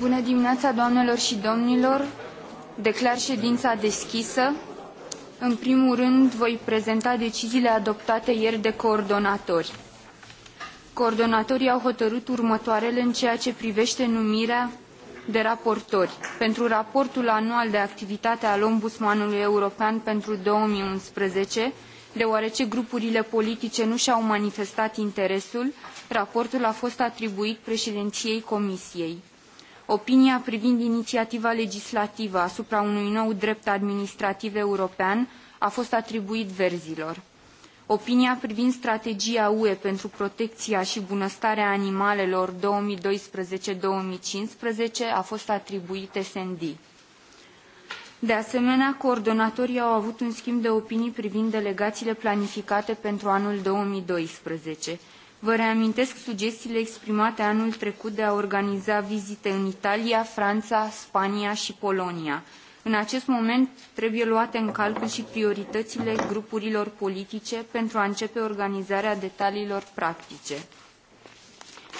Bună dimineața, doamnelor și domnilor! Declar ședința deschisă. În primul rând, voi prezenta deciziile adoptate ieri de coordonatori. Coordonatorii au hotărât următoarele în ceea ce privește numirea de raportori pentru raportul anual de activitate al Ombudsmanului European pentru 2011 deoarece grupurile politice nu și au manifestat interesul raportul a fost atribuit președinției comisiei opinia privind inițiativa legislativă asupra unui nou drept administrativ european a fost atribuit verzilor. Opinia privind strategia UE pentru protecția și bunăstarea animalelor 2012-2015 a fost atribuită SND. De asemenea, coordonatorii au avut un schimb de opinii privind delegațiile planificate pentru anul 2012. Vă reamintesc sugestiile exprimate anul trecut de a organiza vizite în Italia, Franța, Spania și Polonia. În acest moment trebuie luate în calcul și prioritățile grupurilor politice pentru a începe organizarea detaliilor practice.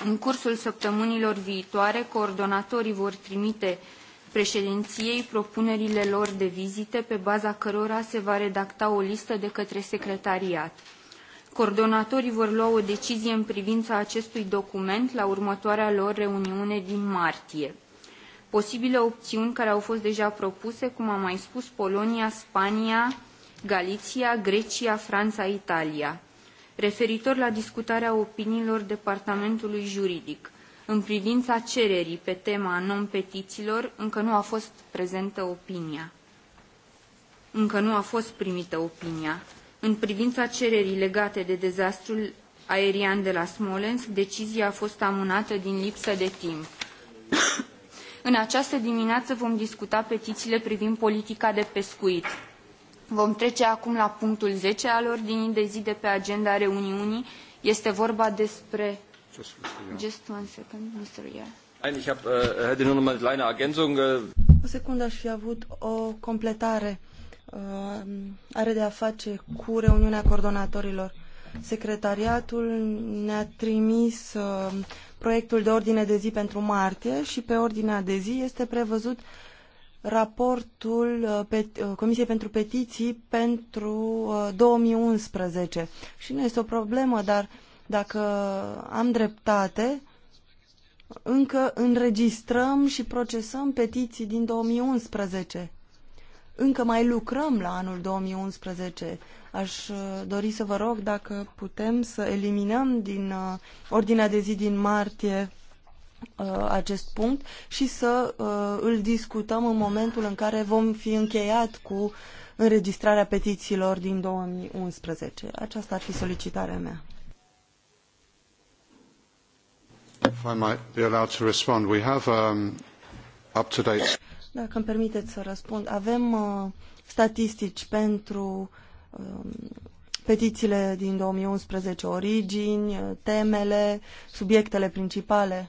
În cursul săptămânilor viitoare, coordonatorii vor trimite președinției propunerile lor de vizite, pe baza cărora se va redacta o listă de către secretariat coordonatorii vor lua o decizie în privina acestui document la următoarea lor reuniune din martie. posibile opiuni care au fost deja propuse cum am mai spus polonia spania Galicia, grecia frana italia. referitor la discutarea opiniilor departamentului juridic în privina cererii pe tema non petiiilor încă nu a fost prezentă opinia încă nu a fost primită opinia în privina cererii legate de dezastrul aerian de la Smolensk, decizia a fost amânată din lipsă de timp. în această dimineață vom discuta petițiile privind politica de pescuit. Vom trece acum la punctul 10 al ordinii de zi de pe agenda reuniunii. Este vorba despre... Just one second, Mr. Yeah. ich äh, nur mal eine äh. O secundă, aș fi avut o completare Uh, are de a face cu reuniunea coordonatorilor. Secretariatul ne-a trimis uh, proiectul de ordine de zi pentru martie și pe ordinea de zi este prevăzut raportul uh, Comisiei pentru Petiții pentru 2011. Și nu este o problemă, dar dacă am dreptate, încă înregistrăm și procesăm petiții din 2011 încă mai lucrăm la anul 2011. Aș uh, dori să vă rog dacă putem să eliminăm din uh, ordinea de zi din martie uh, acest punct și să îl discutăm în momentul în care vom fi încheiat cu înregistrarea petițiilor din 2011. Aceasta ar fi solicitarea mea. If I might be allowed to respond, we have um, up-to-date dacă îmi permiteți să răspund, avem uh, statistici pentru uh, petițiile din 2011, origini, uh, temele, subiectele principale.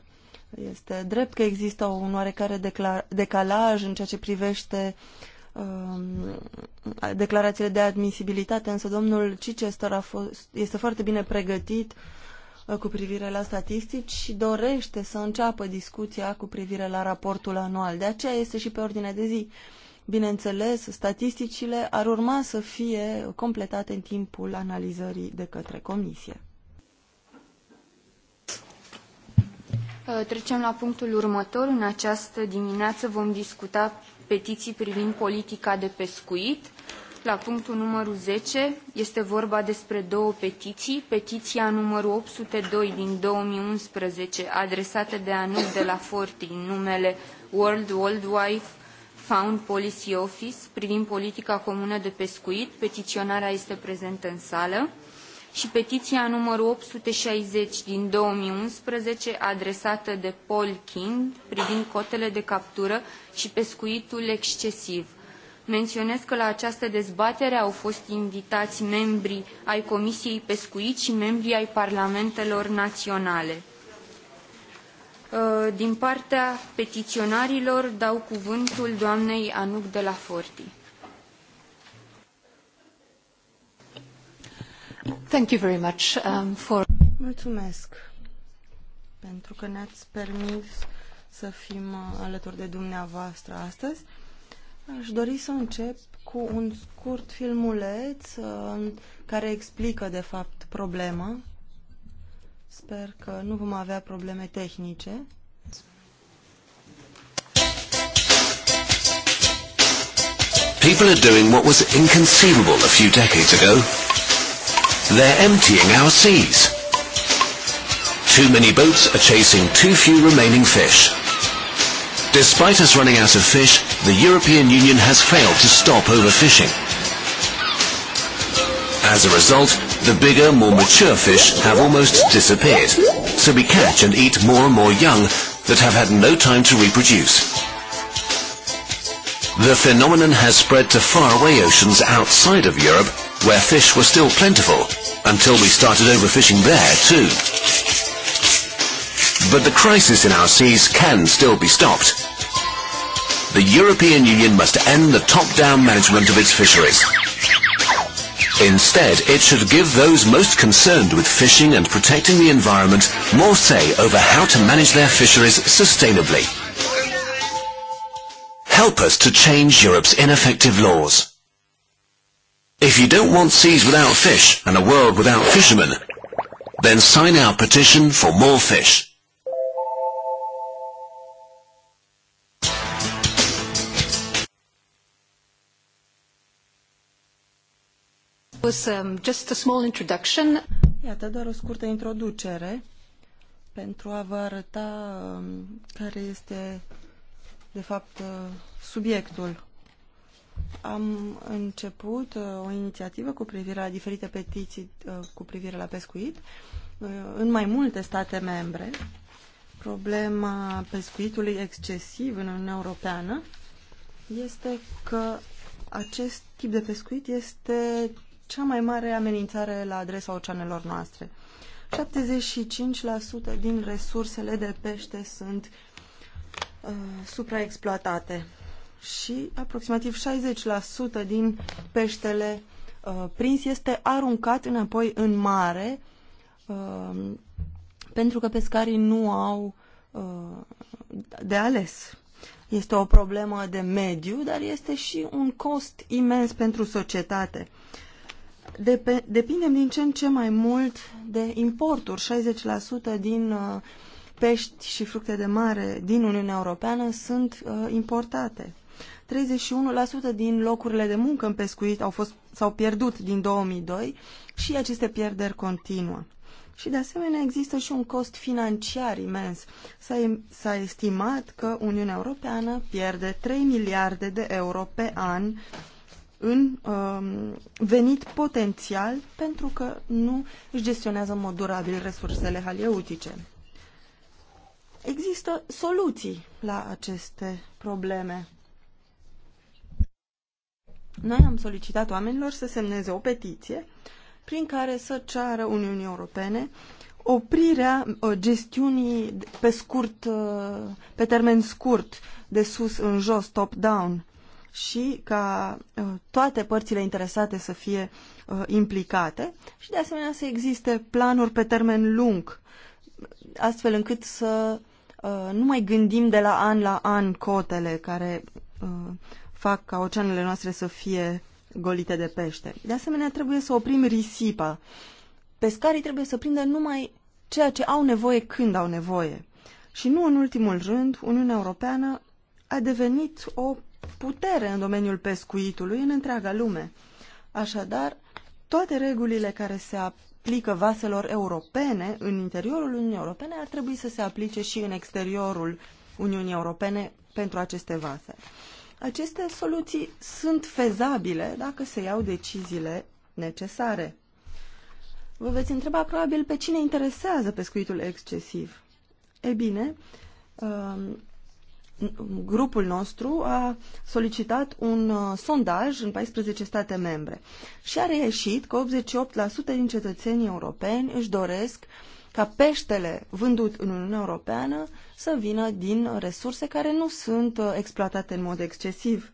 Este drept că există un oarecare decalaj în ceea ce privește um, declarațiile de admisibilitate, însă domnul Cicester a fost, este foarte bine pregătit uh, cu privire la statistici și dorește să înceapă discuția cu privire la raportul anual. De aceea este și pe ordinea de zi. Bineînțeles, statisticile ar urma să fie completate în timpul analizării de către comisie. Uh, trecem la punctul următor. În această dimineață vom discuta petiții privind politica de pescuit la punctul numărul 10. Este vorba despre două petiții. Petiția numărul 802 din 2011, adresată de Anup de la Forti, în numele World Wildlife Found Policy Office, privind politica comună de pescuit. Petiționarea este prezentă în sală și petiția numărul 860 din 2011, adresată de Paul King, privind cotele de captură și pescuitul excesiv menionez că la această dezbatere au fost invitai membri ai comisiei pescuit i membri ai parlamentelor naionale. Uh, din partea petiționarilor dau cuvântul doamnei Anuc de la Forti. Thank you very much, um, for... Mulțumesc pentru că ne-ați permis să fim uh, alături de dumneavoastră astăzi. Aș dori să încep cu un scurt filmuleț uh, care explică, de fapt, problema. Sper că nu vom avea probleme tehnice. People are doing what was inconceivable a few decades ago. They're emptying our seas. Too many boats are chasing too few remaining fish. Despite us running out of fish, the European Union has failed to stop overfishing. As a result, the bigger, more mature fish have almost disappeared, so we catch and eat more and more young that have had no time to reproduce. The phenomenon has spread to faraway oceans outside of Europe, where fish were still plentiful, until we started overfishing there too. But the crisis in our seas can still be stopped, the European Union must end the top-down management of its fisheries. Instead, it should give those most concerned with fishing and protecting the environment more say over how to manage their fisheries sustainably. Help us to change Europe's ineffective laws. If you don't want seas without fish and a world without fishermen, then sign our petition for more fish. was um, just a small introduction. Iată, doar o scurtă introducere pentru a vă arăta um, care este, de fapt, uh, subiectul. Am început uh, o inițiativă cu privire la diferite petiții uh, cu privire la pescuit în mai multe state membre. Problema pescuitului excesiv în Uniunea Europeană este că acest tip de pescuit este cea mai mare amenințare la adresa oceanelor noastre. 75% din resursele de pește sunt uh, supraexploatate și aproximativ 60% din peștele uh, prins este aruncat înapoi în mare uh, pentru că pescarii nu au uh, de ales. Este o problemă de mediu, dar este și un cost imens pentru societate. Uh, Dep depindem din ce în ce mai mult de importuri. 60% din uh, pești și fructe de mare din Uniunea Europeană sunt uh, importate. 31% din locurile de muncă în pescuit au fost, s-au pierdut din 2002 și aceste pierderi continuă. Și de asemenea există și un cost financiar imens. S-a, estimat că Uniunea Europeană pierde 3 miliarde de euro pe an în um, venit potențial pentru că nu își gestionează în mod durabil resursele haleutice. Există soluții la aceste probleme. Noi am solicitat oamenilor să semneze o petiție prin care să ceară Uniunii Europene oprirea uh, gestiunii pe scurt, uh, pe termen scurt, de sus în jos, top-down, și ca uh, toate părțile interesate să fie uh, implicate și de asemenea să existe planuri pe termen lung, astfel încât să uh, nu mai gândim de la an la an cotele care fac ca oceanele noastre să fie golite de pește. De asemenea, trebuie să oprim risipa. Pescarii trebuie să prindă numai ceea ce au nevoie când au nevoie. Și nu în ultimul rând, Uniunea Europeană a devenit o putere în domeniul pescuitului în întreaga lume. Așadar, toate regulile care se aplică vaselor europene în interiorul Uniunii Europene ar trebui să se aplice și în exteriorul Uniunii Europene pentru aceste vase. Aceste soluții sunt fezabile dacă se iau deciziile necesare. Vă veți întreba probabil pe cine interesează pescuitul excesiv. E bine, um, grupul nostru a solicitat un uh, sondaj în 14 state membre și a reieșit că 88% din cetățenii europeni își doresc ca peștele vândut în Uniunea Europeană să vină din resurse care nu sunt uh, exploatate în mod excesiv.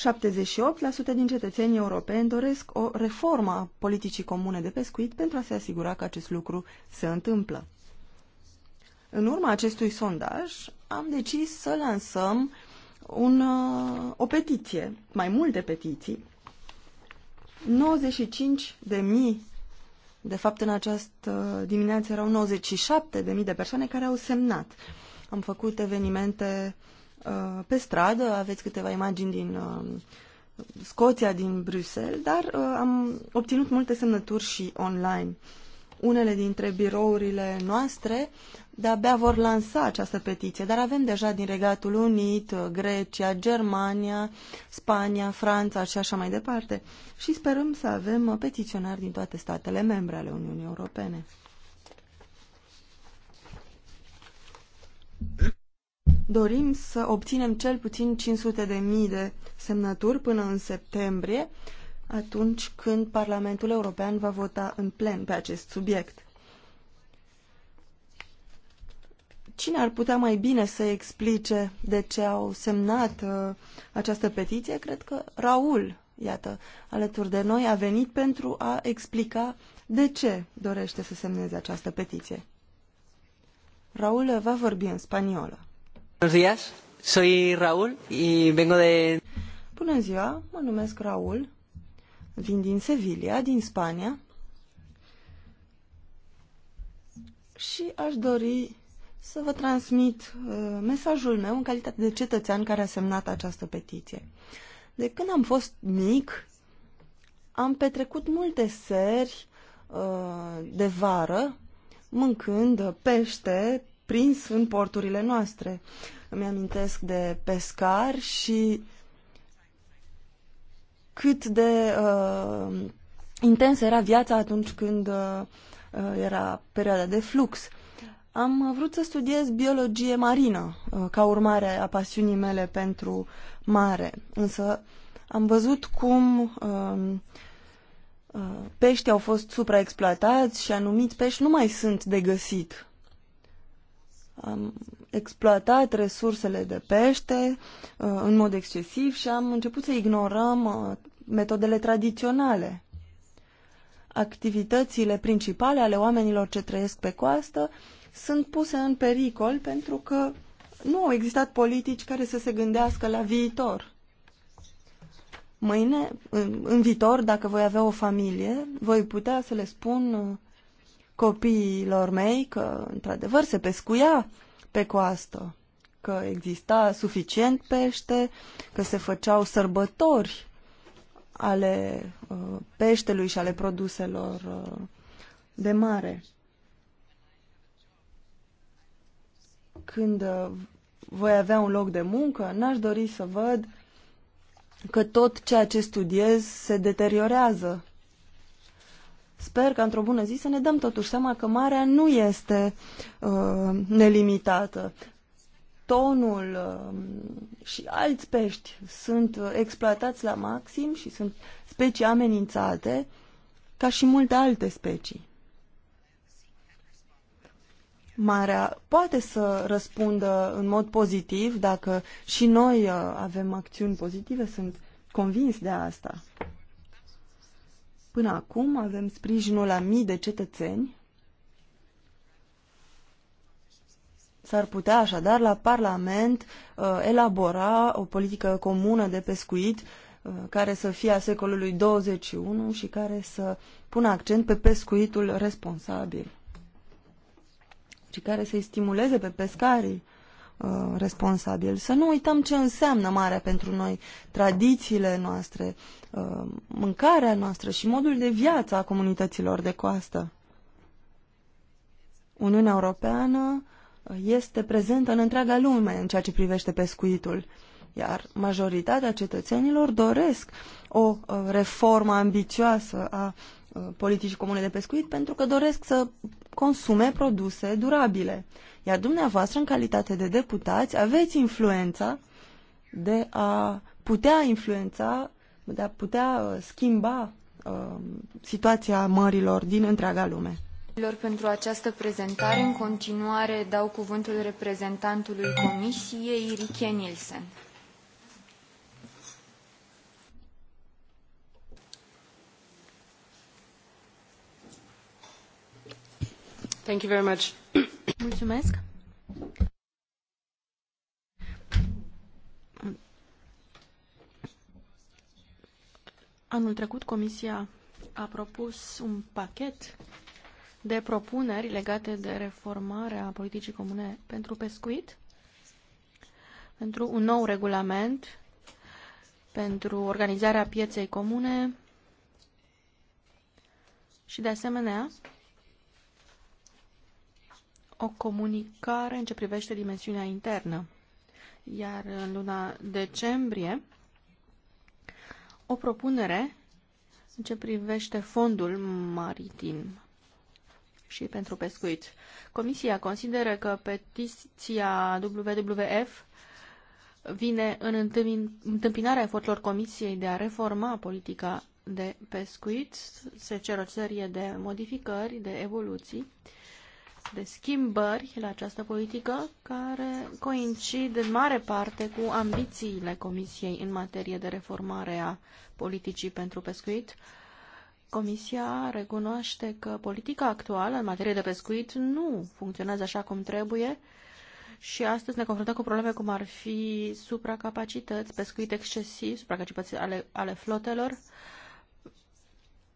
78% din cetățenii europeni doresc o reformă a politicii comune de pescuit pentru a se asigura că acest lucru se întâmplă. În urma acestui sondaj am decis să lansăm un, uh, o petiție, mai multe petiții. 95 de mii, de fapt în această dimineață erau 97 de mii de persoane care au semnat. Am făcut evenimente uh, pe stradă, aveți câteva imagini din uh, Scoția, din Bruxelles, dar am obținut multe semnături și online. Unele dintre birourile noastre de-abia vor lansa această petiție, dar avem deja din Regatul Unit, uh, Grecia, Germania, Spania, Franța și așa mai departe. Și sperăm să avem uh, petiționari din toate statele membre ale Uniunii Europene. Dorim să obținem cel puțin 500 de mii de semnături până în septembrie atunci când Parlamentul European va vota în plen pe acest subiect. Cine ar putea mai bine să explice de ce au semnat uh, această petiție? Cred că Raul, iată, alături de noi, a venit pentru a explica de ce dorește să semneze această petiție. Raul va vorbi în spaniolă. Buenos días, soy Raul y vengo de... Bună ziua, mă numesc Raul Vin din Sevilla, din Spania. Și aș dori să vă transmit uh, mesajul meu în calitate de cetățean care a semnat această petiție. De când am fost mic, am petrecut multe seri uh, de vară mâncând pește prins în porturile noastre. Îmi amintesc de pescar și cât de uh, intens era viața atunci când uh, uh, era perioada de flux. Am vrut să studiez biologie marină uh, ca urmare a pasiunii mele pentru mare, însă am văzut cum uh, uh peștii au fost supraexploatați și anumiți pești nu mai sunt de găsit am exploatat resursele de pește uh, în mod excesiv și am început să ignorăm uh, metodele tradiționale. Activitățile principale ale oamenilor ce trăiesc pe coastă sunt puse în pericol pentru că nu au existat politici care să se gândească la viitor. Mâine, în, în viitor, dacă voi avea o familie, voi putea să le spun uh, copiilor mei că, într-adevăr, se pescuia pe coastă, că exista suficient pește, că se făceau sărbători ale uh, peștelui și ale produselor uh, de mare. Când uh, voi avea un loc de muncă, n-aș dori să văd că tot ceea ce studiez se deteriorează Sper că într-o bună zi să ne dăm totuși seama că marea nu este uh, nelimitată. Tonul uh, și alți pești sunt uh, exploatați la maxim și sunt specii amenințate, ca și multe alte specii. Marea poate să răspundă în mod pozitiv dacă și noi uh, avem acțiuni pozitive, sunt convins de asta. Până acum avem sprijinul la mii de cetățeni. S-ar putea așadar la Parlament uh, elabora o politică comună de pescuit uh, care să fie a secolului 21 și care să pună accent pe pescuitul responsabil și care să-i stimuleze pe pescarii Uh, responsabil. Să nu uităm ce înseamnă marea pentru noi, tradițiile noastre, uh, mâncarea noastră și modul de viață a comunităților de coastă. Uniunea Europeană uh, este prezentă în întreaga lume în ceea ce privește pescuitul, iar majoritatea cetățenilor doresc o reformă ambițioasă a politicii comune de pescuit pentru că doresc să consume produse durabile. Iar dumneavoastră, în calitate de deputați, aveți influența de a putea influența, de a putea uh, schimba uh, situația mărilor din întreaga lume. Pentru această prezentare, în continuare, dau cuvântul reprezentantului Comisiei, Rike Nielsen. Thank you very much. Anul trecut Comisia a propus un pachet de propuneri legate de reformarea politicii comune pentru pescuit, pentru un nou regulament, pentru organizarea pieței comune și, de asemenea, o comunicare în ce privește dimensiunea internă. Iar în luna decembrie, o propunere în ce privește fondul maritim și pentru pescuit. Comisia consideră că petiția WWF vine în întâmpinarea eforturilor Comisiei de a reforma politica de pescuit. Se cer o serie de modificări, de evoluții de schimbări la această politică care coincid în mare parte cu ambițiile Comisiei în materie de reformare a politicii pentru pescuit. Comisia recunoaște că politica actuală în materie de pescuit nu funcționează așa cum trebuie și astăzi ne confruntăm cu probleme cum ar fi supracapacități, pescuit excesiv, supracapacități ale, ale flotelor, uh,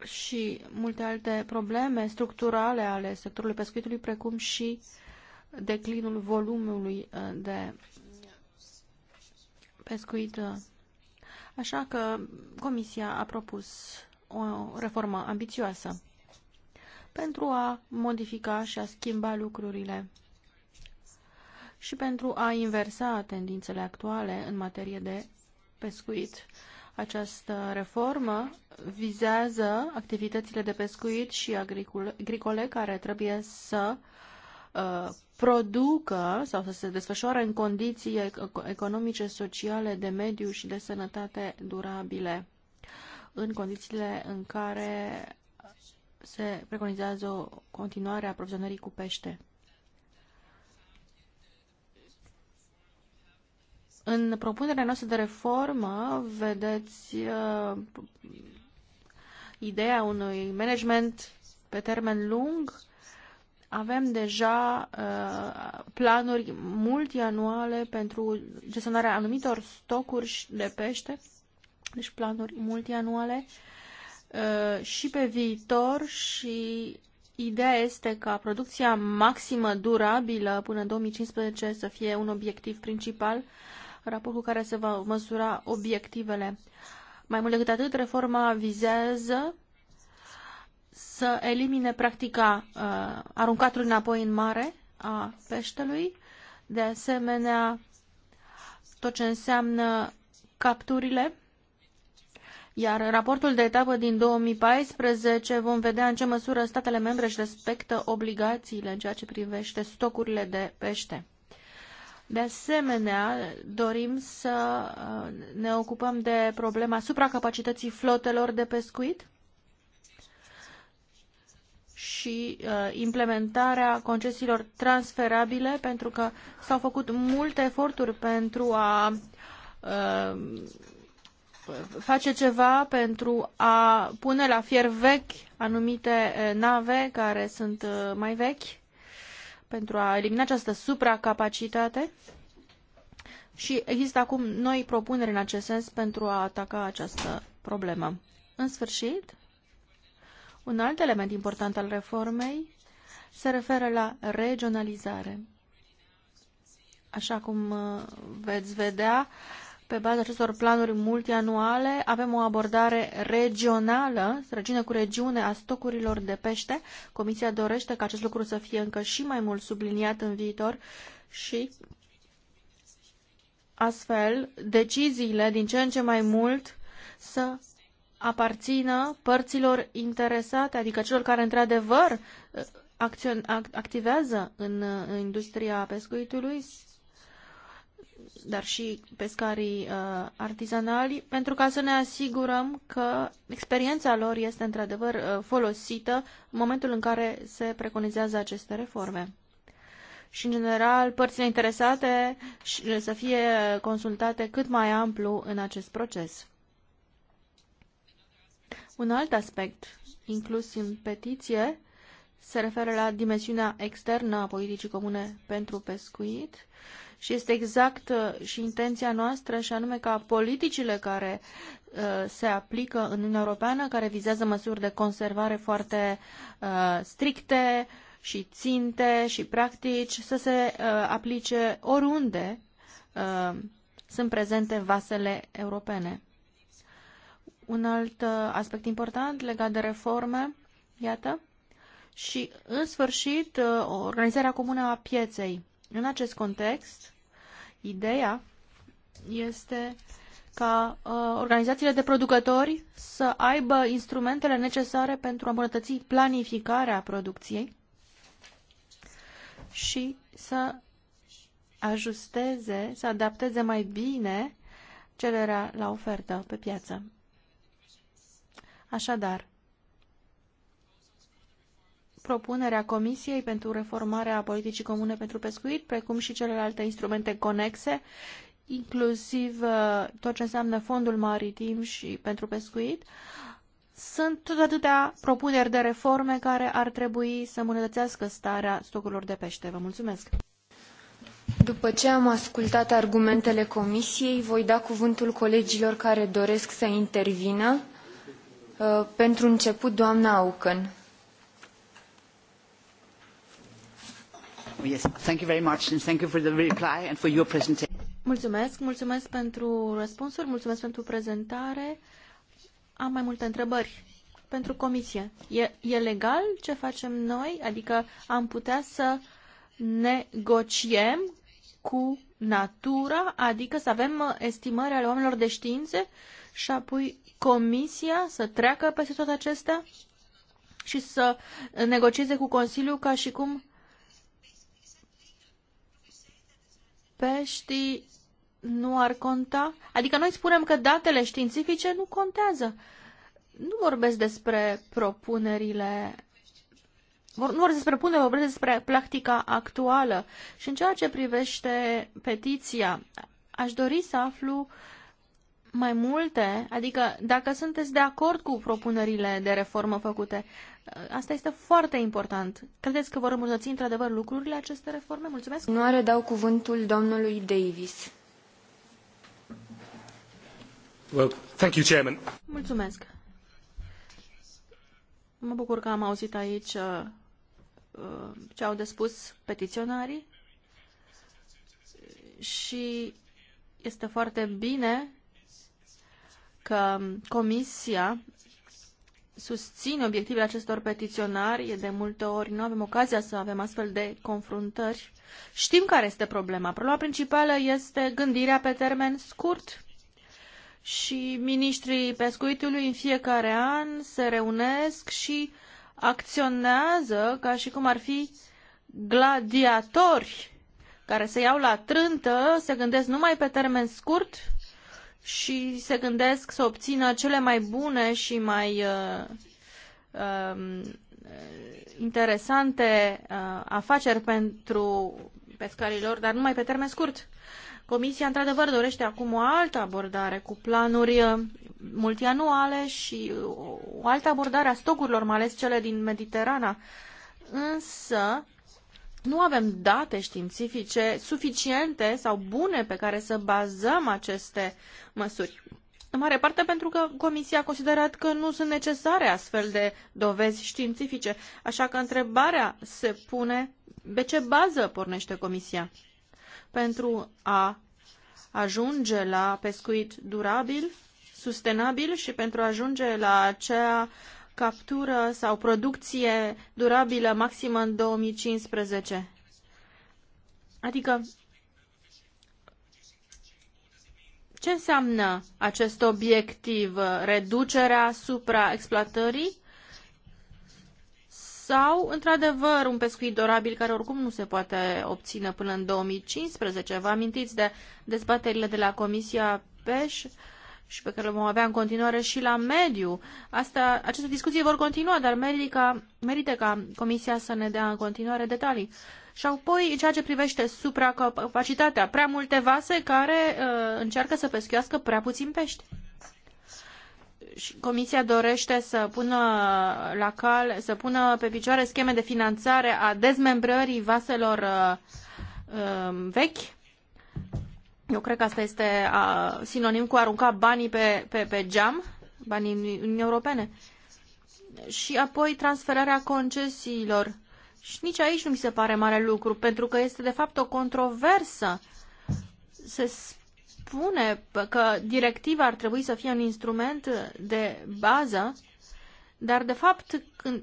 și multe alte probleme structurale ale sectorului pescuitului, precum și declinul volumului uh, de pescuit. Așa că Comisia a propus o reformă ambițioasă pentru a modifica și a schimba lucrurile și pentru a inversa tendințele actuale în materie de pescuit. Această reformă vizează activitățile de pescuit și agricole care trebuie să uh, producă sau să se desfășoare în condiții economice, sociale, de mediu și de sănătate durabile, în condițiile în care se preconizează o continuare a aprovizionării cu pește. În propunerea noastră de reformă vedeți uh, ideea unui management pe termen lung. Avem deja uh, planuri multianuale pentru gestionarea anumitor stocuri de pește, deci planuri multianuale uh, și pe viitor și Ideea este ca producția maximă durabilă până în 2015 să fie un obiectiv principal raport cu care se va măsura obiectivele. Mai mult decât atât, reforma vizează să elimine practica uh, aruncatului înapoi în mare a peștelui, de asemenea tot ce înseamnă capturile, iar în raportul de etapă din 2014 vom vedea în ce măsură statele membre își respectă obligațiile în ceea ce privește stocurile de pește. De asemenea, dorim să uh, ne ocupăm de problema supracapacității flotelor de pescuit și uh, implementarea concesiilor transferabile, pentru că s-au făcut multe eforturi pentru a uh, face ceva pentru a pune la fier vechi anumite nave care sunt mai vechi pentru a elimina această supracapacitate și există acum noi propuneri în acest sens pentru a ataca această problemă. În sfârșit, un alt element important al reformei se referă la regionalizare. Așa cum uh, veți vedea, pe baza acestor planuri multianuale avem o abordare regională, regiune cu regiune, a stocurilor de pește. Comisia dorește ca acest lucru să fie încă și mai mult subliniat în viitor și astfel deciziile din ce în ce mai mult să aparțină părților interesate, adică celor care într-adevăr activează în uh, industria pescuitului dar și pescarii uh, artizanali, pentru ca să ne asigurăm că experiența lor este într-adevăr uh, folosită în momentul în care se preconizează aceste reforme. Și, în general, părțile interesate uh, să fie consultate cât mai amplu în acest proces. Un alt aspect inclus în petiție se referă la dimensiunea externă a politicii comune pentru pescuit. Uh, și este exact uh, și intenția noastră și anume ca politicile care uh, se aplică în Uniunea Europeană, care vizează măsuri de conservare foarte uh, stricte și ținte și practici, să se aplice oriunde sunt prezente vasele europene. Un alt aspect important legat de reforme, iată, și, în sfârșit, organizarea comună a pieței. În acest context, ideea este ca uh, organizațiile de producători să aibă instrumentele necesare pentru a îmbunătăți planificarea producției și să ajusteze, să adapteze mai bine cererea la ofertă pe piață. Așadar, propunerea Comisiei pentru reformarea politicii comune pentru pescuit, precum și celelalte instrumente conexe, inclusiv uh, tot ce înseamnă fondul maritim și pentru pescuit, sunt tot atâtea propuneri de reforme care ar trebui să îmbunătățească starea stocurilor de pește. Vă mulțumesc! După ce am ascultat argumentele Comisiei, voi da cuvântul colegilor care doresc să intervină. Uh, pentru început, doamna Auken. Mulțumesc, mulțumesc pentru răspunsuri, mulțumesc pentru prezentare. Am mai multe întrebări pentru comisie. E, e legal ce facem noi? Adică am putea să negociem cu natura, adică să avem estimări ale oamenilor de științe și apoi comisia să treacă peste toate acestea și să negocieze cu Consiliul ca și cum peștii nu ar conta? Adică noi spunem că datele științifice nu contează. Nu vorbesc despre propunerile nu vorbesc despre punere, vorbesc despre practica actuală. Și în ceea ce privește petiția, aș dori să aflu mai multe, adică dacă sunteți de acord cu propunerile de reformă făcute, Uh, asta este foarte important. Credeți că vor îmbunătăți într-adevăr lucrurile aceste reforme? Mulțumesc! Nu are dau cuvântul domnului Davis. Well, thank you, Chairman. Mulțumesc! Mă bucur că am auzit aici uh, uh ce au de spus petiționarii și este foarte bine că Comisia susțin obiectivele acestor petiționari. De multe ori nu avem ocazia să avem astfel de confruntări. Știm care este problema. Problema principală este gândirea pe termen scurt. Și ministrii pescuitului în fiecare an se reunesc și acționează ca și cum ar fi gladiatori care se iau la trântă, se gândesc numai pe termen scurt și se gândesc să obțină cele mai bune și mai uh, uh, interesante uh, afaceri pentru pescarii lor, dar numai pe termen scurt. Comisia, într-adevăr, dorește acum o altă abordare cu planuri uh, multianuale și uh, o altă abordare a stocurilor, mai ales cele din Mediterana. Însă, nu avem date științifice suficiente sau bune pe care să bazăm aceste măsuri. În mare parte pentru că Comisia a considerat că nu sunt necesare astfel de dovezi științifice, așa că întrebarea se pune pe ce bază pornește Comisia pentru a ajunge la pescuit durabil, sustenabil și pentru a ajunge la acea captură sau producție durabilă maximă în 2015. Adică, ce înseamnă acest obiectiv? Reducerea supraexploatării? Sau, într-adevăr, un pescuit durabil care oricum nu se poate obține până în 2015? Vă amintiți de dezbaterile de la Comisia PEș? Uh, și pe care le vom avea în continuare și la mediu. Asta, aceste discuții vor continua, dar merită, merită ca Comisia să ne dea în continuare detalii. Și apoi, în ceea ce privește supracapacitatea, prea multe vase care uh, încearcă să pescuiască prea puțin pești. Și comisia dorește să pună la cal, să pună pe picioare scheme de finanțare a dezmembrării vaselor uh, uh, vechi eu cred că asta este a, sinonim cu a arunca banii pe, pe, pe geam, banii Uniunii Europene. Și apoi transferarea concesiilor. Și nici aici nu mi se pare mare lucru, pentru că este de fapt o controversă. Se spune că directiva ar trebui să fie un instrument de bază, dar de fapt când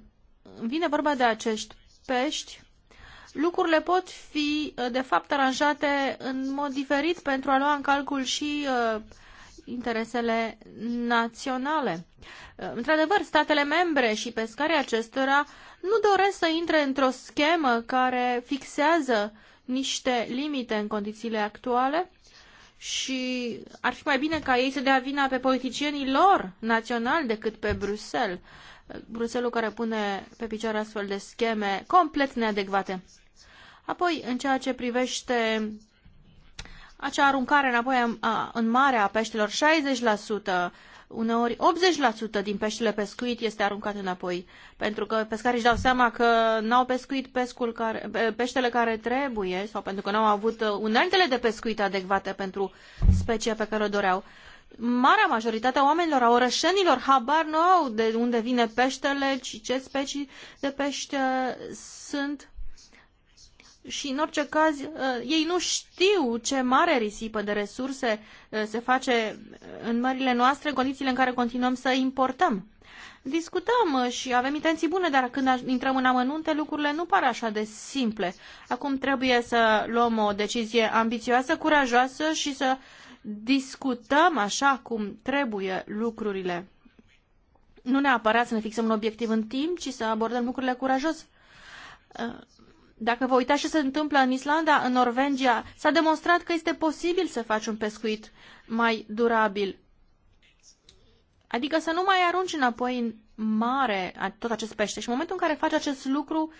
vine vorba de acești pești, lucrurile pot fi, uh, de fapt, aranjate în mod diferit pentru a lua în calcul și uh, interesele naționale. Uh, într-adevăr, statele membre și pescarii acestora nu doresc să intre într-o schemă care fixează niște limite în condițiile actuale și ar fi mai bine ca ei să dea vina pe politicienii lor naționali decât pe Bruxelles. Bruselul care pune pe picioare astfel de scheme complet neadecvate. Apoi, în ceea ce privește acea aruncare înapoi a, a, în mare a peștilor, 60%, uneori 80% din peștile pescuit este aruncat înapoi, pentru că pescarii își dau seama că n-au pescuit pescul care, peștele care trebuie sau pentru că n-au avut uneltele de pescuit adecvate pentru specia pe care o doreau marea majoritate a oamenilor, a orășenilor, habar nu au de unde vine peștele, ci ce specii de pește uh, sunt. Și în orice caz, uh, ei nu știu ce mare risipă de resurse uh, se face în mările noastre, în condițiile în care continuăm să importăm. Discutăm și avem intenții bune, dar când intrăm în amănunte, lucrurile nu par așa de simple. Acum trebuie să luăm o decizie ambițioasă, curajoasă și să uh, discutăm așa cum trebuie lucrurile. Nu neapărat să ne fixăm un obiectiv în timp, ci să abordăm lucrurile curajos. Uh, dacă vă uitați ce se întâmplă în Islanda, în Norvegia, s-a demonstrat că este posibil să faci un pescuit mai durabil. Adică să nu mai arunci înapoi în mare tot acest pește și în momentul în care face acest lucru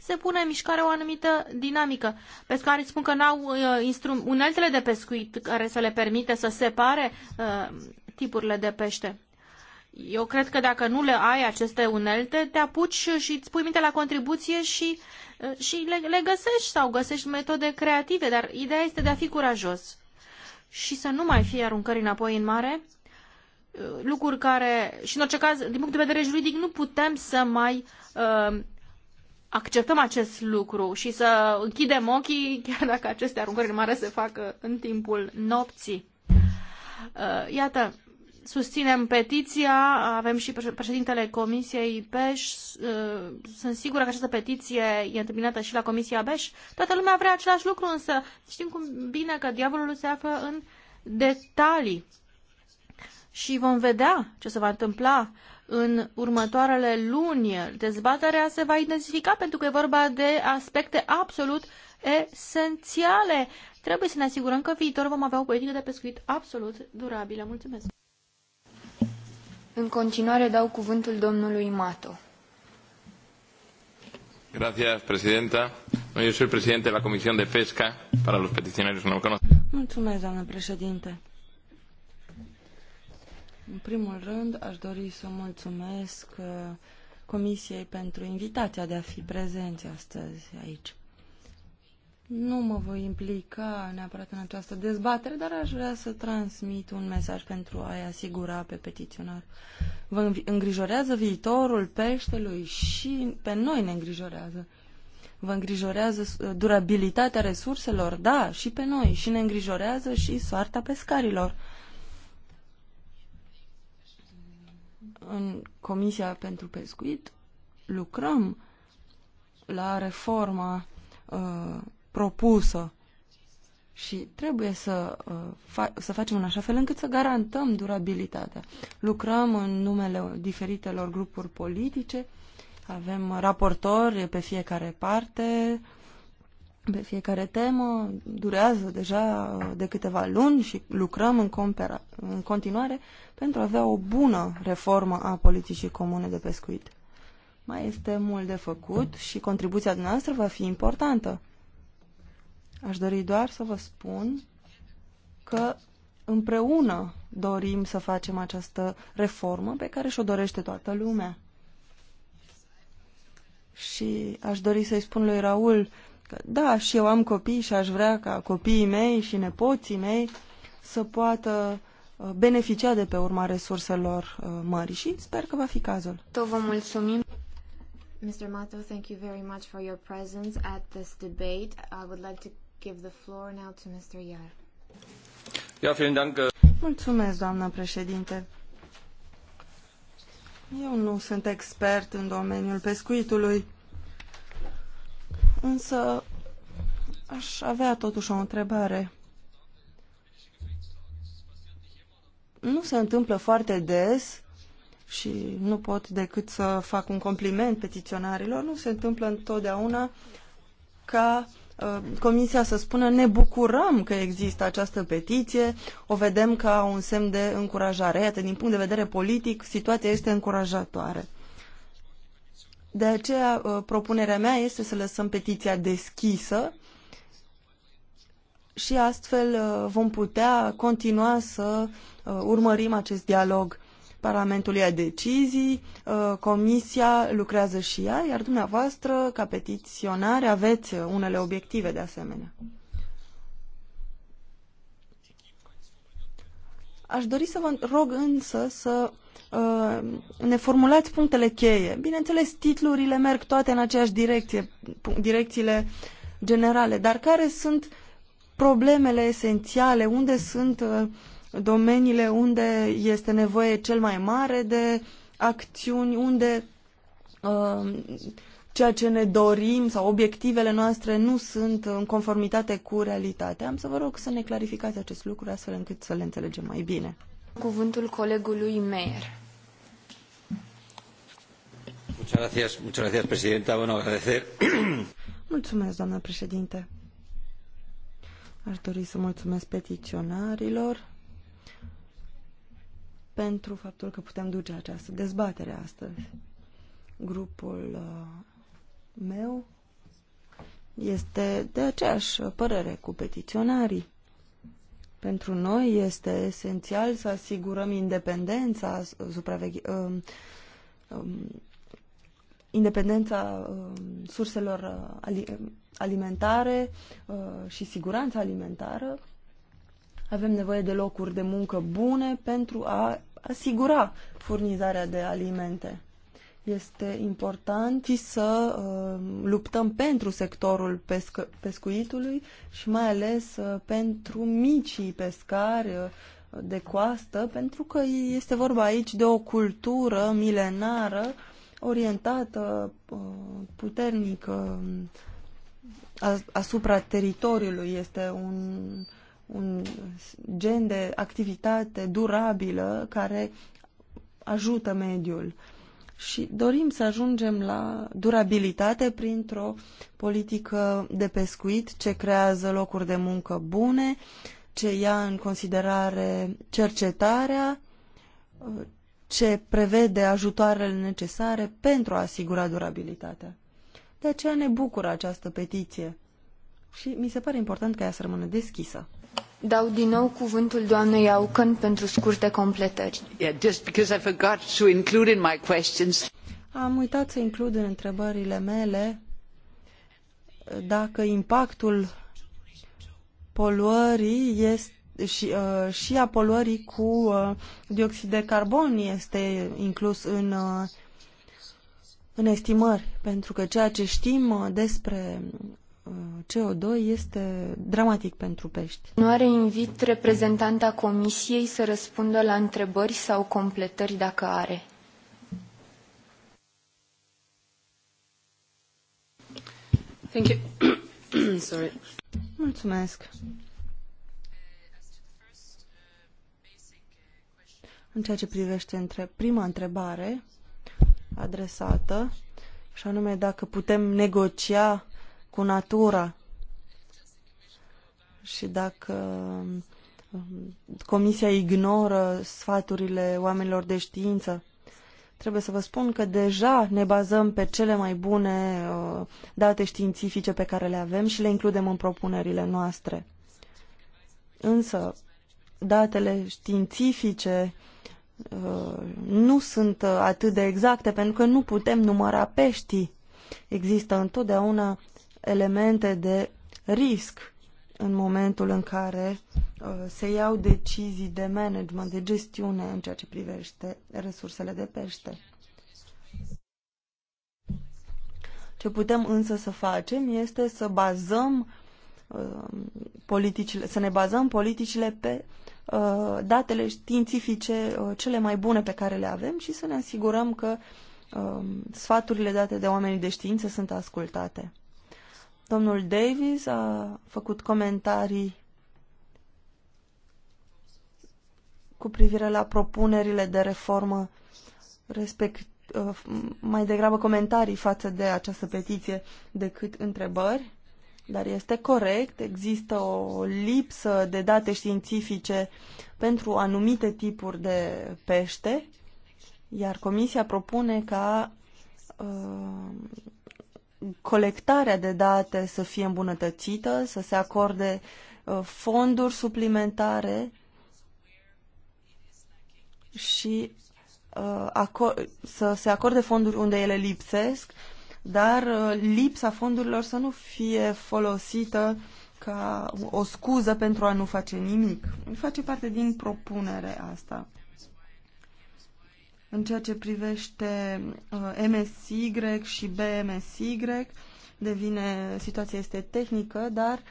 se pune în mișcare o anumită dinamică. Pescarii spun că n-au uh, uneltele de pescuit care să le permite să separe uh, tipurile de pește. Eu cred că dacă nu le ai aceste unelte, te apuci și îți pui minte la contribuție și, uh, și le, le găsești sau găsești metode creative, dar ideea este de a fi curajos și să nu mai fie aruncări înapoi în mare, lucruri care, și în orice caz, din punct de vedere juridic, nu putem să mai uh, acceptăm acest lucru și să închidem ochii, chiar dacă aceste aruncări în mare se fac în timpul nopții. Uh, iată, susținem petiția, avem și președintele Comisiei Peș. Uh, sunt sigură că această petiție e întâmpinată și la Comisia Beș. Toată lumea vrea același lucru, însă știm cum bine că diavolul se află în detalii și vom vedea ce se va întâmpla în următoarele luni. Dezbaterea se va intensifica pentru că e vorba de aspecte absolut esențiale. Trebuie să ne asigurăm că viitor vom avea o politică de pescuit absolut durabilă. Mulțumesc! În continuare dau cuvântul domnului Mato. Gracias, presidenta. Eu sunt președinte la Comisia de Pesca pentru los peticionarios no Mulțumesc, doamnă președinte. În primul rând, aș dori să mulțumesc uh, Comisiei pentru invitația de a fi prezenți astăzi aici. Nu mă voi implica neapărat în această dezbatere, dar aș vrea să transmit un mesaj pentru a-i asigura pe petiționar. Vă îngrijorează viitorul peștelui și pe noi ne îngrijorează. Vă îngrijorează uh, durabilitatea resurselor, da, și pe noi, și ne îngrijorează și soarta pescarilor. în Comisia pentru Pescuit lucrăm la reforma uh, propusă și trebuie să, uh, fa- să facem în așa fel încât să garantăm durabilitatea. Lucrăm în numele diferitelor grupuri politice, avem raportori pe fiecare parte, pe fiecare temă, durează deja uh, de câteva luni și lucrăm în, compera- în continuare pentru a avea o bună reformă a politicii comune de pescuit. Mai este mult de făcut și contribuția noastră va fi importantă. Aș dori doar să vă spun că împreună dorim să facem această reformă pe care și-o dorește toată lumea. Și aș dori să-i spun lui Raul că da, și eu am copii și aș vrea ca copiii mei și nepoții mei să poată beneficia de pe urma resurselor uh, mării și sper că va fi cazul. Tot vă mulțumim. Mr. Mato, thank you very much for your presence at this debate. I would like to give the floor now to Mr. Iar. Ja, vielen Dank. Äh, Mulțumesc, doamnă președinte. Eu nu sunt expert în domeniul pescuitului, însă aș avea totuși o întrebare. nu se întâmplă foarte des și nu pot decât să fac un compliment petiționarilor, nu se întâmplă întotdeauna ca uh, Comisia să spună ne bucurăm că există această petiție, o vedem ca un semn de încurajare. Iată, din punct de vedere politic, situația este încurajatoare. De aceea, uh, propunerea mea este să lăsăm petiția deschisă și astfel uh, vom putea continua să uh, urmărim acest dialog. Parlamentul ia decizii, uh, Comisia lucrează și ea, iar dumneavoastră, ca petiționare, aveți unele obiective de asemenea. Aș dori să vă rog însă să ne formulați punctele cheie. Bineînțeles, titlurile merg toate în aceeași direcție, direcțiile generale, dar care sunt uh, problemele esențiale, unde sunt uh, domeniile unde este nevoie cel mai mare de acțiuni, unde uh, ceea ce ne dorim sau obiectivele noastre nu sunt în conformitate cu realitatea. Am să vă rog să ne clarificați acest lucru astfel încât să le înțelegem mai bine. Cuvântul colegului Meier. Muchas gracias, muchas gracias, presidenta. Bueno, agradecer. Mulțumesc, doamnă președinte. Aș dori să mulțumesc peticionarilor pentru faptul că putem duce această dezbatere astăzi. Grupul uh, meu este de aceeași părere cu peticionarii. Pentru noi este esențial să asigurăm independența uh, supraveghe- um, um, independența um, surselor alimentare uh, și siguranța alimentară. Avem nevoie de locuri de muncă bune pentru a asigura furnizarea de alimente. Este important și să uh, luptăm pentru sectorul pesc- pescuitului și mai ales uh, pentru micii pescari de coastă, pentru că este vorba aici de o cultură milenară orientată puternic asupra teritoriului. Este un, un gen de activitate durabilă care ajută mediul. Și dorim să ajungem la durabilitate printr-o politică de pescuit ce creează locuri de muncă bune, ce ia în considerare cercetarea, ce prevede ajutoarele necesare pentru a asigura durabilitatea. De aceea ne bucură această petiție. Și mi se pare important ca ea să rămână deschisă. Dau din nou cuvântul doamnei Aucan pentru scurte completări. Yeah, just because I forgot to include in my questions. Am uitat să includ în întrebările mele dacă impactul poluării este, și, uh, și a poluării cu uh, dioxid de carbon este inclus în uh, în estimări, pentru că ceea ce știm uh, despre uh, CO2 este dramatic pentru pești. Nu are invit reprezentanta Comisiei să răspundă la întrebări sau completări dacă are. Thank you. Sorry. Mulțumesc. În ceea ce privește între prima întrebare, adresată, și anume dacă putem negocia cu natura și dacă um, Comisia ignoră sfaturile oamenilor de știință. Trebuie să vă spun că deja ne bazăm pe cele mai bune uh, date științifice pe care le avem și le includem în propunerile noastre. Însă, datele științifice uh, nu sunt uh, atât de exacte pentru că nu putem număra peștii. Există întotdeauna elemente de risc în momentul în care uh, se iau decizii de management, de gestiune în ceea ce privește resursele de pește. Ce putem însă să facem este să bazăm uh, politicile, să ne bazăm politicile pe Uh, datele științifice uh, cele mai bune pe care le avem și să ne asigurăm că um, sfaturile date de oamenii de știință sunt ascultate. Domnul Davis a făcut comentarii cu privire la propunerile de reformă, respect, uh, mai degrabă comentarii față de această petiție decât întrebări. Dar este corect, există o lipsă de date științifice pentru anumite tipuri de pește, iar Comisia propune ca uh, colectarea de date să fie îmbunătățită, să se acorde uh, fonduri suplimentare și uh, să se acorde fonduri unde ele lipsesc dar uh, lipsa fondurilor să nu fie folosită ca o scuză pentru a nu face nimic. Face parte din propunere asta. În ceea ce privește uh, MSY și BMSY, devine, situația este tehnică, dar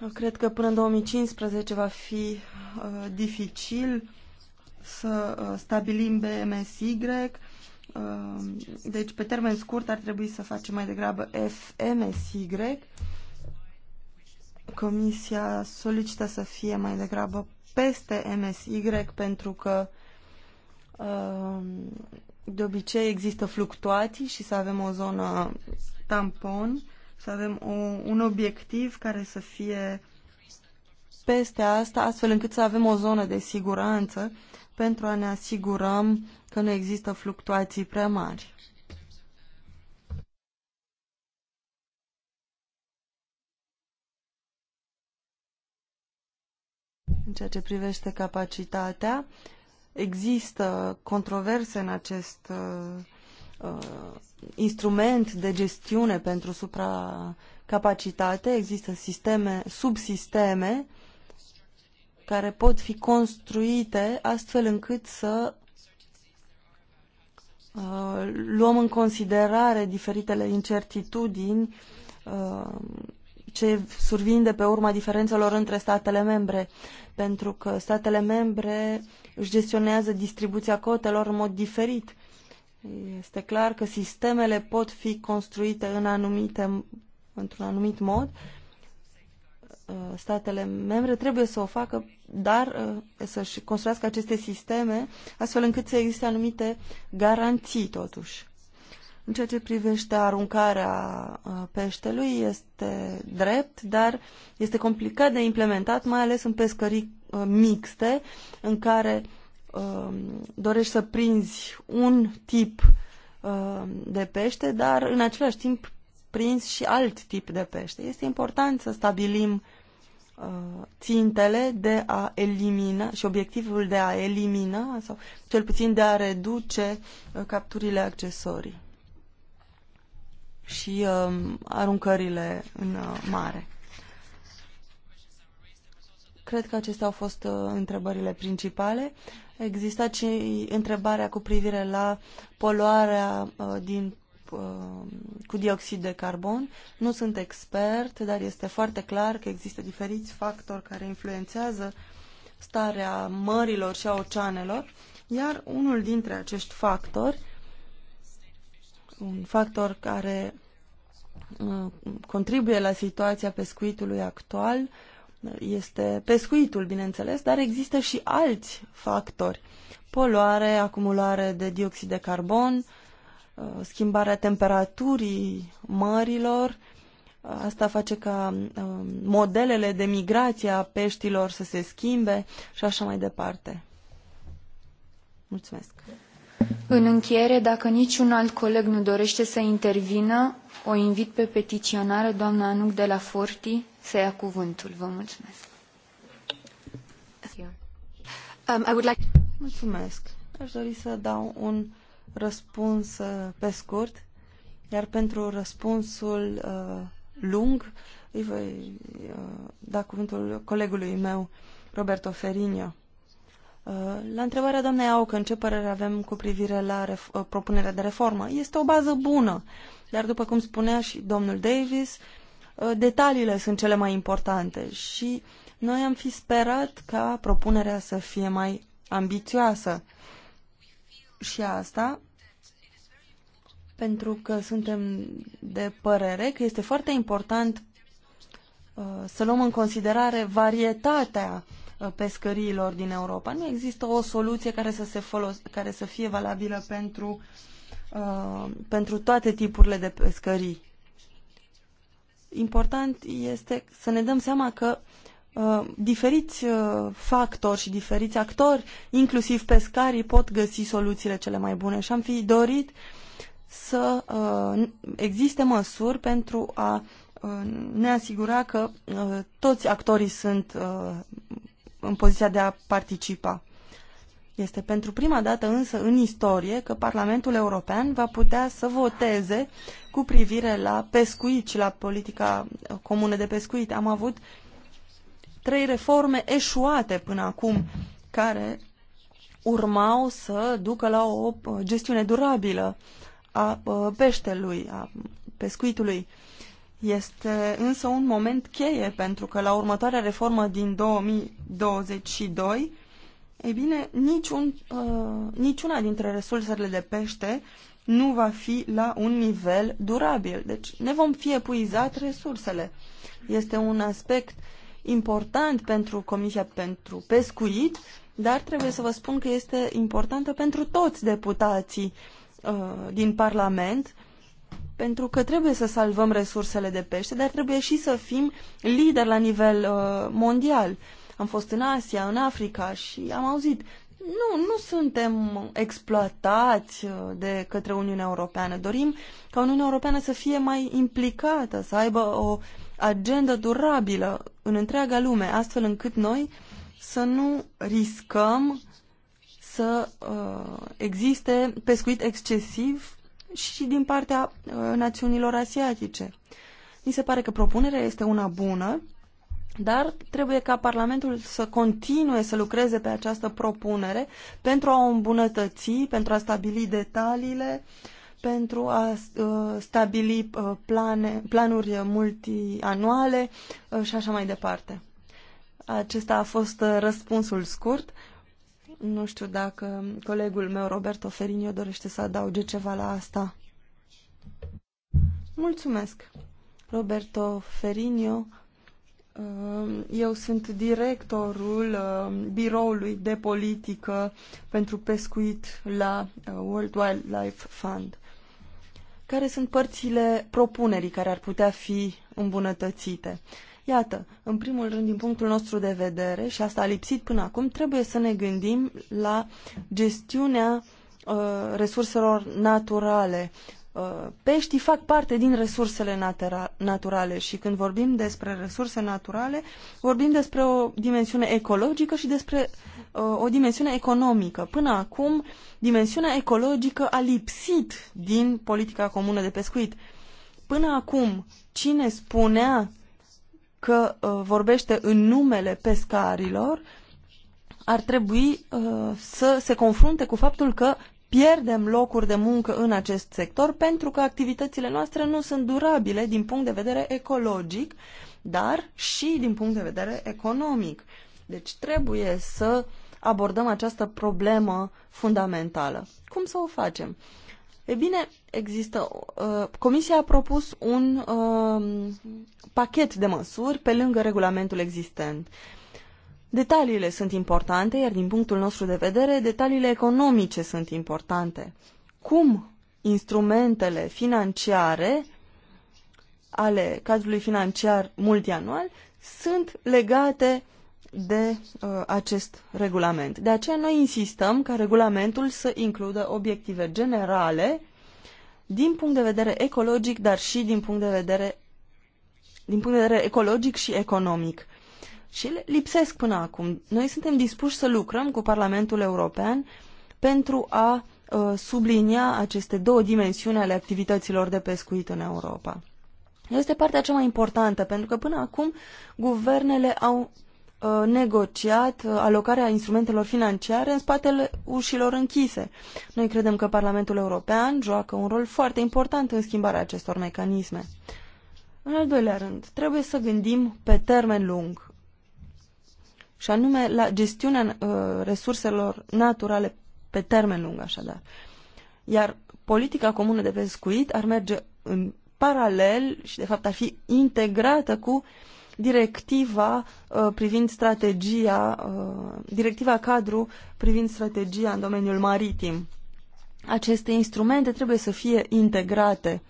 uh, cred că până în 2015 va fi dificil să stabilim BMSY Ehm, deci, pe termen scurt, ar trebui să facem mai degrabă FMSY. Comisia solicită să fie mai degrabă peste MSY pentru că ehm, de obicei există fluctuații și să avem o zonă tampon, să avem o, un obiectiv care să fie peste asta, astfel încât să avem o zonă de siguranță pentru a ne asigurăm că nu există fluctuații prea mari. În ceea ce privește capacitatea, există controverse în acest uh, uh instrument de gestiune pentru supracapacitate, există sisteme, subsisteme care pot fi construite astfel încât să Uh, luăm în considerare diferitele incertitudini uh, ce survin de pe urma diferențelor între statele membre, pentru că statele membre își gestionează distribuția cotelor în mod diferit. Este clar că sistemele pot fi construite în anumite, într-un anumit mod, uh, Uh, statele membre trebuie să o facă, dar uh, să-și construiască aceste sisteme astfel încât să existe anumite garanții totuși. În ceea ce privește aruncarea uh, peștelui, este drept, dar este complicat de implementat, mai ales în pescării mixte, în care dorești să prinzi un tip de pește, dar în același timp prins și alt tip de pește. Este important să stabilim uh, țintele de a elimina și obiectivul de a elimina sau cel puțin de a reduce uh, capturile accesorii și uh, aruncările în uh, mare. Cred că acestea au fost uh, întrebările principale. Exista și întrebarea cu privire la poluarea uh, din cu dioxid de carbon. Nu sunt expert, dar este foarte clar că există diferiți factori care influențează starea mărilor și a oceanelor, iar unul dintre acești factori, un factor care uh, contribuie la situația pescuitului actual, este pescuitul, bineînțeles, dar există și alți factori. Poluare, acumulare de dioxid de carbon, Uh, schimbarea temperaturii mărilor. Asta face ca uh, modelele de migrație a peștilor să se schimbe și așa mai departe. Mulțumesc. În încheiere, dacă niciun alt coleg nu dorește să intervină, o invit pe petiționară, doamna Anuc de la Forti, să ia cuvântul. Vă mulțumesc. Um, I would like... Mulțumesc. Aș dori să dau un răspuns uh, pe scurt, iar pentru răspunsul uh, lung îi voi uh, da cuvântul colegului meu, Roberto Ferinio. La întrebarea doamnei Auc, în ce părere avem cu privire la propunerea de reformă? Este o bază bună, dar după cum spunea și domnul Davis, detaliile sunt cele mai importante și noi am fi sperat ca propunerea să fie mai ambițioasă. Și asta pentru că suntem de părere că este foarte important uh, să luăm în considerare varietatea uh, pescăriilor din Europa. Nu există o soluție care să, se folos- care să fie valabilă pentru, uh, pentru toate tipurile de pescării. Important este să ne dăm seama că uh, diferiți uh, factori și diferiți actori, inclusiv pescarii, pot găsi soluțiile cele mai bune și am fi dorit uh, să uh, existe măsuri pentru a uh, ne asigura că uh, toți actorii sunt uh, în poziția de a participa. Este pentru prima dată însă în istorie că Parlamentul European va putea să voteze cu privire la pescuit și la politica uh, comună de pescuit. Am avut trei reforme eșuate până acum care urmau să ducă la o uh, gestiune durabilă a peștelui, a pescuitului. Este însă un moment cheie pentru că la următoarea reformă din 2022, ei bine, niciun, uh, niciuna dintre resursele de pește nu va fi la un nivel durabil. Deci ne vom fi epuizat resursele. Este un aspect important pentru Comisia pentru Pescuit, dar trebuie să vă spun că este importantă pentru toți deputații Uh, din Parlament, pentru că trebuie să salvăm resursele de pește, dar trebuie și să fim lideri la nivel uh, mondial. Am fost în Asia, în Africa și am auzit, nu, nu suntem exploatați uh, de către Uniunea Europeană. Dorim ca Uniunea Europeană să fie mai implicată, să aibă o agendă durabilă în întreaga lume, astfel încât noi să nu riscăm să uh, existe pescuit excesiv și din partea uh, națiunilor asiatice. Mi se pare că propunerea este una bună, dar trebuie ca Parlamentul să continue să lucreze pe această propunere pentru a o îmbunătăți, pentru a stabili detaliile, pentru a uh, stabili uh, plane, planuri multianuale uh, și așa mai departe. Acesta a fost uh, răspunsul scurt. Nu știu dacă colegul meu, Roberto Ferinio, dorește să adauge ceva la asta. Mulțumesc. Roberto Ferinio, uh, eu sunt directorul uh, biroului de politică pentru pescuit la uh, World Wildlife Fund. Care sunt părțile propunerii care ar putea fi îmbunătățite? Iată, în primul rând, din punctul nostru de vedere, și asta a lipsit până acum, trebuie să ne gândim la gestiunea uh, resurselor naturale. Uh, peștii fac parte din resursele natura naturale și când vorbim despre resurse naturale, vorbim despre o dimensiune ecologică și despre uh, o dimensiune economică. Până acum, dimensiunea ecologică a lipsit din politica comună de pescuit. Până acum, cine spunea că uh, vorbește în numele pescarilor, ar trebui uh, să se confrunte cu faptul că pierdem locuri de muncă în acest sector pentru că activitățile noastre nu sunt durabile din punct de vedere ecologic, dar și din punct de vedere economic. Deci trebuie să abordăm această problemă fundamentală. Cum să o facem? Uh, E bine, există. Uh, Comisia a propus un uh, pachet de măsuri pe lângă regulamentul existent. Detaliile sunt importante, iar din punctul nostru de vedere, detaliile economice sunt importante. Cum instrumentele financiare ale cadrului financiar multianual sunt legate de uh, acest regulament. De aceea noi insistăm ca regulamentul să includă obiective generale din punct de vedere ecologic, dar și din punct de vedere din punct de vedere ecologic și economic. Și lipsesc până acum. Noi suntem dispuși să lucrăm cu Parlamentul European pentru a uh, sublinia aceste două dimensiuni ale activităților de pescuit în Europa. Este partea cea mai importantă, pentru că până acum guvernele au Uh, negociat uh, alocarea instrumentelor financiare în spatele ușilor închise. Noi credem că Parlamentul European joacă un rol foarte important în schimbarea acestor mecanisme. În al doilea rând, trebuie să gândim pe termen lung și anume la gestiunea uh, resurselor naturale pe termen lung, așadar. Iar politica comună de pescuit ar merge în paralel și, de fapt, ar fi integrată cu uh, directiva uh, privind strategia, uh, directiva cadru privind strategia în domeniul maritim. Aceste instrumente trebuie să fie integrate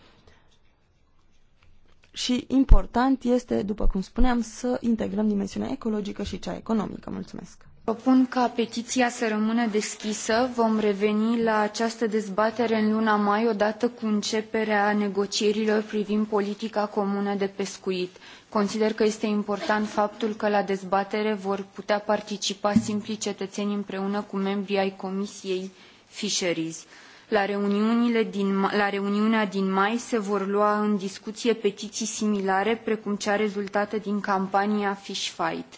și important este, după cum spuneam, să integrăm dimensiunea ecologică și cea economică. Mulțumesc! Propun ca petiția să rămână deschisă. Vom reveni la această dezbatere în luna mai, odată cu începerea negocierilor privind politica comună de pescuit. Consider că este important faptul că la dezbatere vor putea participa simplii cetăeni împreună cu membrii ai Comisiei Fisheries. La, din, la reuniunea din mai se vor lua în discuție petiții similare, precum cea rezultată din campania Fish Fight.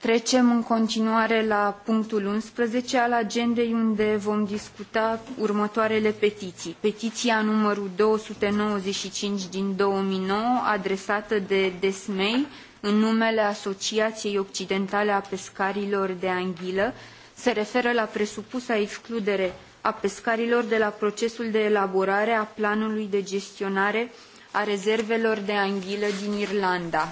Trecem în continuare la punctul 11 al agendei, unde vom discuta următoarele petiții. Petiția numărul 295 din 2009, adresată de Desmei, în numele Asociației Occidentale a Pescarilor de Anghilă, se referă la presupusa excludere a pescarilor de la procesul de elaborare a planului de gestionare a rezervelor de anghilă din Irlanda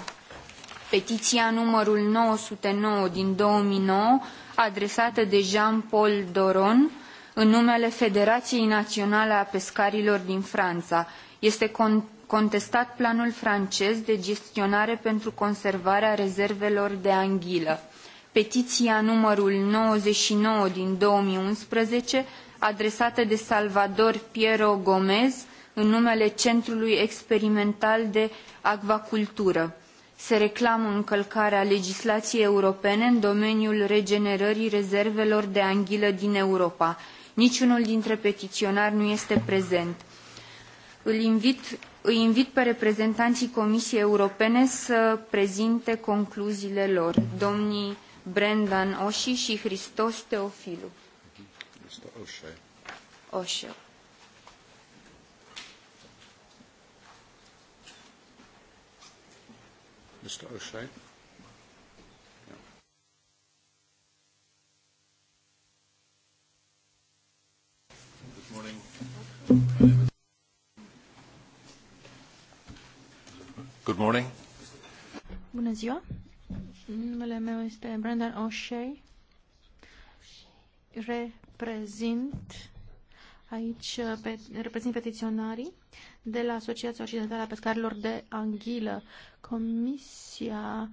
petiția numărul 909 din 2009, adresată de Jean-Paul Doron, în numele Federației Naționale a Pescarilor din Franța. Este contestat planul francez de gestionare pentru conservarea rezervelor de anghilă. Petiția numărul 99 din 2011, adresată de Salvador Piero Gomez, în numele Centrului Experimental de Acvacultură se reclamă încălcarea legislației europene în domeniul regenerării rezervelor de anghilă din Europa. Niciunul dintre petiionari nu este prezent. Îl invit, îi invit pe reprezentanii Comisiei Europene să prezinte concluziile lor, domnii Brendan Oshi și Hristos Teofilu. Oșe. Oșe. Mr. O'Shea. Good morning. Bună ziua. Numele meu este Brandon O'Shea. Reprezint aici, pe, reprezint petiționarii de la Asociația Occidentală a Pescarilor de Anghilă. Comisia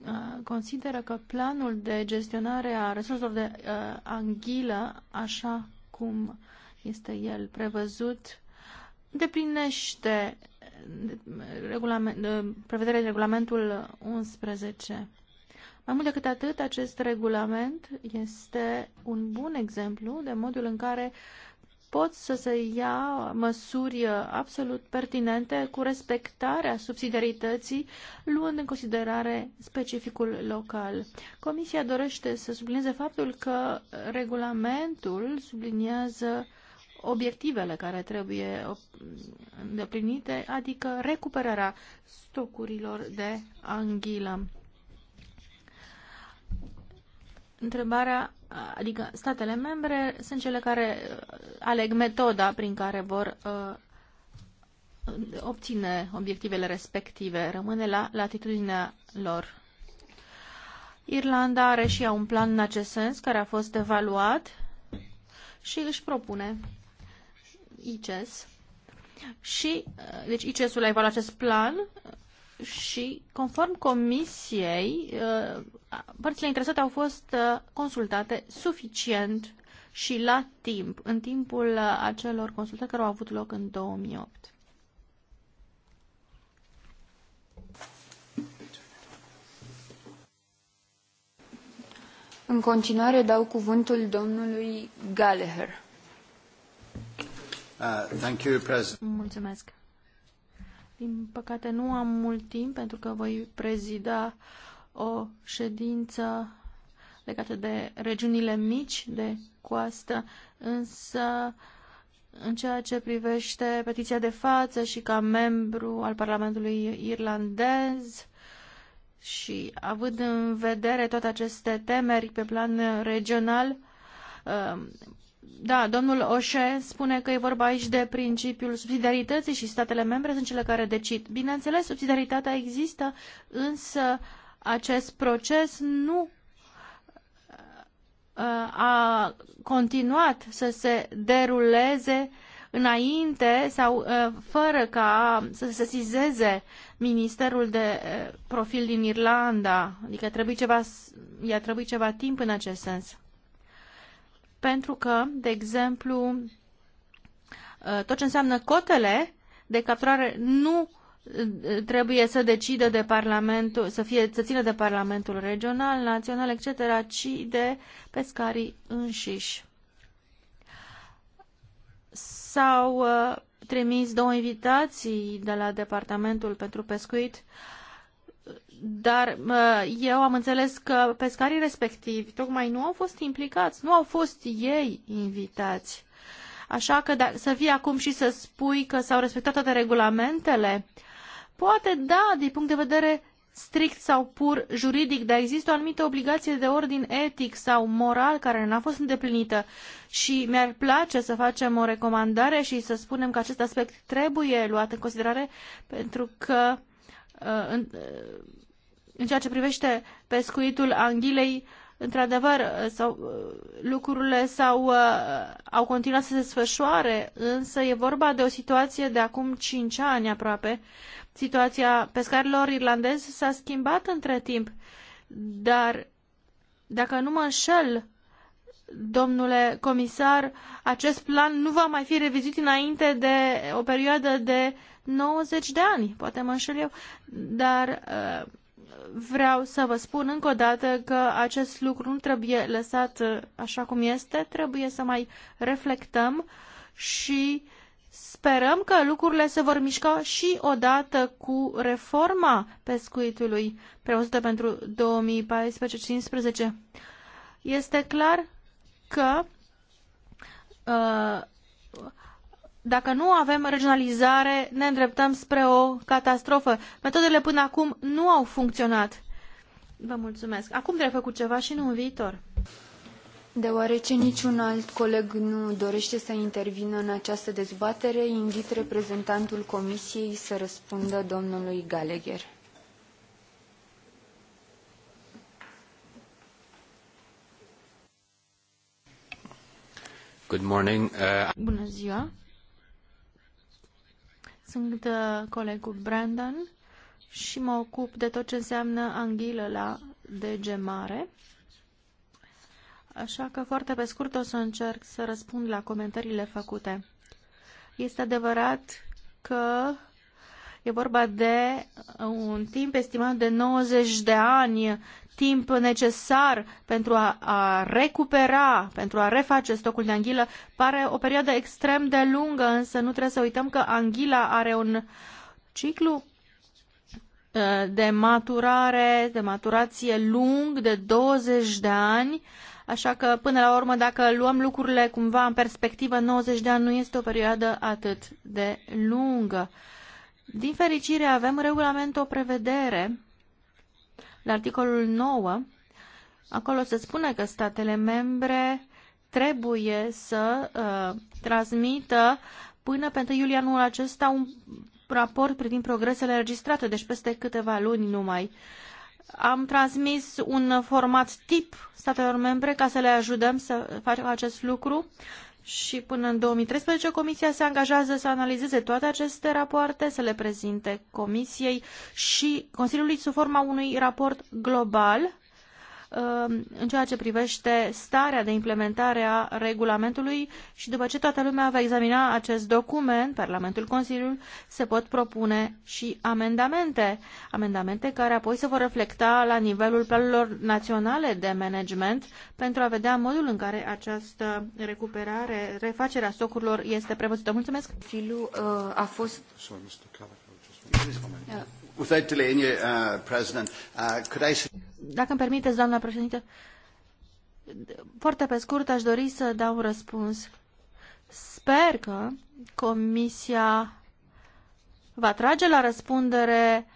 uh, consideră că planul de gestionare a resurselor de uh, anghilă, așa cum este el prevăzut, deplinește uh, regulament, uh, prevederea regulamentul 11. Mai mult decât atât, acest regulament este un bun exemplu de modul în care uh, pot să se ia măsuri absolut pertinente cu respectarea subsidiarității, luând în considerare specificul local. Comisia dorește să sublinieze faptul că regulamentul subliniază obiectivele care trebuie îndeplinite, adică recuperarea stocurilor de anghilă. Întrebarea adică statele membre sunt cele care uh, aleg metoda prin care vor uh, obține obiectivele respective. Rămâne la latitudinea lor. Irlanda are și ea un plan în acest sens care a fost evaluat și își propune ICES. Și, uh, deci ICES-ul a evaluat acest plan și, conform comisiei, uh, părțile interesate au fost uh, consultate suficient și la timp, în timpul uh, acelor consultări care au avut loc în 2008. În continuare dau cuvântul domnului Gallagher. Uh, thank you, President. Mulțumesc. Din păcate nu am mult timp pentru că voi prezida o ședință legată de regiunile mici de coastă, însă în ceea ce privește petiția de față și ca membru al Parlamentului irlandez și având în vedere toate aceste temeri pe plan regional, da, domnul Oșe spune că e vorba aici de principiul subsidiarității și statele membre sunt cele care decid. Bineînțeles, subsidiaritatea există, însă acest proces nu uh, a continuat să se deruleze înainte sau uh, fără ca să se sesizeze ministerul de uh, profil din Irlanda. Adică trebuie ceva, i-a trebuit ceva timp în acest sens pentru că, de exemplu, ă, tot ce înseamnă cotele de capturare nu ă, trebuie să decidă de Parlamentul, să, fie, să țină de Parlamentul regional, național, etc., ci de pescarii înșiși. S-au ă, trimis două invitații de la Departamentul pentru Pescuit uh, dar eu am înțeles că pescarii respectivi tocmai nu au fost implicați, nu au fost ei invitați. Așa că da, să vii acum și să spui că s-au respectat toate regulamentele, poate da, din punct de vedere strict sau pur juridic, dar există o anumită obligație de ordin etic sau moral care n-a fost îndeplinită și mi-ar place să facem o recomandare și să spunem că acest aspect trebuie luat în considerare pentru că Uh, în, în ceea ce privește pescuitul anghilei, într-adevăr, uh, sau, uh, lucrurile sau, au continuat să se sfășoare, însă e vorba de o situație de acum 5 ani aproape. Situația pescarilor irlandezi s-a schimbat între timp, dar dacă nu mă înșel, domnule comisar, acest plan nu va mai fi revizuit înainte de o perioadă de 90 de ani, poate mă înșel eu, dar uh, vreau să vă spun încă o dată că acest lucru nu trebuie lăsat uh, așa cum este, trebuie să mai reflectăm și sperăm că lucrurile se vor mișca și odată cu reforma pescuitului prevăzută pentru 2014-2015. Este clar că uh, dacă nu avem regionalizare, ne îndreptăm spre o catastrofă. Metodele până acum nu au funcționat. Vă mulțumesc. Acum trebuie făcut ceva și nu în viitor. Deoarece niciun alt coleg nu dorește să intervină în această dezbatere, invit reprezentantul Comisiei să răspundă domnului Gallagher. Good morning. Uh... Bună ziua. Sunt uh, colegul Brandon și mă ocup de tot ce înseamnă anghilă la DG Mare. Așa că foarte pe scurt o să încerc să răspund la comentariile făcute. Este adevărat că e vorba de un timp estimat de 90 de ani timp necesar pentru a, a recupera, pentru a reface stocul de anghilă. Pare o perioadă extrem de lungă, însă nu trebuie să uităm că anghila are un ciclu ă, de maturare, de maturație lung, de 20 de ani, așa că până la urmă dacă luăm lucrurile cumva în perspectivă, 90 de ani nu este o perioadă atât de lungă. Din fericire avem regulament o prevedere la articolul 9, acolo se spune că statele membre trebuie să uh, transmită până pe 1 iulie anul acesta un raport privind progresele registrate, deci peste câteva luni numai. Am transmis un format tip statelor membre ca să le ajutăm să facă acest lucru și până în 2013 Comisia se angajează să analizeze toate aceste rapoarte, să le prezinte Comisiei și Consiliului sub forma unui raport global Um, în ceea ce privește starea de implementare a regulamentului și după ce toată lumea va examina acest document, Parlamentul Consiliul, se pot propune și amendamente, amendamente care apoi se vor reflecta la nivelul planurilor naționale de management pentru a vedea modul în care această recuperare, refacerea stocurilor este prevăzută. Mulțumesc! Filu uh, a fost... Sorry, Uh, uh, Dacă îmi permiteți, doamna președinte, foarte pe scurt aș dori să dau un răspuns. Sper că Comisia va trage la răspundere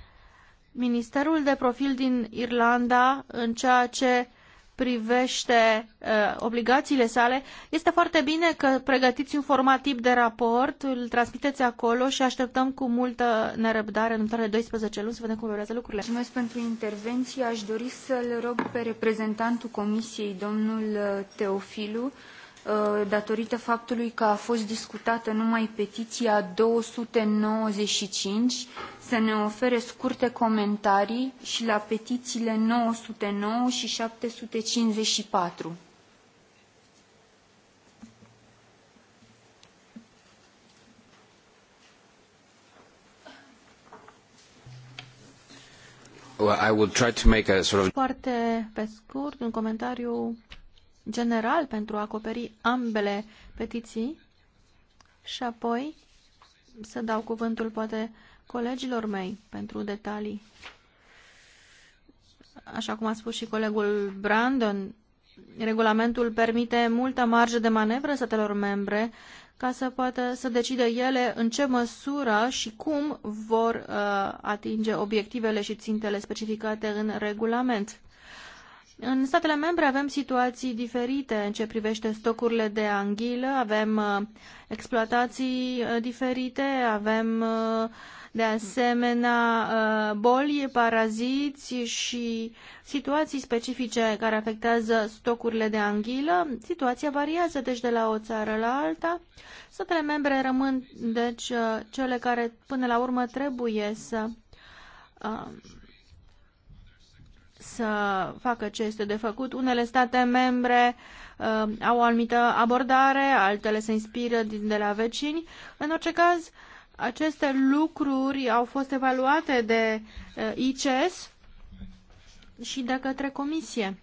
Ministerul de Profil din Irlanda în ceea ce privește uh, obligațiile sale, este foarte bine că pregătiți un format tip de raport, îl transmiteți acolo și așteptăm cu multă nerăbdare în următoarele 12 luni să vedem cum evoluează lucrurile. Mulțumesc pentru intervenție. Aș dori să-l rog pe reprezentantul Comisiei, domnul uh, Teofilu, Uh, datorită faptului că a fost discutată numai petiția 295, să ne ofere scurte comentarii și la petițiile 909 și 754. Well, I will try to make a sort of... Foarte pe scurt, un comentariu general pentru a acoperi ambele petiții și apoi să dau cuvântul poate colegilor mei pentru detalii. Așa cum a spus și colegul Brandon, regulamentul permite multă marjă de manevră statelor membre ca să poată să decide ele în ce măsură și cum vor uh, atinge obiectivele și țintele specificate în regulament. În statele membre avem situații diferite în ce privește stocurile de anghilă, avem uh, exploatații uh, diferite, avem uh, de asemenea boli, paraziți și situații specifice care afectează stocurile de anghilă. Situația variază deci de la o țară la alta. Statele membre rămân deci cele care până la urmă trebuie să să facă ce este de făcut. Unele state membre uh, au o anumită abordare, altele se inspiră din, de la vecini. În orice caz, aceste lucruri au fost evaluate de uh, ICS și de către Comisie.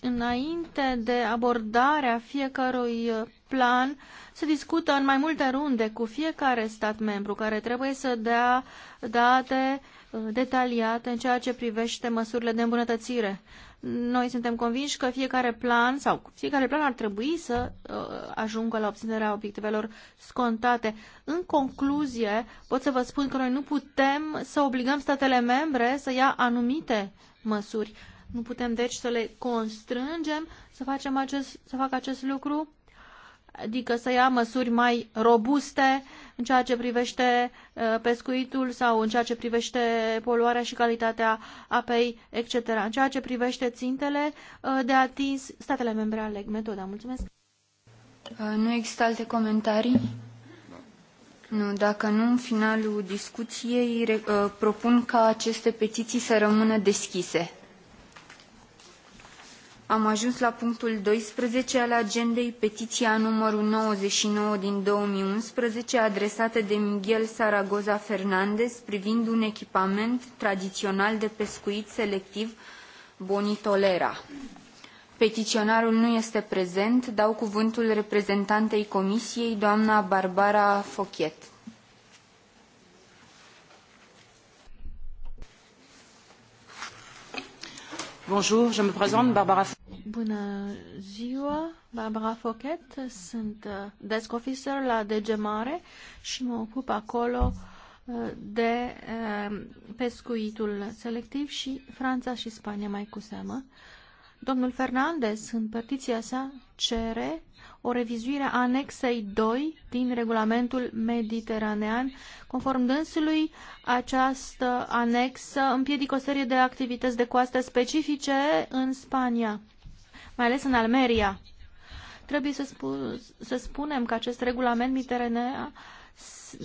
Înainte de abordarea fiecărui plan, se discută în mai multe runde cu fiecare stat membru care trebuie să dea date uh, detaliate în ceea ce privește măsurile de îmbunătățire. Noi suntem convinși că fiecare plan sau fiecare plan ar trebui să uh, ajungă la obținerea obiectivelor scontate. În concluzie, pot să vă spun că noi nu putem să obligăm statele membre să ia anumite măsuri. Nu putem, deci, să le constrângem să, facem acest, să facă acest lucru adică să ia măsuri mai robuste în ceea ce privește uh, pescuitul sau în ceea ce privește poluarea și calitatea apei, etc. În ceea ce privește țintele uh, de atins, statele membre aleg metoda. Mulțumesc! Uh, nu există alte comentarii? Nu, dacă nu, în finalul discuției propun ca aceste petiții să rămână deschise am ajuns la punctul 12 al agendei, petiția numărul 99 din 2011, adresată de Miguel Saragoza Fernandez, privind un echipament tradițional de pescuit selectiv Bonitolera. Petiționarul nu este prezent, dau cuvântul reprezentantei Comisiei, doamna Barbara Fochet. Bonjour, je me présente Barbara Bună ziua, Barbara Fochet, sunt uh, desk officer la DG Mare și mă ocup acolo uh, de uh, pescuitul selectiv și Franța și Spania mai cu seamă. Domnul Fernandez, în petiția sa, cere o revizuire a anexei 2 din regulamentul mediteranean. Conform dânsului, această anexă împiedică o serie de activități de coastă specifice în Spania, mai ales în Almeria. Trebuie să, spu- să spunem că acest regulament mediteranean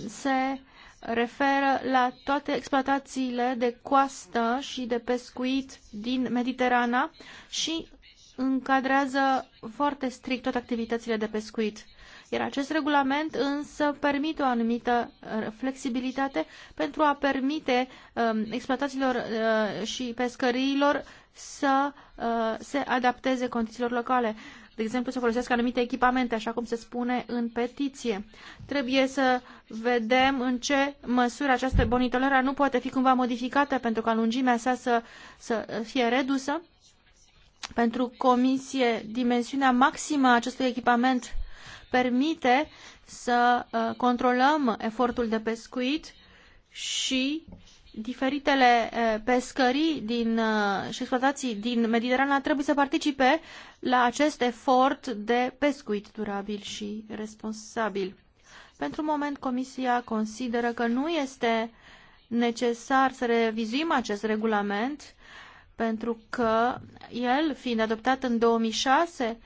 se referă la toate exploatațiile de coastă și de pescuit din Mediterana și încadrează foarte strict toate activitățile de pescuit. Iar acest regulament însă permite o anumită uh, flexibilitate pentru a permite uh, exploatațiilor uh, și pescăriilor să uh, se adapteze condițiilor locale. De exemplu, să folosească anumite echipamente, așa cum se spune în petiție. Trebuie să vedem în ce măsură această bonitolera nu poate fi cumva modificată pentru ca lungimea sa să, să fie redusă pentru comisie, dimensiunea maximă a acestui echipament permite să uh, controlăm efortul de pescuit și diferitele uh, pescării din, uh, și exploatații din Mediterana trebuie să participe la acest efort de pescuit durabil și responsabil. Pentru moment, Comisia consideră că nu este necesar să revizuim acest regulament pentru că el, fiind adoptat în 2006,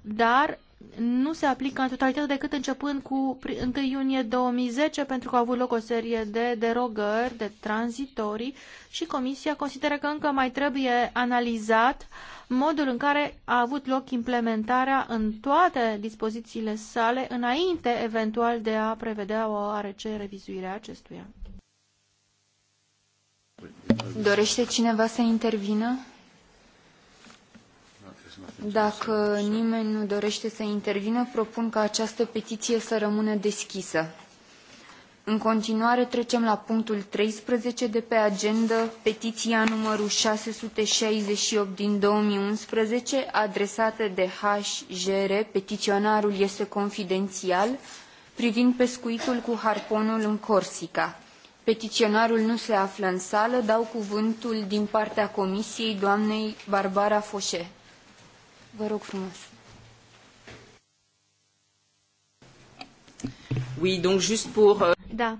dar nu se aplică în totalitate decât începând cu 1 iunie 2010, pentru că au avut loc o serie de derogări, de tranzitorii și Comisia consideră că încă mai trebuie analizat modul în care a avut loc implementarea în toate dispozițiile sale, înainte eventual de a prevedea o revizuire revizuirea acestuia. Dorește cineva să intervină? Dacă nimeni nu dorește să intervină, propun ca această petiție să rămână deschisă. În continuare trecem la punctul 13 de pe agenda, petiția numărul 668 din 2011, adresată de HJR, petiționarul este confidențial, privind pescuitul cu harponul în Corsica. Petiționarul nu se află în sală. Dau cuvântul din partea Comisiei doamnei Barbara Foșe. Vă rog frumos. Oui, donc juste pour... Euh, da.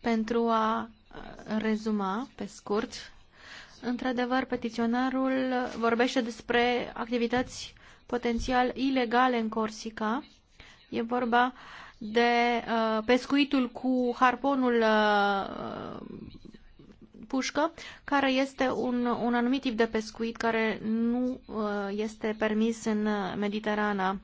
Pentru a uh, rezuma pe scurt, într-adevăr, petiționarul vorbește despre activități potențial ilegale în Corsica. E vorba uh, de uh, pescuitul cu harponul uh, pușcă, care este un, un anumit tip de pescuit care nu uh, este permis în Mediterana.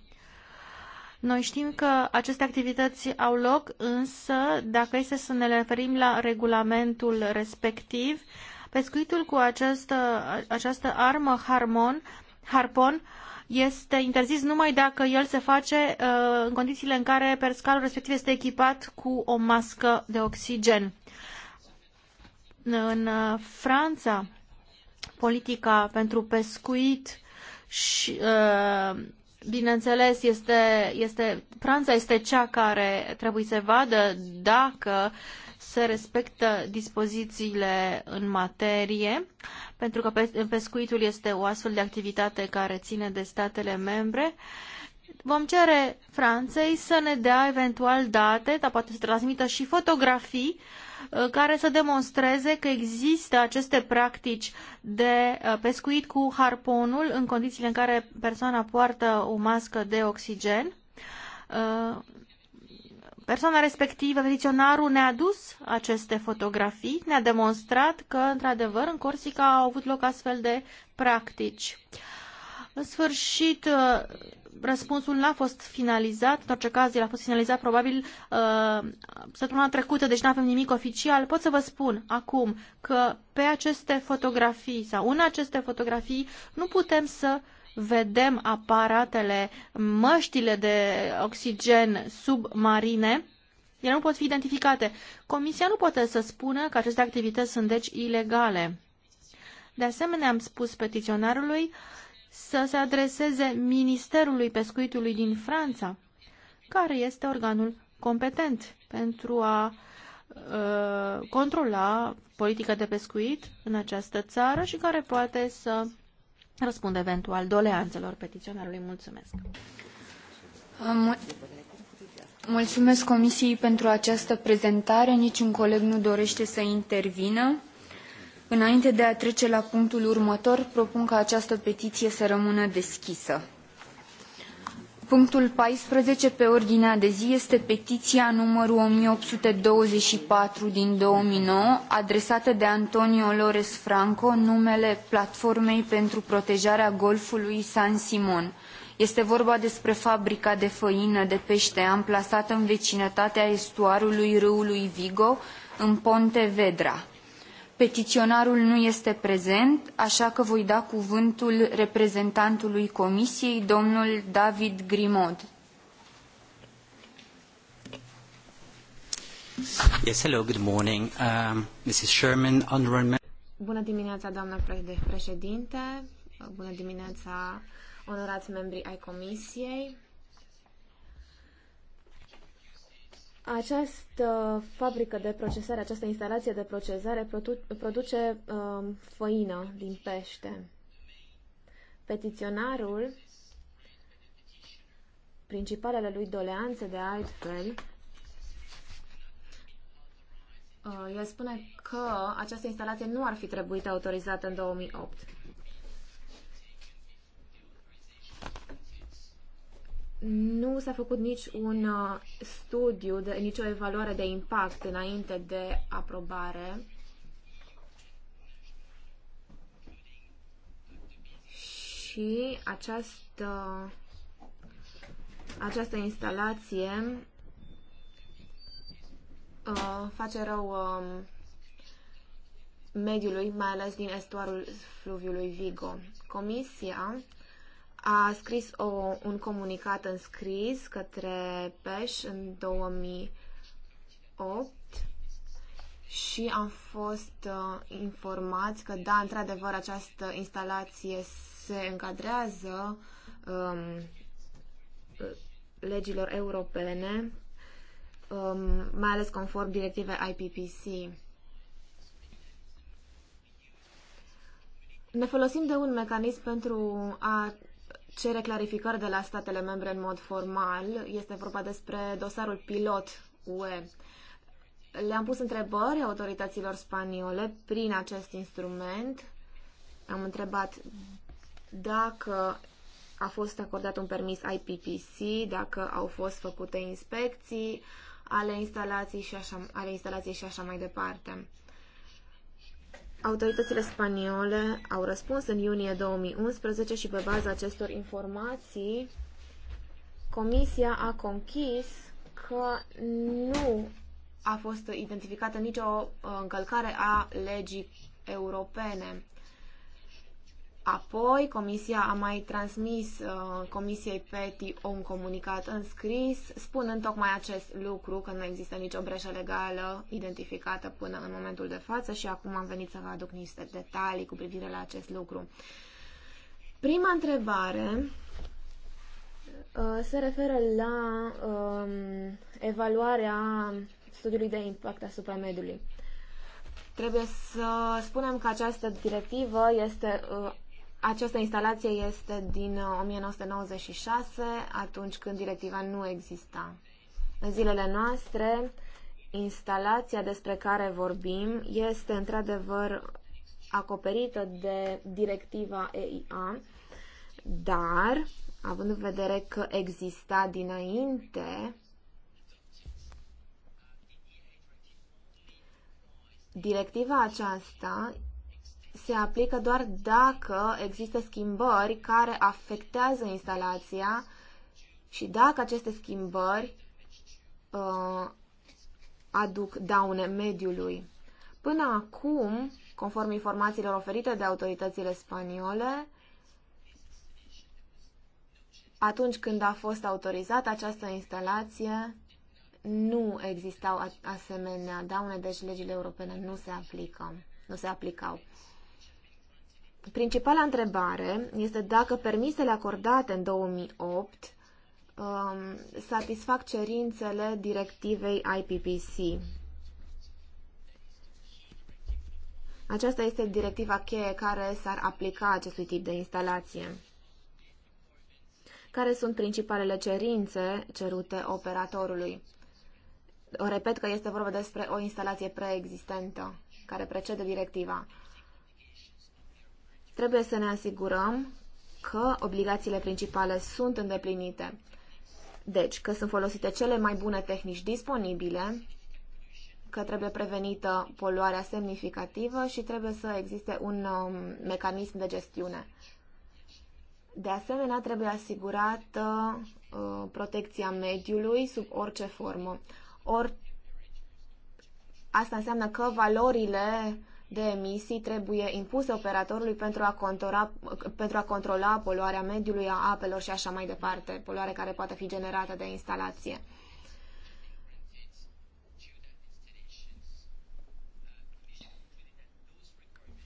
Noi știm că aceste activități au loc, însă dacă este să ne referim la regulamentul respectiv, pescuitul cu această, această armă harmon, harpon este interzis numai dacă el se face uh, în condițiile în care perscalul respectiv este echipat cu o mască de oxigen. În uh, Franța, politica pentru pescuit și uh, bineînțeles, este, este, Franța este cea care trebuie să vadă dacă se respectă dispozițiile în materie, pentru că pescuitul este o astfel de activitate care ține de statele membre. Vom cere Franței să ne dea eventual date, dar poate să transmită și fotografii uh, care să demonstreze că există aceste practici de uh, pescuit cu harponul în condițiile în care persoana poartă o mască de oxigen uh, persoana respectivă, petiționarul, ne-a dus aceste fotografii, ne-a demonstrat că, într-adevăr, în Corsica au avut loc astfel de practici. În sfârșit, uh, răspunsul n-a fost finalizat, în orice caz el a fost finalizat probabil uh, săptămâna trecută, deci nu avem nimic oficial. Pot să vă spun acum că pe aceste fotografii sau în aceste fotografii nu putem să uh, vedem aparatele, măștile de oxigen submarine, ele nu pot fi identificate. Comisia nu poate să spună că aceste activități sunt deci ilegale. De asemenea, am spus petiționarului să se adreseze Ministerului Pescuitului din Franța, care este organul competent pentru a uh, controla politica de pescuit în această țară și care poate să răspund eventual doleanțelor petiționarului. Mulțumesc! Mulțumesc Comisiei pentru această prezentare. Niciun coleg nu dorește să intervină. Înainte de a trece la punctul următor, propun ca această petiție să rămână deschisă punctul paisprezece pe ordinea de zi este petiia numărul 1.824 mie opt sute douăzeci și patru din două mii nouă adresată de antonio lores franco în numele platformei pentru protejarea golfului san simon. este vorba despre fabrica de făină de pete amplasată în vecinătatea estuarului râului vigo în pontevedra. Petiționarul nu este prezent, așa că voi da cuvântul reprezentantului Comisiei, domnul David Grimaud. Yes, hello, good morning. Um, Mrs. Sherman, honorable... Bună dimineața, doamnă președinte. Bună dimineața, onorați membri ai Comisiei. Această fabrică de procesare, această instalație de procesare produce uh, făină din pește. Petiționarul, principalele lui doleanțe de altfel, uh, el spune că această instalație nu ar fi trebuit autorizată în 2008. nu s-a făcut nici un uh, studiu, de, nici o evaluare de impact înainte de aprobare. Și această, această instalație uh, face rău uh, mediului, mai ales din estuarul fluviului Vigo. Comisia a scris o, un comunicat în scris către PEș în 2008 și am fost uh, informați că, da, într-adevăr, această instalație se încadrează um, legilor europene, um, mai ales conform directivei IPPC. Ne folosim de un mecanism pentru a cere clarificări de la statele membre în mod formal. Este vorba despre dosarul pilot UE. Le-am pus întrebări autorităților spaniole prin acest instrument. Am întrebat dacă a fost acordat un permis IPPC, dacă au fost făcute inspecții ale instalației și așa, ale instalației și așa mai departe. Autoritățile spaniole au răspuns în iunie 2011 și pe baza acestor informații, Comisia a conchis că nu a fost identificată nicio uh, încălcare a legii europene. Apoi, Comisia a mai transmis uh, Comisiei PETI un comunicat în scris, spunând tocmai acest lucru, că nu există nicio breșă legală identificată până în momentul de față și acum am venit să vă aduc niște detalii cu privire la acest lucru. Prima întrebare uh, se referă la uh, evaluarea studiului de impact asupra mediului. Trebuie să spunem că această directivă este uh, această instalație este din 1996, uh, atunci când directiva nu exista. În zilele noastre, instalația despre care vorbim este într-adevăr acoperită de directiva EIA, dar, având în vedere că exista dinainte Directiva aceasta se aplică doar dacă există schimbări care afectează instalația și dacă aceste schimbări uh, aduc daune mediului. Până acum, conform informațiilor oferite de autoritățile spaniole, atunci când a fost autorizată această instalație, nu existau asemenea daune, deci legile europene nu se aplică, nu se aplicau. Principala întrebare este dacă permisele acordate în 2008 um, satisfac cerințele directivei IPPC. Aceasta este directiva cheie care s-ar aplica acestui tip de instalație. Care sunt principalele cerințe cerute operatorului? O repet că este vorba despre o instalație preexistentă care precede directiva. Trebuie să ne asigurăm că obligațiile principale sunt îndeplinite. Deci, că sunt folosite cele mai bune tehnici disponibile, că trebuie prevenită poluarea semnificativă și trebuie să existe un um, mecanism de gestiune. De asemenea, trebuie asigurată uh, protecția mediului sub orice formă. Or, asta înseamnă că valorile de emisii trebuie impuse operatorului pentru a, contora, pentru a controla poluarea mediului, a apelor și așa mai departe, poluare care poate fi generată de instalație.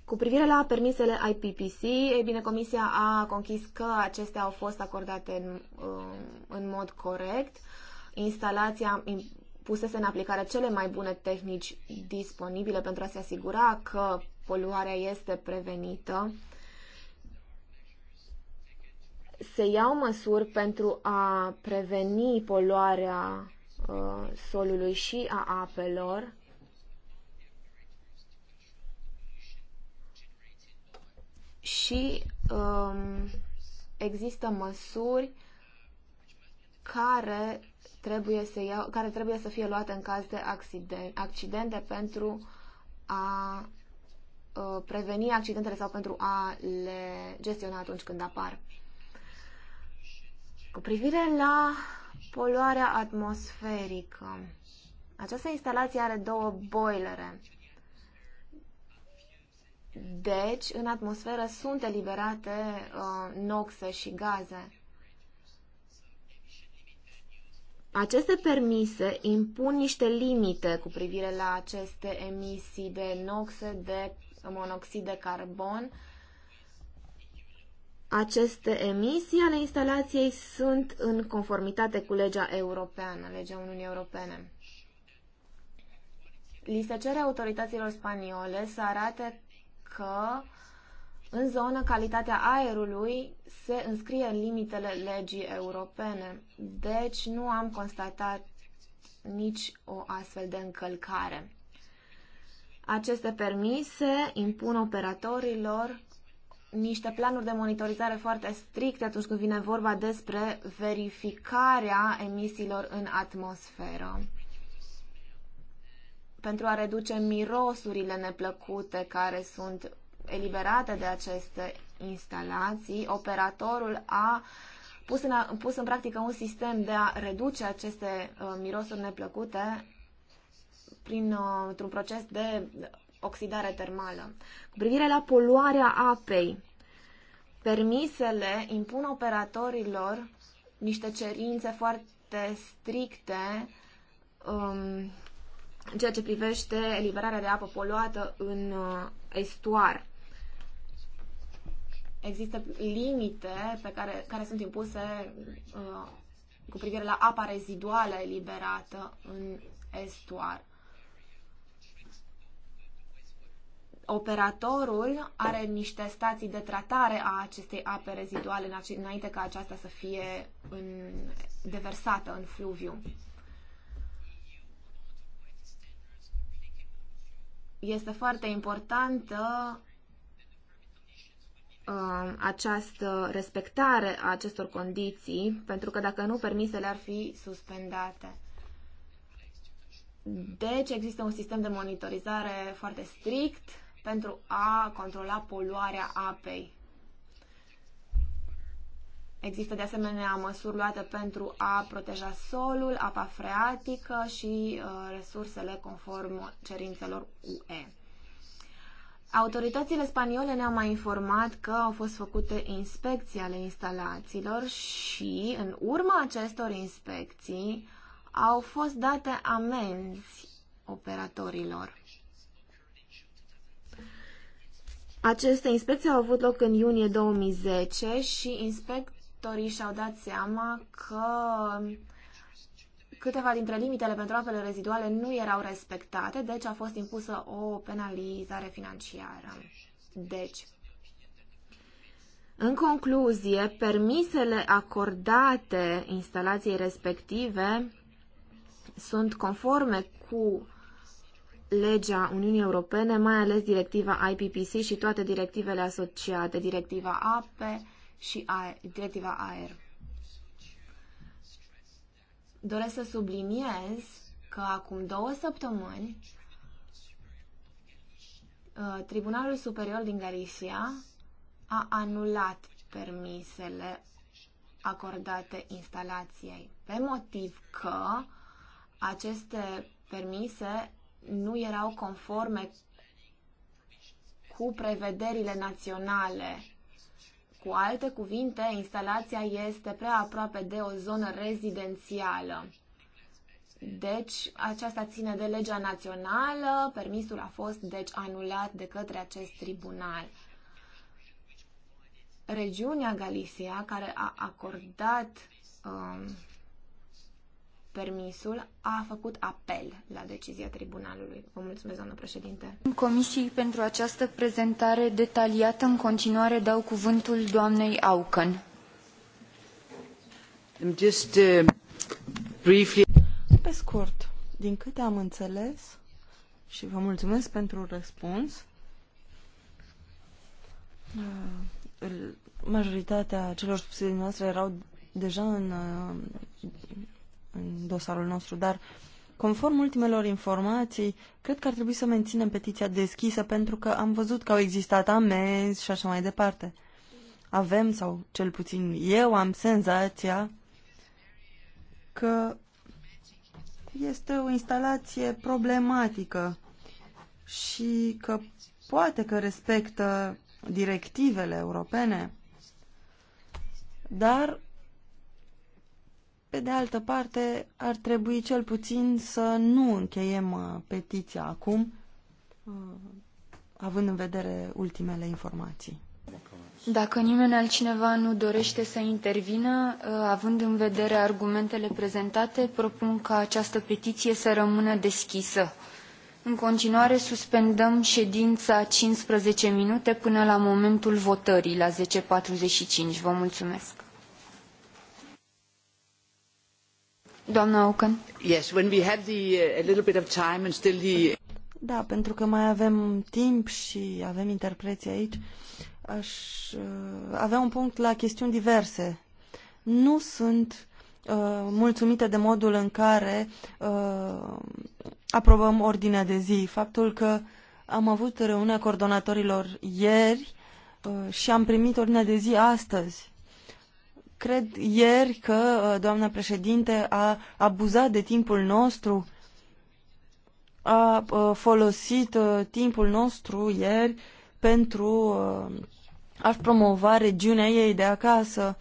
Cu privire la permisele IPPC, e bine, Comisia a conchis că acestea au fost acordate în, um, în mod corect. Instalația pusese în aplicare cele mai bune tehnici disponibile pentru a se asigura că poluarea este prevenită. Se iau măsuri pentru a preveni poluarea uh, solului și a apelor. Și um, există măsuri uh, care trebuie să, iau, care trebuie să fie luate în caz de accident, accidente pentru a uh, preveni accidentele sau pentru a le gestiona atunci când apar. Cu privire la poluarea atmosferică, această instalație are două boilere. Deci, în atmosferă sunt eliberate uh, noxe și gaze. Aceste permise impun niște limite cu privire la aceste emisii de noxe, de monoxid de carbon. Aceste emisii ale instalației sunt în conformitate cu legea europeană, legea Uniunii Europene. Li se cere autorităților spaniole să arate că în zonă, calitatea aerului se înscrie în limitele legii europene, deci nu am constatat nici o astfel de încălcare. Aceste permise impun operatorilor niște planuri de monitorizare foarte stricte atunci când vine vorba despre verificarea emisiilor în atmosferă pentru a reduce mirosurile neplăcute care sunt eliberate de aceste instalații, operatorul a pus în, a, pus în practică un sistem de a reduce aceste uh, mirosuri neplăcute printr-un uh, proces de oxidare termală. Cu privire la poluarea apei, permisele impun operatorilor niște cerințe foarte stricte um, în ceea ce privește eliberarea de apă poluată în uh, estuar există limite pe care, care sunt impuse uh, cu privire la apa reziduală eliberată în estuar. Operatorul are niște stații de tratare a acestei ape reziduale înainte ca aceasta să fie în, deversată în fluviu. Este foarte importantă Um, această respectare a acestor condiții, pentru că dacă nu, permisele ar fi suspendate. Deci există un sistem de monitorizare foarte strict pentru a controla poluarea apei. Există de asemenea măsuri luate pentru a proteja solul, apa freatică și uh, resursele conform cerințelor UE. Autoritățile spaniole ne-au mai informat că au fost făcute inspecții ale instalațiilor și, în urma acestor inspecții, au fost date amenzi operatorilor. Aceste inspecții au avut loc în iunie 2010 și inspectorii și-au dat seama că câteva dintre limitele pentru apele reziduale nu erau respectate, deci a fost impusă o penalizare financiară. Deci, în concluzie, permisele acordate instalației respective sunt conforme cu legea Uniunii Europene, mai ales directiva IPPC și toate directivele asociate, directiva APE și AER, directiva AER doresc să subliniez că acum două săptămâni uh, Tribunalul Superior din Galicia a anulat permisele acordate instalației pe motiv că aceste permise nu erau conforme cu prevederile naționale cu alte cuvinte, instalația este prea aproape de o zonă rezidențială. Deci, aceasta ține de legea națională, permisul a fost deci anulat de către acest tribunal. Regiunea Galicia, care a acordat um, permisul, a făcut apel la decizia tribunalului. Vă mulțumesc, doamnă președinte. Comisii pentru această prezentare detaliată. În continuare dau cuvântul doamnei Auken. Um, just, uh, briefly... Pe scurt, din câte am înțeles, și vă mulțumesc pentru răspuns, uh, majoritatea celor spuse noastre erau deja în uh, în dosarul nostru, dar conform ultimelor informații, cred că ar trebui să menținem petiția deschisă pentru că am văzut că au existat amenzi și așa mai departe. Avem, sau cel puțin eu am senzația că este o instalație problematică și că poate că respectă directivele europene, dar pe de altă parte, ar trebui cel puțin să nu încheiem uh, petiția acum, uh, având în vedere ultimele informații. Dacă nimeni altcineva nu dorește să intervină, uh, având în vedere argumentele prezentate, propun ca această petiție să rămână deschisă. În continuare, suspendăm ședința 15 minute până la momentul votării la 10.45. Vă mulțumesc! Da, pentru că mai avem timp și avem interpreții aici, aș uh, avea un punct la chestiuni diverse. Nu sunt uh, mulțumită de modul în care uh, aprobăm ordinea de zi. Faptul că am avut reuniunea coordonatorilor ieri uh, și am primit ordinea de zi astăzi. Cred ieri că uh, doamna președinte a abuzat de timpul nostru, a uh, folosit uh, timpul nostru ieri pentru a-și promova regiunea ei de acasă.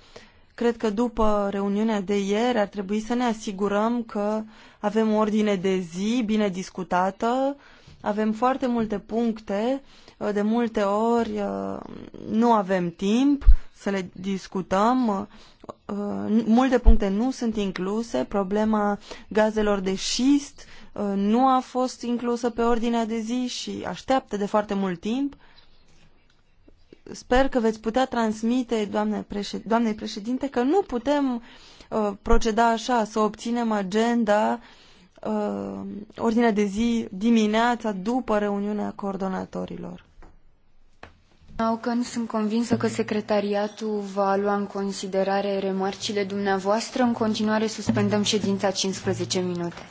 Cred că după reuniunea de ieri ar trebui să ne asigurăm că avem o ordine de zi bine discutată, avem foarte multe puncte, de multe ori nu avem timp, să le discutăm. Uh, multe puncte nu sunt incluse. Problema gazelor de șist uh, nu a fost inclusă pe ordinea de zi și așteaptă de foarte mult timp. Sper că veți putea transmite, doamne președ doamnei președinte, că nu putem uh, proceda așa, să obținem agenda, uh, ordinea de zi dimineața după reuniunea coordonatorilor. Aucan, sunt convinsă că secretariatul va lua în considerare remarcile dumneavoastră. În continuare suspendăm ședința 15 minute.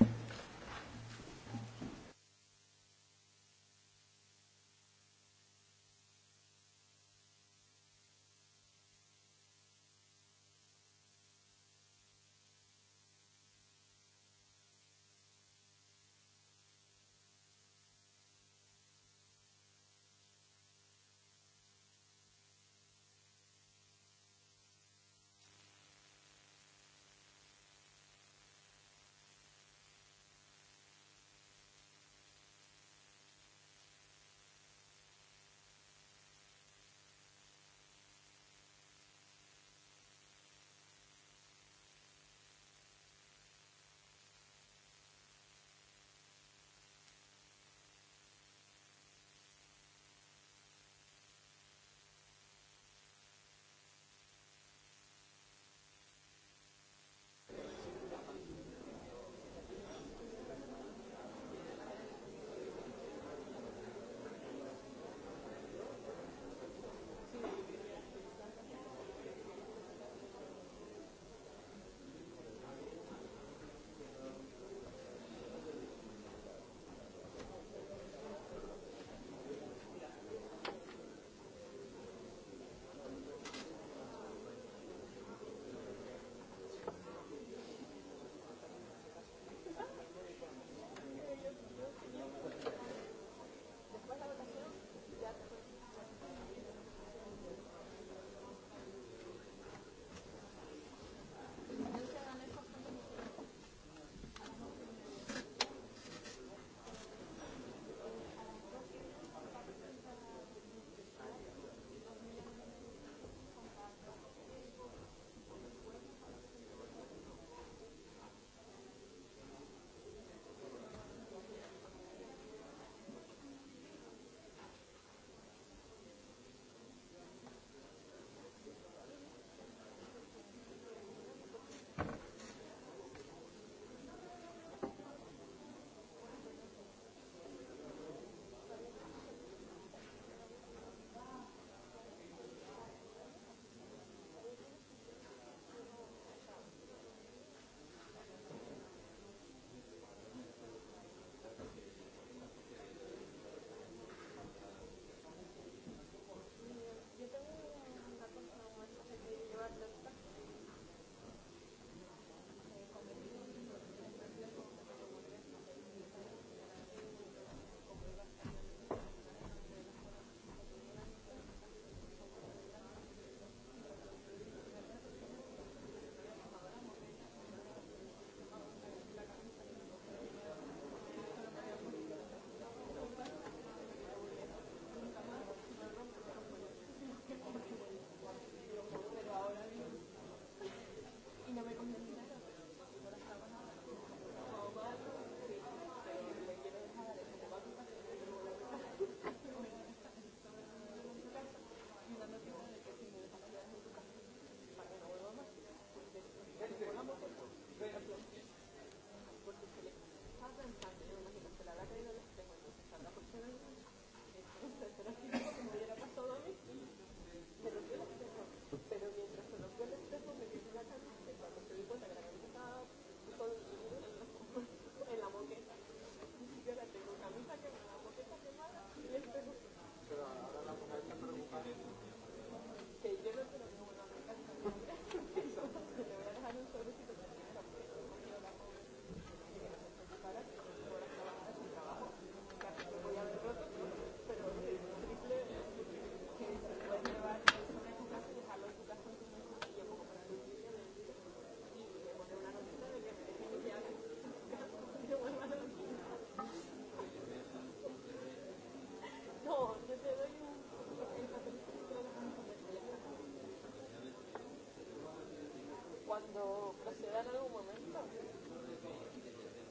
cuando procedan en algún momento.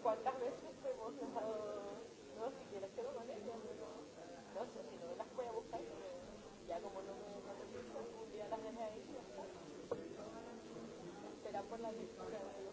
¿Cuántas veces te hemos dejado? No, si quieres que lo maneje, no, no sé, si no las voy a buscar, pero ya como no me no te un día las dejé ahí, ya está. Será por la lectura de los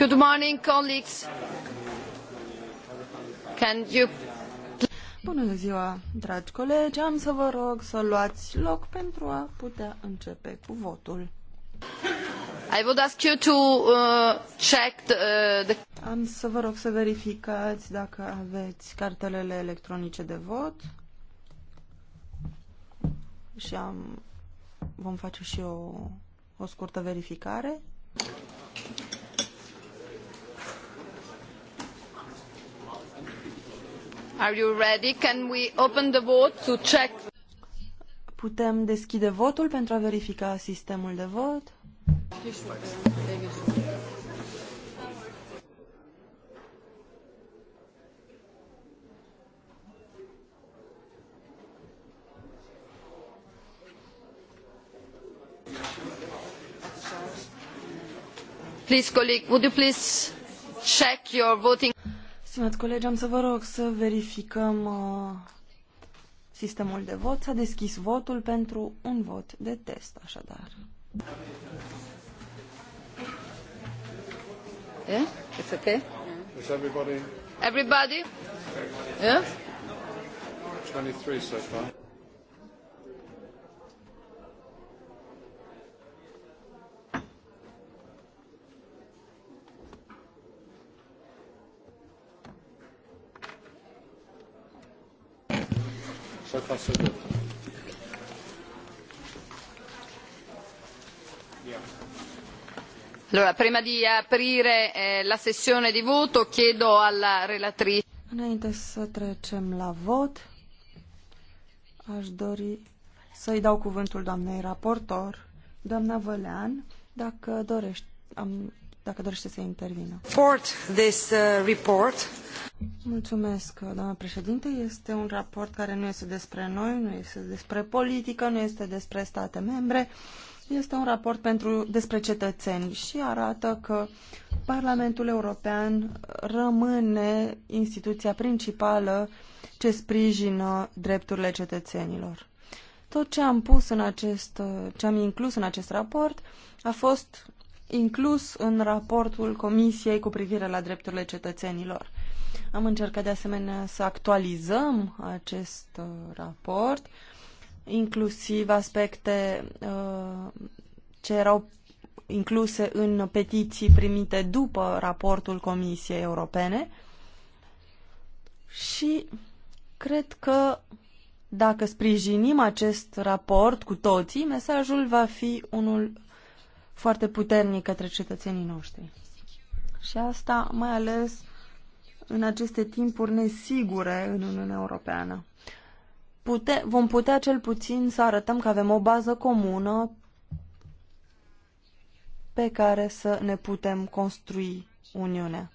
Good morning, colleagues. Can you... Bună ziua, dragi colegi. Am să vă rog să luați loc pentru a putea începe cu votul. I would ask you to uh, check the, uh, the... Am să vă rog să verificați dacă aveți cartelele electronice de vot. Și am vom face și o, o scurtă verificare. Are you ready? Can we open the vote to check? Putem deschide votul pentru a verifica sistemul de vot. Please, colleague, would you please check your voting? Stimați colegi, am să vă rog să verificăm uh, sistemul de vot. S-a deschis votul pentru un vot de test, așadar. Yeah? It's okay? Is everybody? Everybody? Yeah? 23 so far. să Allora, prima di aprire eh, la sessione di voto, chiedo alla relatrice. Înainte să trecem la vot, aș dori să-i dau cuvântul doamnei raportor, doamna Vălean, dacă dorești, Am, dacă dorește să intervină. This, uh, report. Mulțumesc, doamna președinte. Este un raport care nu este despre noi, nu este despre politică, nu este despre state membre. Este un raport pentru, despre cetățeni și arată că Parlamentul European rămâne instituția principală ce sprijină drepturile cetățenilor. Tot ce am pus în acest, ce am inclus în acest raport a fost inclus în raportul Comisiei cu privire la drepturile cetățenilor. Am încercat de asemenea să actualizăm acest uh, raport, inclusiv aspecte uh, ce erau incluse în petiții primite după raportul Comisiei Europene și cred că dacă sprijinim acest raport cu toții, mesajul va fi unul foarte puternic către cetățenii noștri. Și asta mai ales în aceste timpuri nesigure în Uniunea Europeană. Pute, vom putea cel puțin să arătăm că avem o bază comună pe care să ne putem construi Uniunea.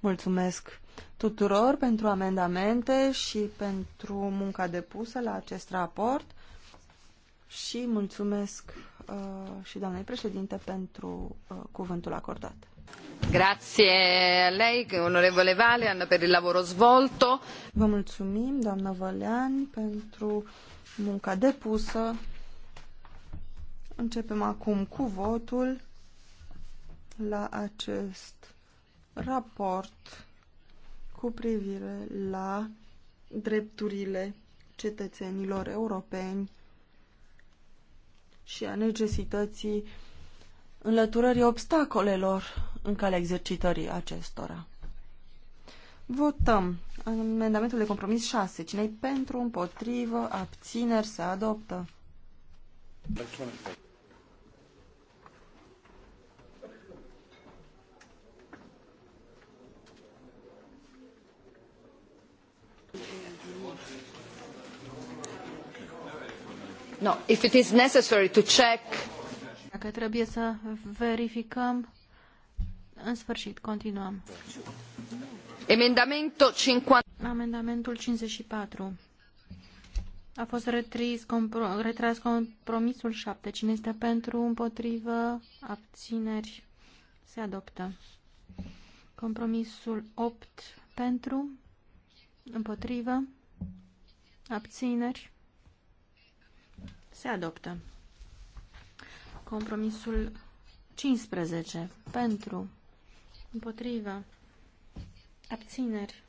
Mulțumesc tuturor pentru amendamente și pentru munca depusă la acest raport și mulțumesc Uh, și doamnei președinte pentru uh, cuvântul acordat. Grazie a lei, onorevole Valean, per il lavoro svolto. Vă mulțumim, doamnă Valean, pentru munca depusă. Începem acum cu votul la acest raport cu privire la drepturile cetățenilor europeni și a necesității înlăturării obstacolelor în calea exercitării acestora. Votăm amendamentul de compromis 6. cine pentru, împotrivă, abțineri, se adoptă. Mulțumesc. No, if it is necessary to check... Dacă trebuie să verificăm, în sfârșit, continuăm. Emendamentul 50... Amendamentul 54. A fost retris, compro, retras compromisul 7. Cine este pentru, împotrivă, abțineri, se adoptă. Compromisul 8 pentru, împotrivă, abțineri, se adoptă. Compromisul 15. Pentru. Împotriva. Abțineri.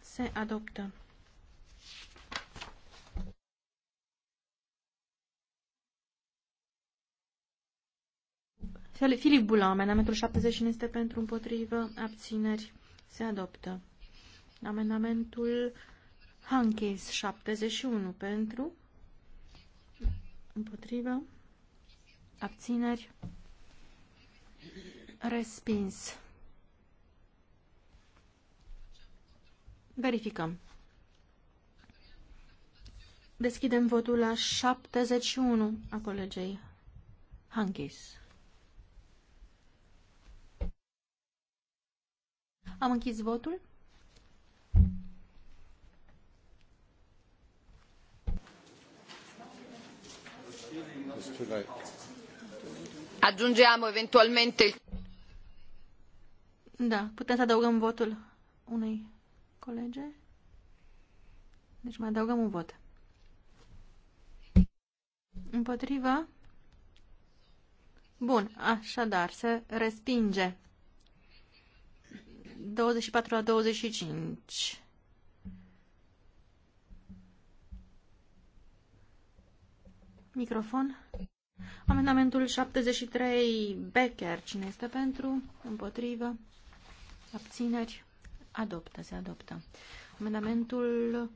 Se adoptă. Filip Bula, amendamentul 79 este pentru împotrivă, abțineri, se adoptă. Amendamentul Hankes 71 pentru Împotrivă. Abțineri. Respins. Verificăm. Deschidem votul la 71 a colegei Hankis. Am închis votul. Aggiungiamo eventualmente... Da, putem să adăugăm votul unei colege? Deci mai adăugăm un vot. Împotriva? Bun, așadar, se respinge. 24 la 25. Microfon. Amendamentul 73, Becker. Cine este pentru? Împotrivă. Abțineri. Adoptă, se adoptă. Amendamentul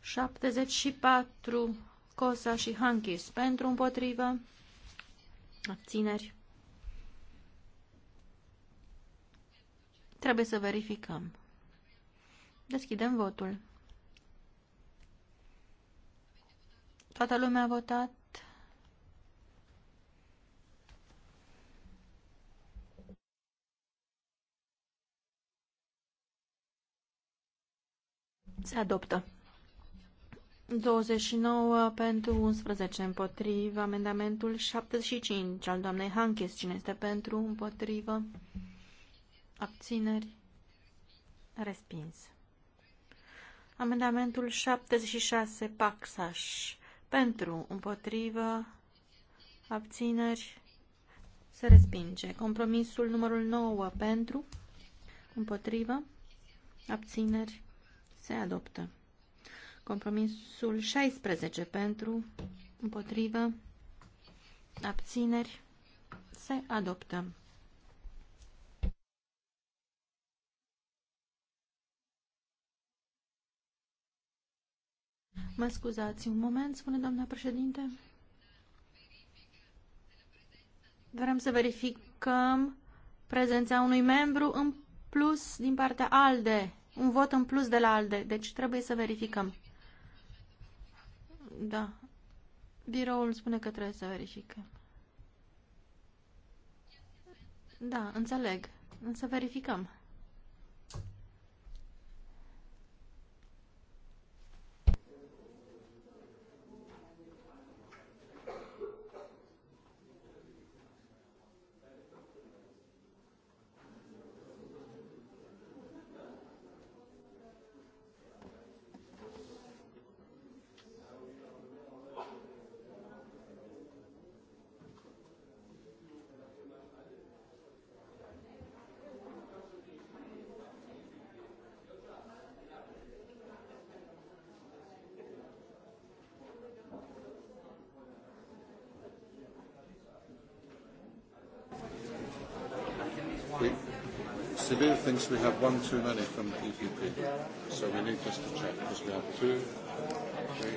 74, Cosa și Hankis. Pentru, împotrivă. Abțineri. Trebuie să verificăm. Deschidem votul. Toată lumea a votat? Se adoptă. 29 pentru 11 împotrivă. Amendamentul 75 al doamnei Hankes. Cine este pentru? Împotrivă. Abțineri. Respins. Amendamentul 76 Paxaș. Pentru. Împotrivă. Abțineri. Se respinge. Compromisul numărul 9 pentru. Împotrivă. Abțineri. Se adoptă. Compromisul 16 pentru, împotrivă, abțineri, se adoptă. Mă scuzați un moment, spune doamna președinte. Vrem să verificăm prezența unui membru în plus din partea ALDE un vot în plus de la ALDE, deci trebuie să verificăm. Da. Biroul spune că trebuie să verificăm. Da, înțeleg. Însă verificăm. because we have one too many from the PPP. So we need just to check because we have two, three.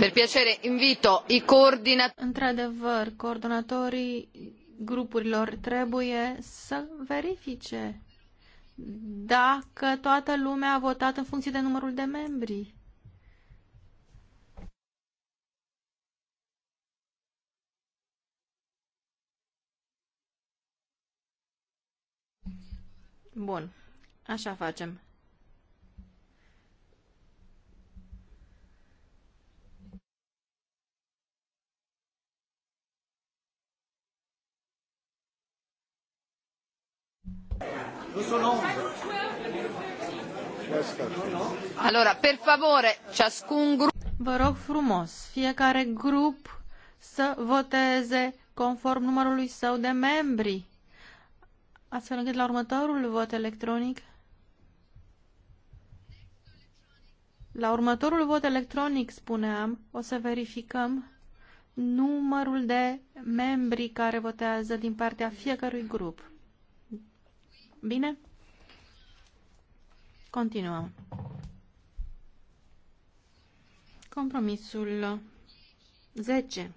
Per piacere, invito Într-adevăr, coordonatorii grupurilor trebuie să verifice dacă toată lumea a votat în funcție de numărul de membri. Bun, așa facem. Allora, per favore, ciascun gruppo... Vă rog frumos, fiecare grup să voteze conform numărului său de membri, astfel încât la următorul vot electronic La următorul vot electronic, spuneam, o să verificăm numărul de membri care votează din partea fiecărui grup. Bine? Continuăm. Compromisul 10.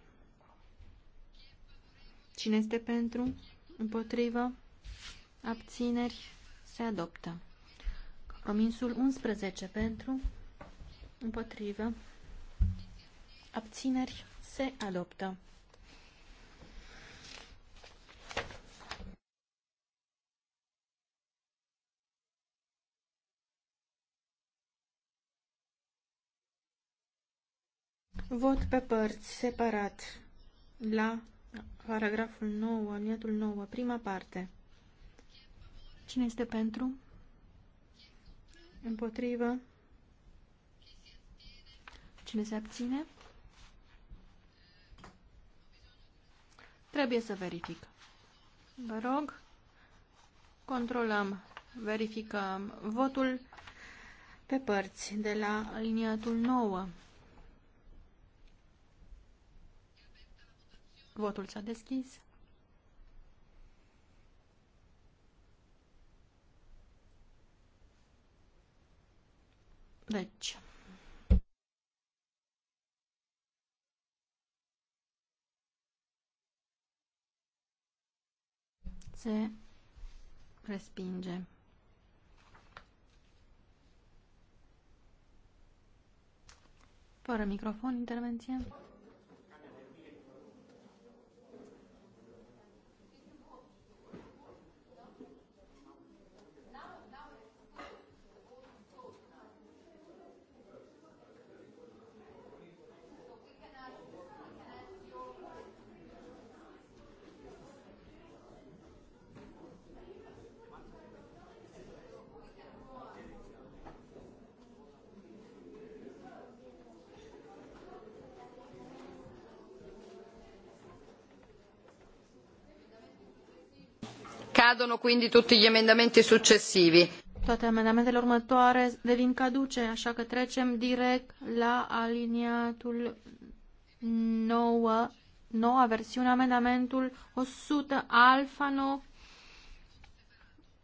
Cine este pentru? Împotrivă? Abțineri? Se adoptă. Compromisul 11 pentru? Împotrivă? Abțineri? Se adoptă. Vot pe părți, separat, la paragraful 9, aliniatul 9, prima parte. Cine este pentru? Împotrivă? Cine se abține? Trebuie să verific. Vă rog, controlăm, verificăm votul pe părți de la aliniatul 9. Votul s-a deschis. Deci, se respinge. Fără microfon, intervenție. scadono quindi tutti gli emendamenti successivi. Toate amendamentele următoare devin caduce, așa că trecem direct la aliniatul 9, noua versiune, amendamentul 100, Alfano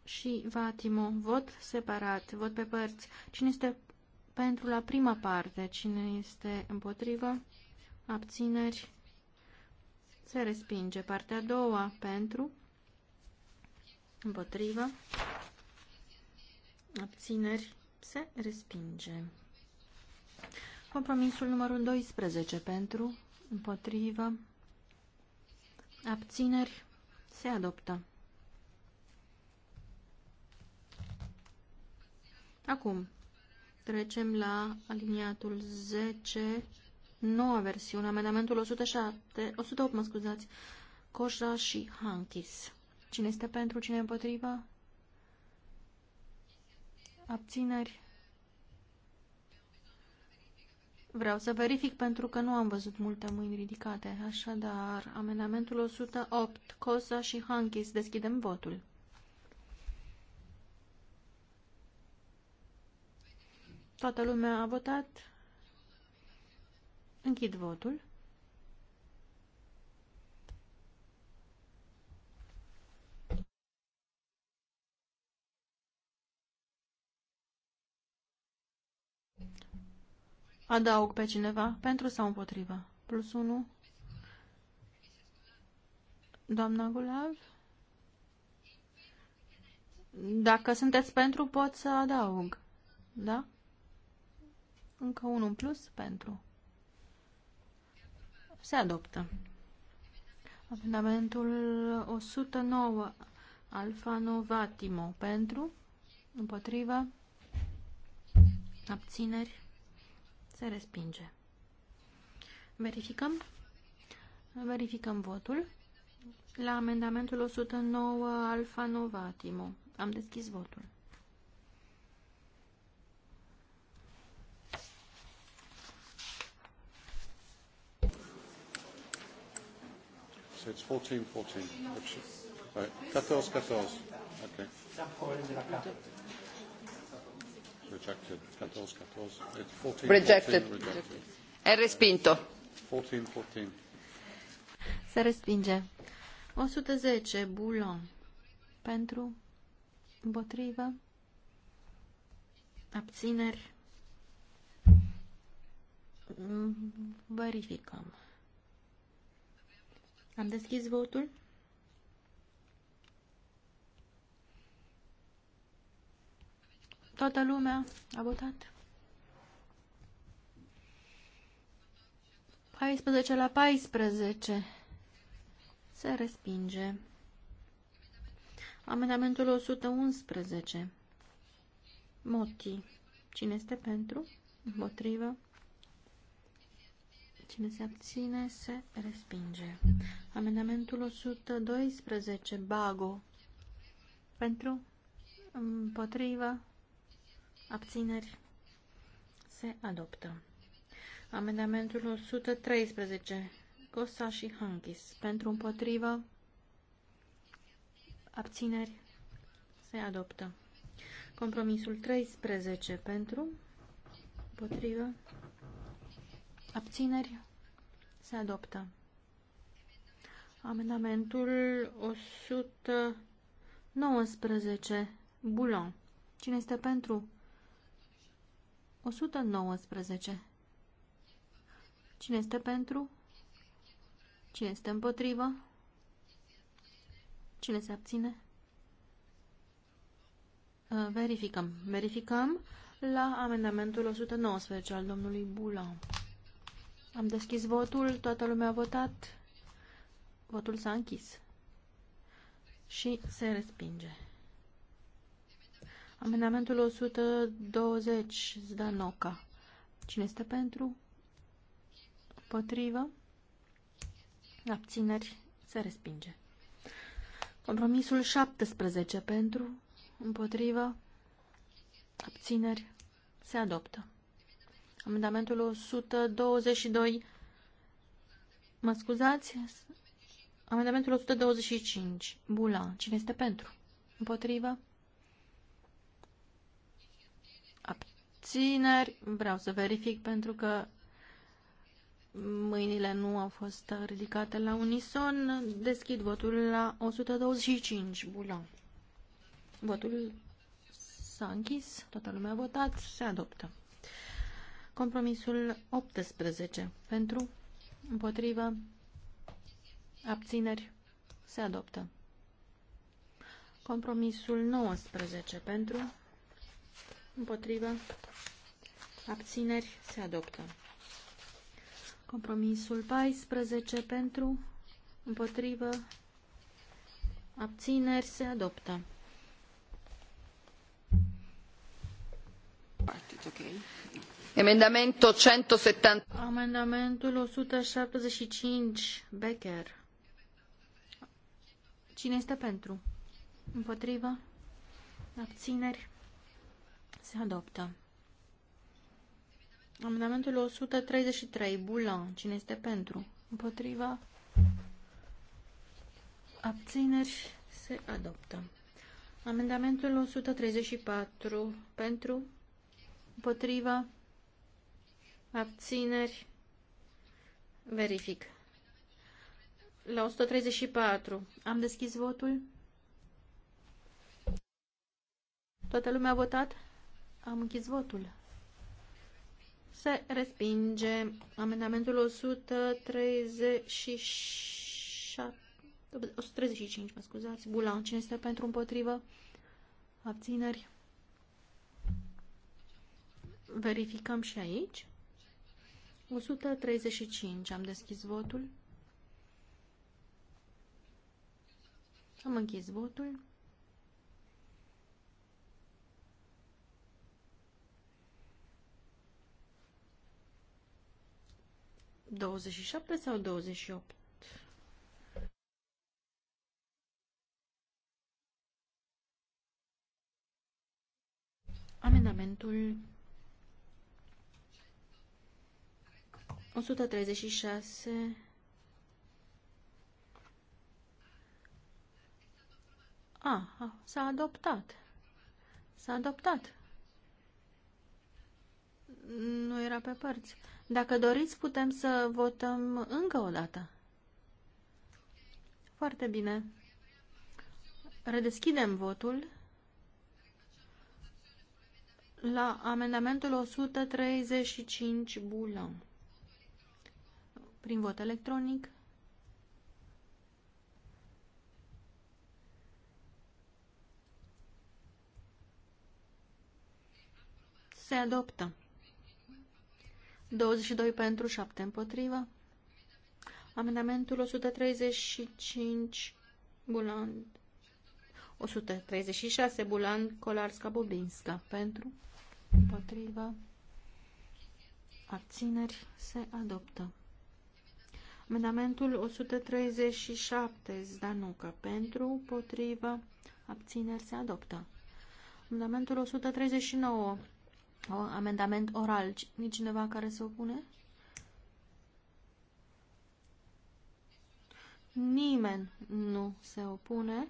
și Vatimo. Vot separat, vot pe părți. Cine este pentru la prima parte? Cine este împotrivă? Abțineri? Se respinge. Partea a doua, pentru împotrivă, abțineri, se respinge. Compromisul numărul 12 pentru, împotrivă, abțineri, se adoptă. Acum, trecem la aliniatul 10, noua versiune, amendamentul 107, 108, mă scuzați, Coșa și Hankis. Cine este pentru, cine împotrivă? Abțineri. Vreau să verific pentru că nu am văzut multe mâini ridicate. Așadar, amendamentul 108, Cosa și Hankis, deschidem votul. Toată lumea a votat. Închid votul. Adaug pe cineva pentru sau împotrivă? Plus 1. Doamna Gulav? Dacă sunteți pentru, pot să adaug. Da? Încă unul în plus pentru. Se adoptă. Amendamentul 109, Alfa Novatimo, pentru, împotriva, abțineri, se respinge. Verificăm. Verificăm votul. La amendamentul 109 Alfa Novatimo. Am deschis votul. So it's 14-14. 14-14. Okay. Rejected. 14, 14, rejected. rejected. È respinto. 14, 14. Se respinge. 110. Bulon. Pentru. Împotrivă. Abțineri. Mm, verificăm. Am deschis votul? Toată lumea a votat? 14 la 14 se respinge. Amendamentul 111. Moti. Cine este pentru? Împotrivă. Cine se abține, se respinge. Amendamentul 112. Bago. Pentru? Împotrivă abțineri, se adoptă. Amendamentul 113, Cosa și Hankis, pentru împotrivă, abțineri, se adoptă. Compromisul 13, pentru, împotrivă, abțineri, se adoptă. Amendamentul 119, Bulon. Cine este pentru? 119. Cine este pentru? Cine este împotrivă? Cine se abține? Ă, verificăm. Verificăm la amendamentul 119 al domnului Bula. Am deschis votul, toată lumea a votat, votul s-a închis și se respinge. Amendamentul 120, Zdanoca. Cine este pentru? Potrivă? Abțineri? Se respinge. Compromisul 17 pentru, împotrivă, abțineri, se adoptă. Amendamentul 122, mă scuzați, amendamentul 125, Bula, cine este pentru? Împotrivă, abțineri. Vreau să verific pentru că mâinile nu au fost ridicate la unison. Deschid votul la 125. bula. Votul s-a închis. Toată lumea a votat. Se adoptă. Compromisul 18. Pentru, împotrivă, abțineri. Se adoptă. Compromisul 19. Pentru, Împotrivă. Abțineri. Se adoptă. Compromisul 14 pentru. Împotrivă. Abțineri. Se adoptă. Emendamentul 170. Amendamentul 175. Becker. Cine este pentru? Împotrivă? Abțineri? Se adoptă. Amendamentul 133, Bulan. Cine este pentru? Împotriva? Abțineri? Se adoptă. Amendamentul 134, pentru? Împotriva? Abțineri? Verific. La 134, am deschis votul? Toată lumea a votat? Am închis votul. Se respinge amendamentul 137, 135, mă scuzați, Bulan. Cine este pentru împotrivă? Abțineri. Verificăm și aici. 135. Am deschis votul. Am închis votul. 27 sau 28? Amendamentul 136 A, a s-a adoptat. S-a adoptat. Nu era pe părți. Dacă doriți, putem să votăm încă o dată. Foarte bine. Redeschidem votul la amendamentul 135 bulă. Prin vot electronic. Se adoptă. 22 pentru, 7 împotrivă. Amendamentul 135 Bulan 136 Bulan Colarska Bobinska pentru împotrivă abțineri se adoptă. Amendamentul 137 Zdanuca pentru împotrivă abțineri se adoptă. Amendamentul 139 o, amendament oral. Nici cineva care se opune? Nimeni nu se opune.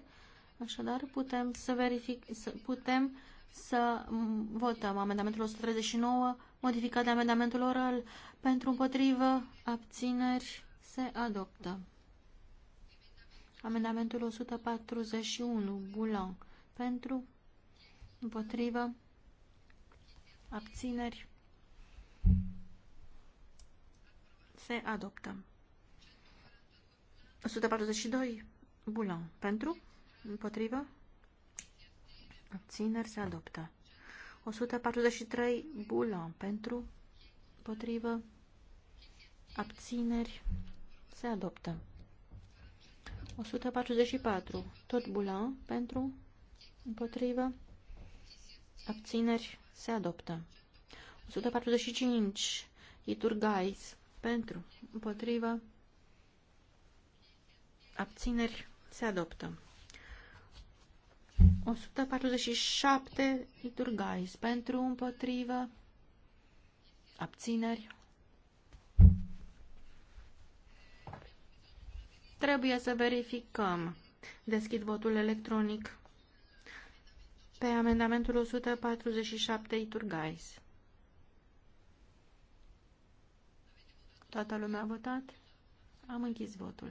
Așadar, putem să verific, să, putem să votăm amendamentul 139, modificat de amendamentul oral. Pentru împotrivă, abțineri, se adoptă. Amendamentul 141, Bulan. Pentru împotrivă, abțineri, se adoptă. 142, Bulon, pentru, împotrivă, abțineri, se adoptă. 143, Bulon, pentru, împotrivă, abțineri, se adoptă. 144, tot bulan pentru, împotrivă, abțineri, se adoptă. 145. Iturgais pentru, împotrivă, abțineri, se adoptă. 147. Iturgais pentru, împotrivă, abțineri. Trebuie să verificăm. Deschid votul electronic pe amendamentul 147 Iturgais. Toată lumea a votat? Am închis votul.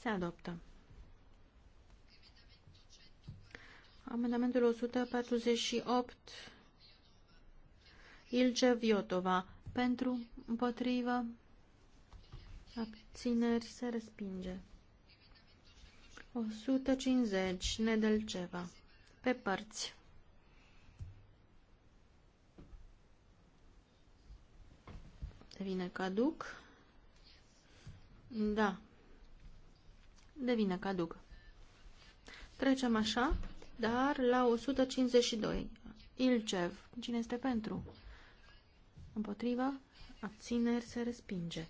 Se adoptă. Amendamentul 148 Ilce Viotova pentru, împotrivă, abțineri se respinge. 150, Nedelceva, pe părți. Devine caduc. Da. Devine caduc. Trecem așa, dar la 152. Ilcev. Cine este pentru? Împotriva? Abțineri se respinge.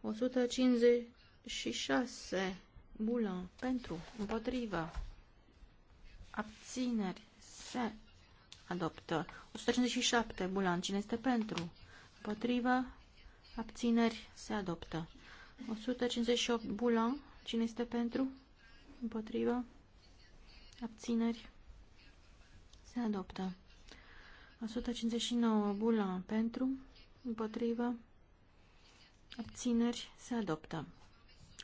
156. Bulan pentru, împotrivă, abțineri, se adoptă. 157. Bulan, cine este pentru? Împotrivă, abțineri, se adoptă. 158. Bulan, cine este pentru? Împotrivă, abțineri, se adoptă. 159. Bulan, pentru, împotrivă, abțineri, se adoptă.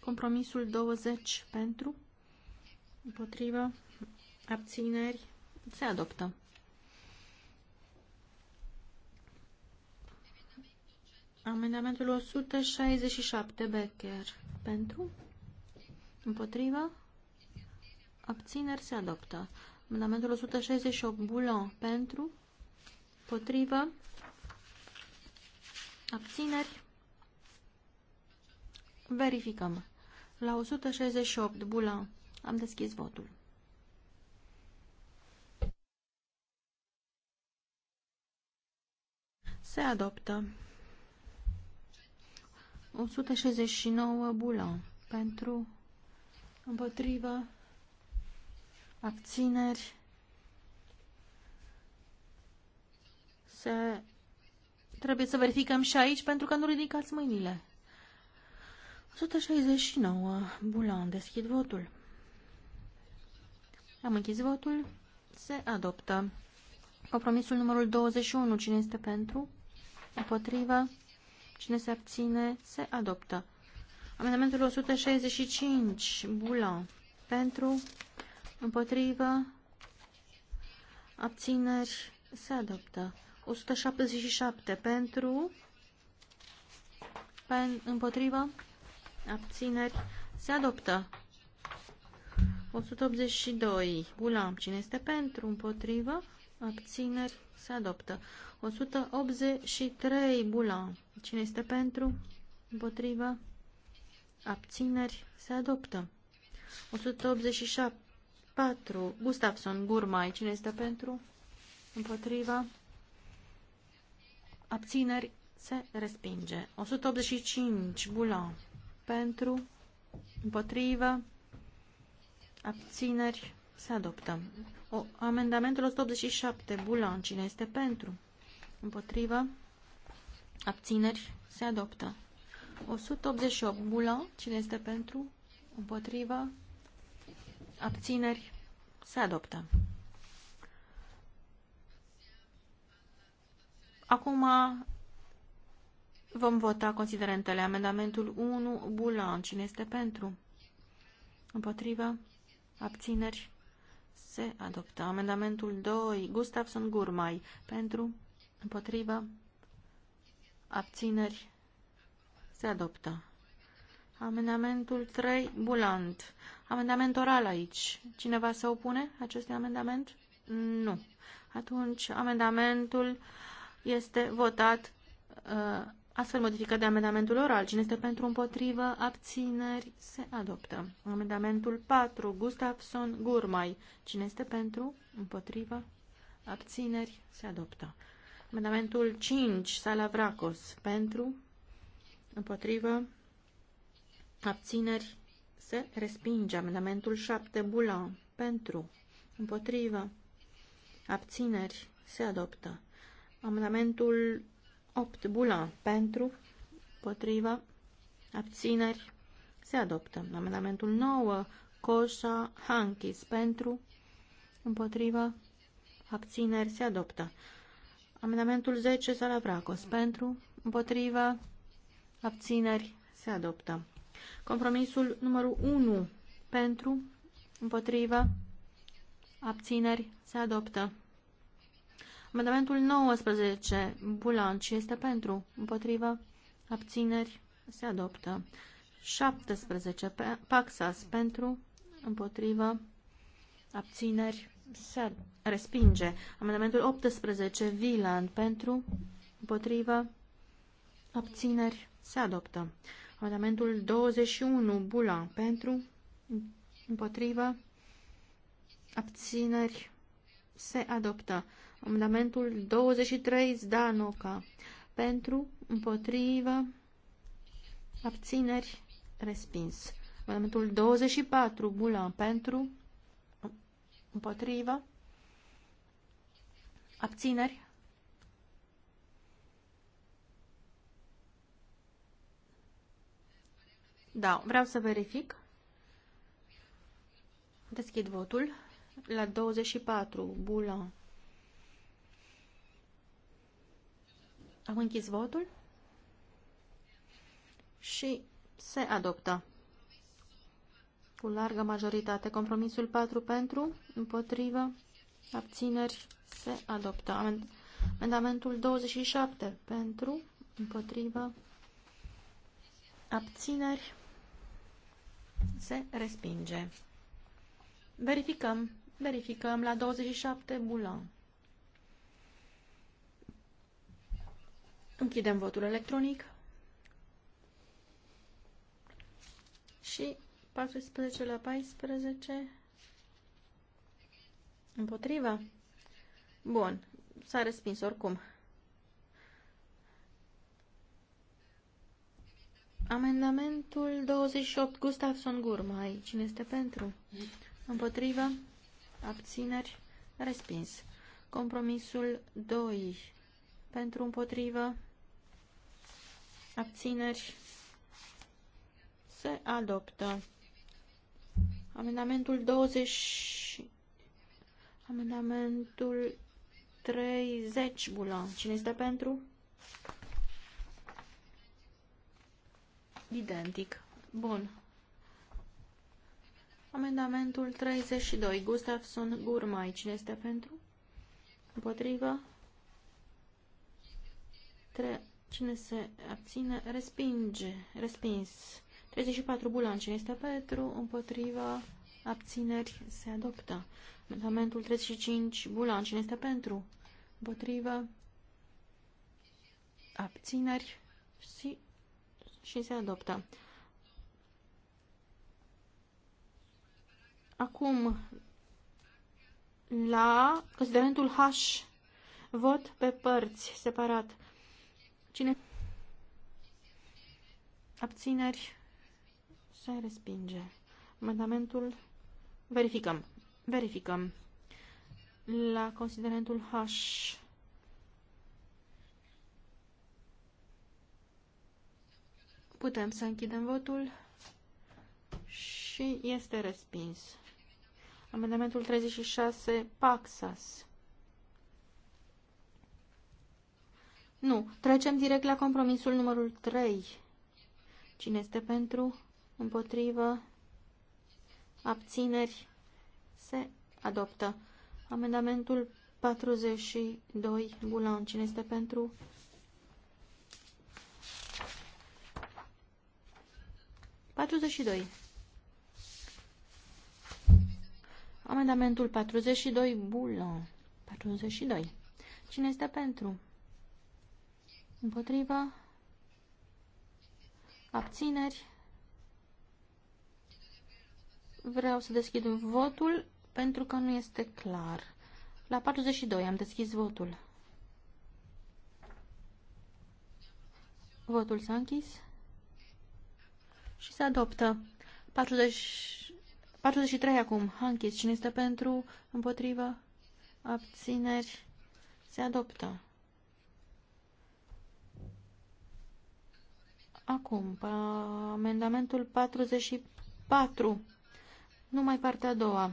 Compromisul 20 pentru, împotrivă, abțineri, se adoptă. Amendamentul 167, Becker, pentru, împotrivă, abțineri, se adoptă. Amendamentul 168, Boulon, pentru, împotrivă, abțineri, verificăm. La 168, Bula, am deschis votul. Se adoptă. 169 bula pentru împotrivă, abțineri se trebuie să verificăm și aici pentru că nu ridicați mâinile. 169. Bulan, deschid votul. Am închis votul. Se adoptă. Compromisul numărul 21. Cine este pentru? Împotrivă? Cine se abține? Se adoptă. Amendamentul 165. Bulan. Pentru? Împotrivă? Abțineri? Se adoptă. 177. Pentru? Pen, împotrivă? abțineri, se adoptă. 182. Gulam, cine este pentru, împotrivă, abțineri, se adoptă. 183. Gulam, cine este pentru, împotrivă, abțineri, se adoptă. 184. Gustafson, Gurmai, cine este pentru, Împotrivă. abțineri, se respinge. 185. bulam pentru, împotrivă, abțineri, se adoptă. O, amendamentul 187, Bulan, cine este pentru, împotrivă, abțineri, se adoptă. 188, Bulan, cine este pentru, împotrivă, abțineri, se adoptă. Acum Vom vota considerentele. Amendamentul 1, Bulan. Cine este pentru? Împotrivă? Abțineri? Se adoptă. Amendamentul 2, Gustafson Gurmai. Pentru? Împotrivă? Abțineri? Se adoptă. Amendamentul 3, Bulant. Amendament oral aici. Cineva se opune acestui amendament? Nu. Atunci, amendamentul este votat uh, Astfel modificat de amendamentul oral. Cine este pentru împotrivă? Abțineri. Se adoptă. Amendamentul 4. Gustafson Gurmai. Cine este pentru? Împotrivă? Abțineri. Se adoptă. Amendamentul 5. Salavracos. Pentru? Împotrivă? Abțineri. Se respinge. Amendamentul 7. Bulan. Pentru? Împotrivă? Abțineri. Se adoptă. Amendamentul 8. Bulan. Pentru. Potrivă. Abțineri. Se adoptă. Amendamentul 9. Coșa. Hankis. Pentru. Împotrivă. Abțineri. Se adoptă. Amendamentul 10. Salavracos. Pentru. Împotrivă. Abțineri. Se adoptă. Compromisul numărul 1. Pentru. Împotrivă. Abțineri. Se adoptă. Amendamentul 19, Bulanci, este pentru, împotrivă, abțineri, se adoptă. 17, Paxas, pentru, împotrivă, abțineri, se respinge. Amendamentul 18, Vilan, pentru, împotrivă, abțineri, se adoptă. Amendamentul 21, Bulan, pentru, împotrivă, abțineri, se adoptă. Amendamentul 23, Zdanoca. Pentru, împotrivă, abțineri, respins. Amendamentul 24, Bulan. Pentru, împotrivă, abțineri, Da, vreau să verific. Deschid votul. La 24, Bulan. Am închis votul și se adoptă. Cu largă majoritate. Compromisul 4 pentru, împotrivă, abțineri, se adoptă. Amendamentul 27 pentru, împotrivă, abțineri, se respinge. Verificăm, verificăm la 27 bulan. Închidem votul electronic. Și 14 la 14. Împotriva? Bun. S-a respins oricum. Amendamentul 28, Gustafson Gurmai. Cine este pentru? Împotriva? Abțineri? Respins. Compromisul 2. Pentru împotrivă? abțineri, se adoptă. Amendamentul 20, amendamentul 30, Bula. Cine este pentru? Identic. Bun. Amendamentul 32. Gustafsson Gurmai. Cine este pentru? Împotrivă? 3. Cine se abține, respinge, respins. 34 Bulan, cine este pentru, împotriva, abțineri, se adoptă. Amendamentul 35 Bulan, cine este pentru, împotriva, abțineri si și se adoptă. Acum, la considerentul H, vot pe părți, separat. Cine? Abțineri? Se respinge. Amendamentul? Verificăm. Verificăm. La considerentul H. Putem să închidem votul și este respins. Amendamentul 36, Paxas. Nu. Trecem direct la compromisul numărul 3. Cine este pentru? Împotrivă? Abțineri? Se adoptă. Amendamentul 42, Bulan. Cine este pentru? Amendamentul 42, bulan. 42. Cine este pentru? împotriva, abțineri. Vreau să deschid votul pentru că nu este clar. La 42 am deschis votul. Votul s-a închis și se adoptă. 40... 43 acum. închis. Cine este pentru? Împotrivă? Abțineri? Se adoptă. Acum, amendamentul 44, numai partea a doua.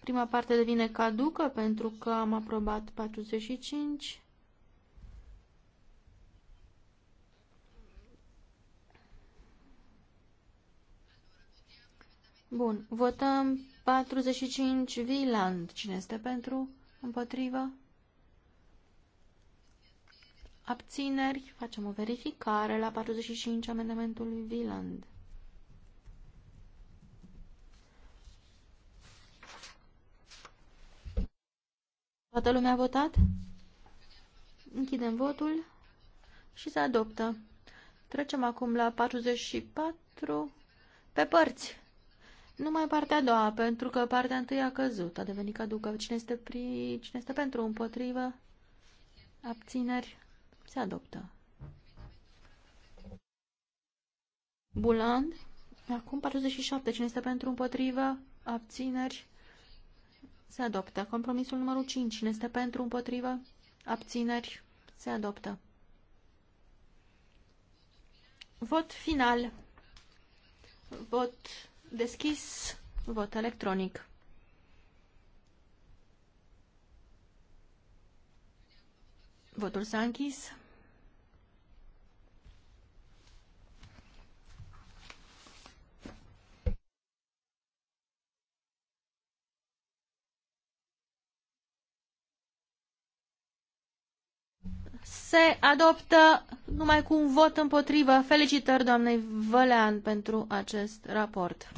Prima parte devine caducă pentru că am aprobat 45. Bun, votăm 45 Viland. Cine este pentru? Împotrivă? Abțineri. Facem o verificare la 45 amendamentul lui Viland. Toată lumea a votat? Închidem votul și se adoptă. Trecem acum la 44 pe părți. Numai partea a doua, pentru că partea întâi a căzut, a devenit caducă. Cine este, pri... Cine este pentru, împotrivă, abțineri, se adoptă. Buland. Acum 47. Cine este pentru împotrivă? Abțineri. Se adoptă. Compromisul numărul 5. Cine este pentru împotrivă? Abțineri. Se adoptă. Vot final. Vot deschis. Vot electronic. Votul s-a închis. se adoptă numai cu un vot împotrivă. Felicitări doamnei Vălean pentru acest raport.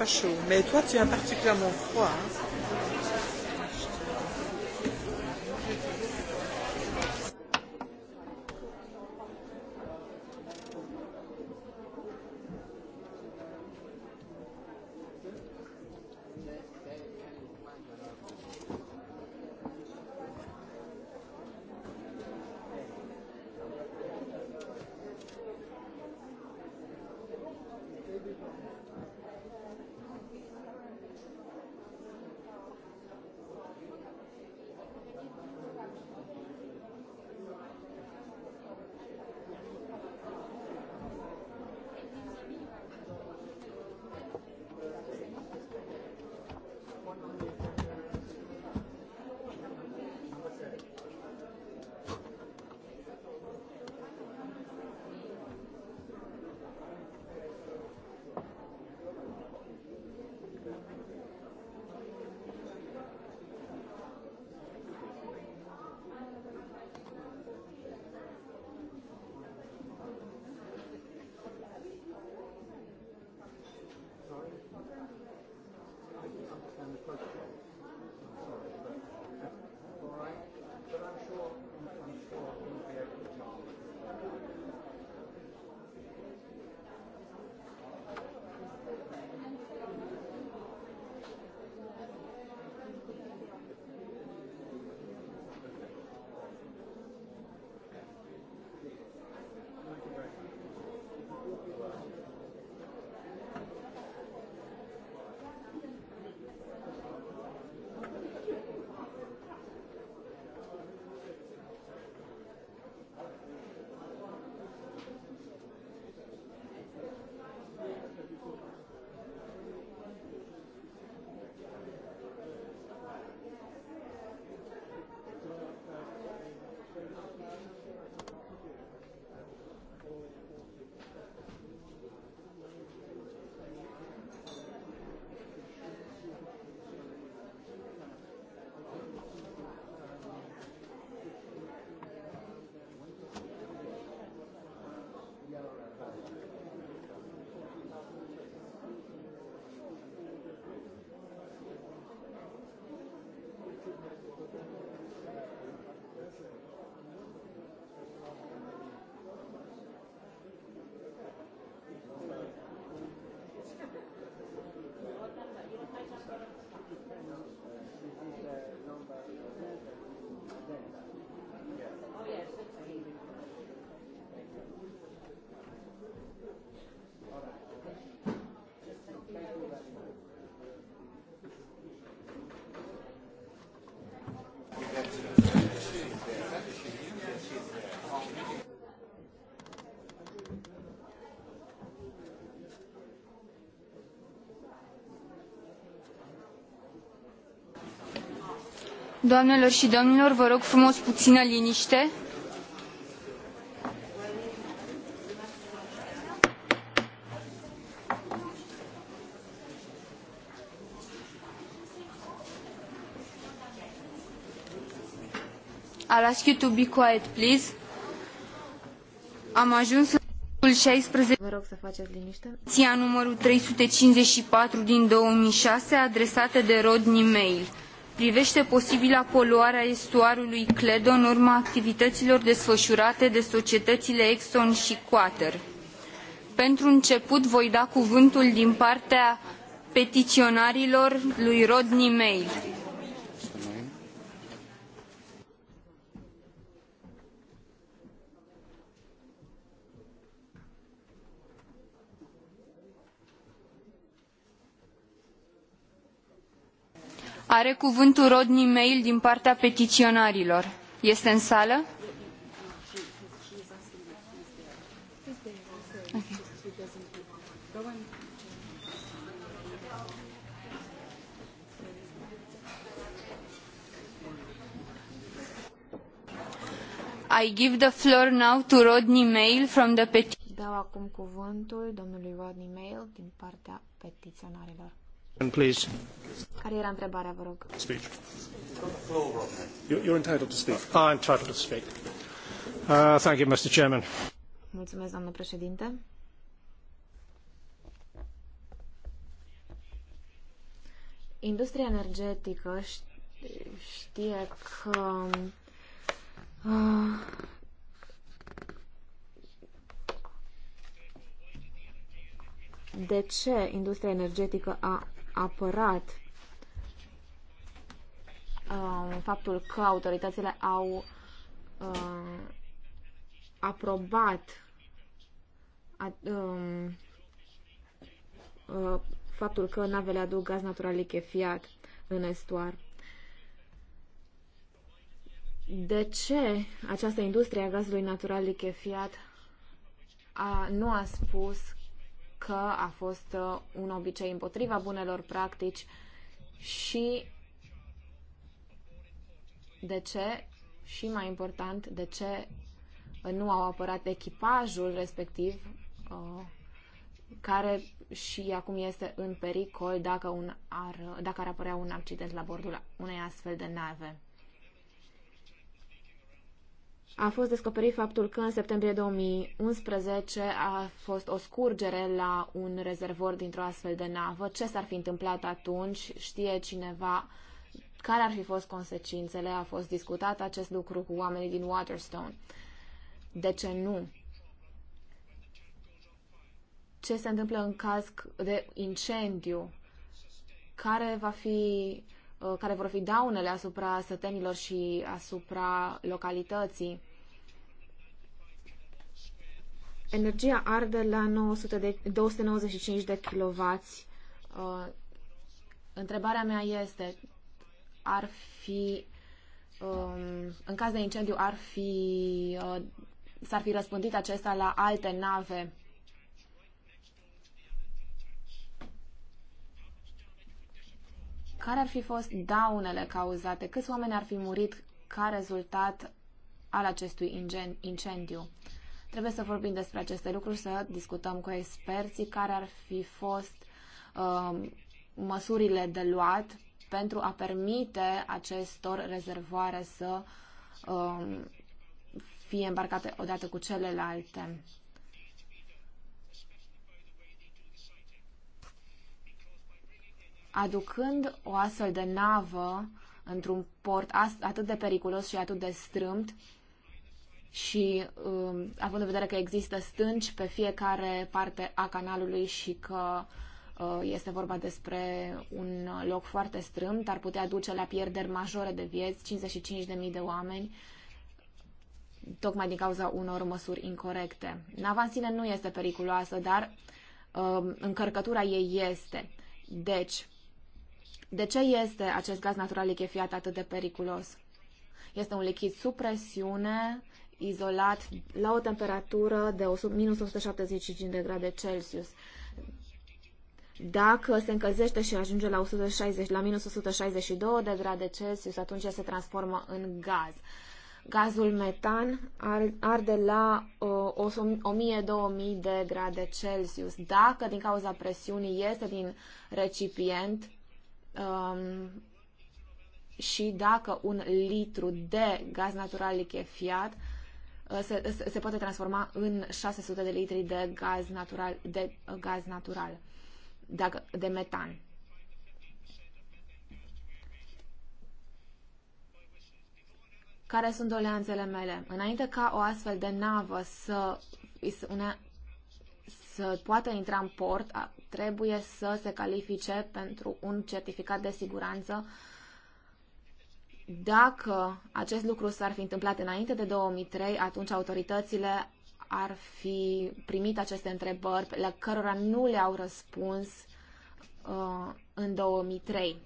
pas chaud. Mais toi, tu as particulièrement Doamnelor și domnilor, vă rog frumos puțină liniște. I'll ask you to be quiet, please. Am ajuns în 16. Vă rog să faceți liniște. Ția numărul 354 din 2006, adresată de Rodney Mail. Privește posibila poluare a estuarului Cledo în urma activităților desfășurate de societățile Exxon și Quater. Pentru început voi da cuvântul din partea petiționarilor lui Rodney Mail. Are cuvântul Rodney Mail din partea petiționarilor. Este în sală? I give the floor now to Rodney Mail from the Dau acum cuvântul domnului Rodney Mail din partea petiționarilor. And please. Care era întrebarea, vă rog? Speech. You're entitled to speak. I'm ah, entitled to speak. Uh, thank you, Mr. Chairman. Mulțumesc, doamnă președinte. Industria energetică știe că uh, de ce industria energetică a apărat um, faptul că autoritățile au uh, aprobat um, uh, faptul că navele aduc gaz natural lichefiat în estuar. De ce această industrie a gazului natural lichefiat a, nu a spus că a fost uh, un obicei împotriva bunelor practici și de ce, și mai important, de ce nu au apărat echipajul respectiv uh, care și acum este în pericol dacă, un ar, dacă ar apărea un accident la bordul unei astfel de nave a fost descoperit faptul că în septembrie 2011 a fost o scurgere la un rezervor dintr-o astfel de navă. Ce s-ar fi întâmplat atunci? Știe cineva care ar fi fost consecințele? A fost discutat acest lucru cu oamenii din Waterstone. De ce nu? Ce se întâmplă în caz de incendiu? Care va fi Uh, care vor fi daunele asupra sătenilor și asupra localității. Energia arde la 900 de, 295 de kW. Uh, întrebarea mea este, ar fi, um, în caz de incendiu, ar fi, uh, s-ar fi răspândit acesta la alte nave care ar fi fost daunele cauzate, câți oameni ar fi murit ca rezultat al acestui incendiu. Trebuie să vorbim despre aceste lucruri, să discutăm cu experții care ar fi fost uh, măsurile de luat pentru a permite acestor rezervoare să uh, fie îmbarcate odată cu celelalte. aducând o astfel de navă într-un port atât de periculos și atât de strâmt și uh, având în vedere că există stânci pe fiecare parte a canalului și că uh, este vorba despre un loc foarte strâmt, ar putea duce la pierderi majore de vieți, 55.000 de oameni, tocmai din cauza unor măsuri incorrecte. Nava în sine nu este periculoasă, dar uh, încărcătura ei este. Deci, de ce este acest gaz natural lichefiat atât de periculos? Este un lichid sub presiune, izolat la o temperatură de minus 175 de grade Celsius. Dacă se încălzește și ajunge la, 160, la minus 162 de grade Celsius, atunci se transformă în gaz. Gazul metan arde la uh, 1000-2000 de grade Celsius. Dacă din cauza presiunii este din recipient, um, și dacă un litru de gaz natural lichefiat uh, se, se, se poate transforma în 600 de litri de gaz natural, de uh, gaz natural dacă, de metan. Care sunt doleanțele mele? Înainte ca o astfel de navă să, să poată intra în port, trebuie să se califice pentru un certificat de siguranță. Dacă acest lucru s-ar fi întâmplat înainte de 2003, atunci autoritățile ar fi primit aceste întrebări, la cărora nu le-au răspuns uh, în 2003.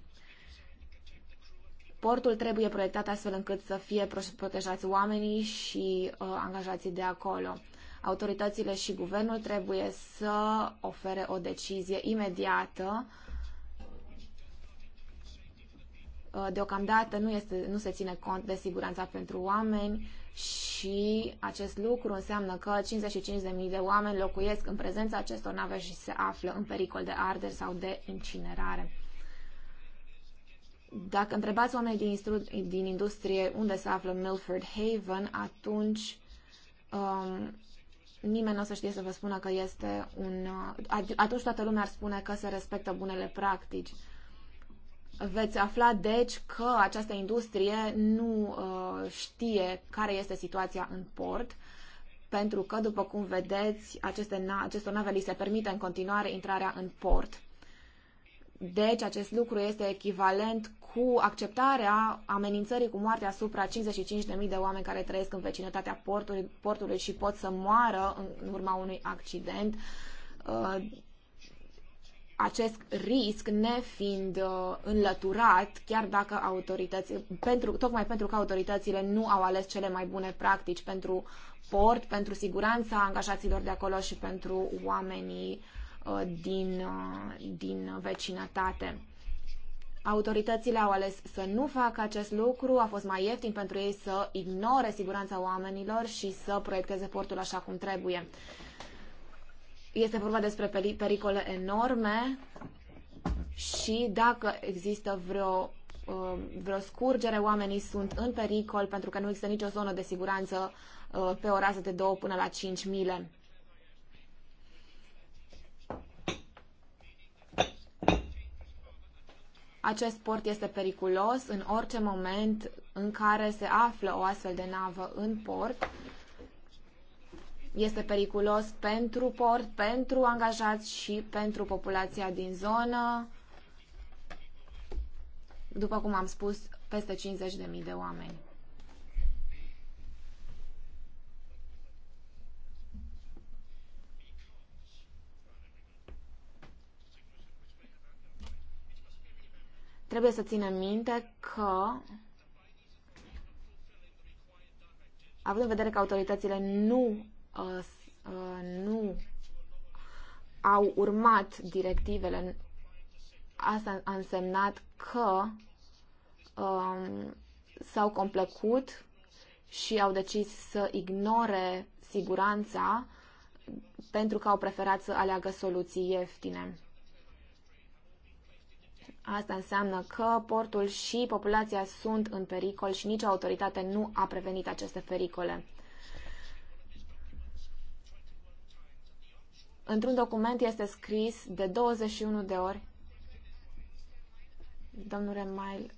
Portul trebuie proiectat astfel încât să fie protejați oamenii și uh, angajații de acolo. Autoritățile și guvernul trebuie să ofere o decizie imediată. Uh, deocamdată nu, este, nu se ține cont de siguranța pentru oameni și acest lucru înseamnă că 55.000 de oameni locuiesc în prezența acestor nave și se află în pericol de arderi sau de incinerare. Dacă întrebați oamenii din, din industrie unde se află Milford Haven, atunci um, nimeni nu o să știe să vă spună că este un... Atunci toată lumea ar spune că se respectă bunele practici. Veți afla, deci, că această industrie nu uh, știe care este situația în port, pentru că, după cum vedeți, aceste na- acestor nave li se permite în continuare intrarea în port. Deci, acest lucru este echivalent cu acceptarea amenințării cu moartea asupra 55.000 de oameni care trăiesc în vecinătatea portului, portului și pot să moară în urma unui accident, uh, acest risc nefiind uh, înlăturat, chiar dacă autoritățile, pentru, tocmai pentru că autoritățile nu au ales cele mai bune practici pentru port, pentru siguranța angajaților de acolo și pentru oamenii uh, din, din vecinătate. Autoritățile au ales să nu facă acest lucru, a fost mai ieftin pentru ei să ignore siguranța oamenilor și să proiecteze portul așa cum trebuie. Este vorba despre pericole enorme și dacă există vreo, um, vreo scurgere, oamenii sunt în pericol pentru că nu există nicio zonă de siguranță uh, pe o rază de 2 până la 5 mile. Acest port este periculos în orice moment în care se află o astfel de navă în port. Este periculos pentru port, pentru angajați și pentru populația din zonă. După cum am spus, peste 50.000 de oameni. Trebuie să ținem minte că, având în vedere că autoritățile nu, uh, uh, nu au urmat directivele, asta a însemnat că um, s-au complăcut și au decis să ignore siguranța pentru că au preferat să aleagă soluții ieftine. Asta înseamnă că portul și populația sunt în pericol și nicio autoritate nu a prevenit aceste pericole. Într-un document este scris de 21 de ori. Domnule Mail,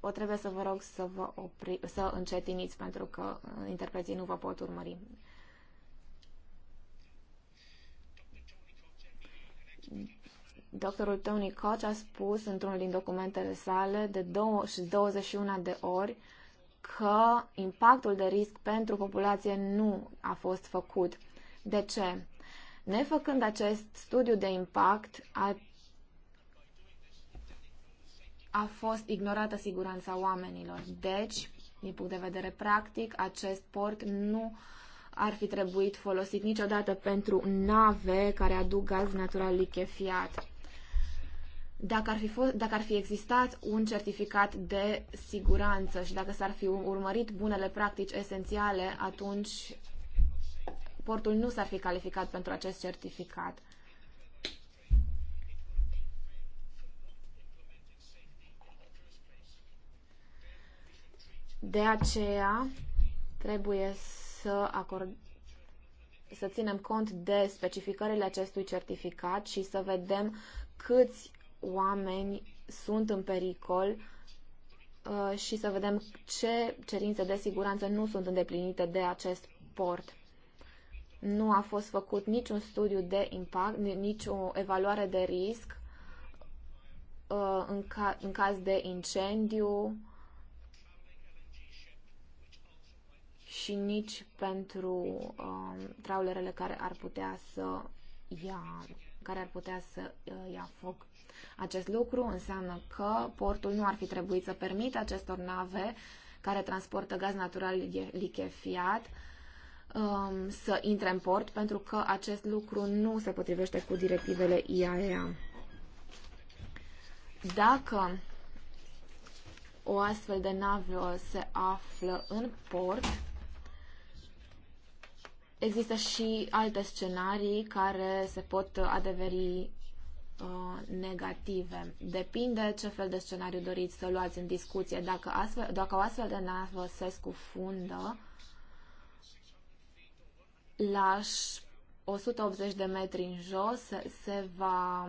o trebuie să vă rog să vă opri, să încetiniți pentru că interpreții nu vă pot urmări. Doctorul Tony Koch a spus într-unul din documentele sale de 21 de ori că impactul de risc pentru populație nu a fost făcut. De ce? Nefăcând acest studiu de impact, a, a fost ignorată siguranța oamenilor. Deci, din punct de vedere practic, acest port nu ar fi trebuit folosit niciodată pentru nave care aduc gaz natural lichefiat dacă ar, fi fost, dacă ar fi existat un certificat de siguranță și dacă s-ar fi urmărit bunele practici esențiale, atunci portul nu s-ar fi calificat pentru acest certificat. De aceea trebuie să acord să ținem cont de specificările acestui certificat și să vedem câți oameni sunt în pericol uh, și să vedem ce cerințe de siguranță nu sunt îndeplinite de acest port. Nu a fost făcut niciun studiu de impact, nici o evaluare de risc uh, în, ca, în caz de incendiu și nici pentru um, traulerele care ar putea să ia, care ar putea să uh, ia foc. Acest lucru înseamnă că portul nu ar fi trebuit să permită acestor nave care transportă gaz natural lichefiat um, să intre în port, pentru că acest lucru nu se potrivește cu directivele IAEA. Dacă o astfel de navă se află în port, există și alte scenarii care se pot adeveri Uh, negative. Depinde ce fel de scenariu doriți să luați în discuție. Dacă, astfel, dacă o astfel de navă se scufundă la 180 de metri în jos, se, se va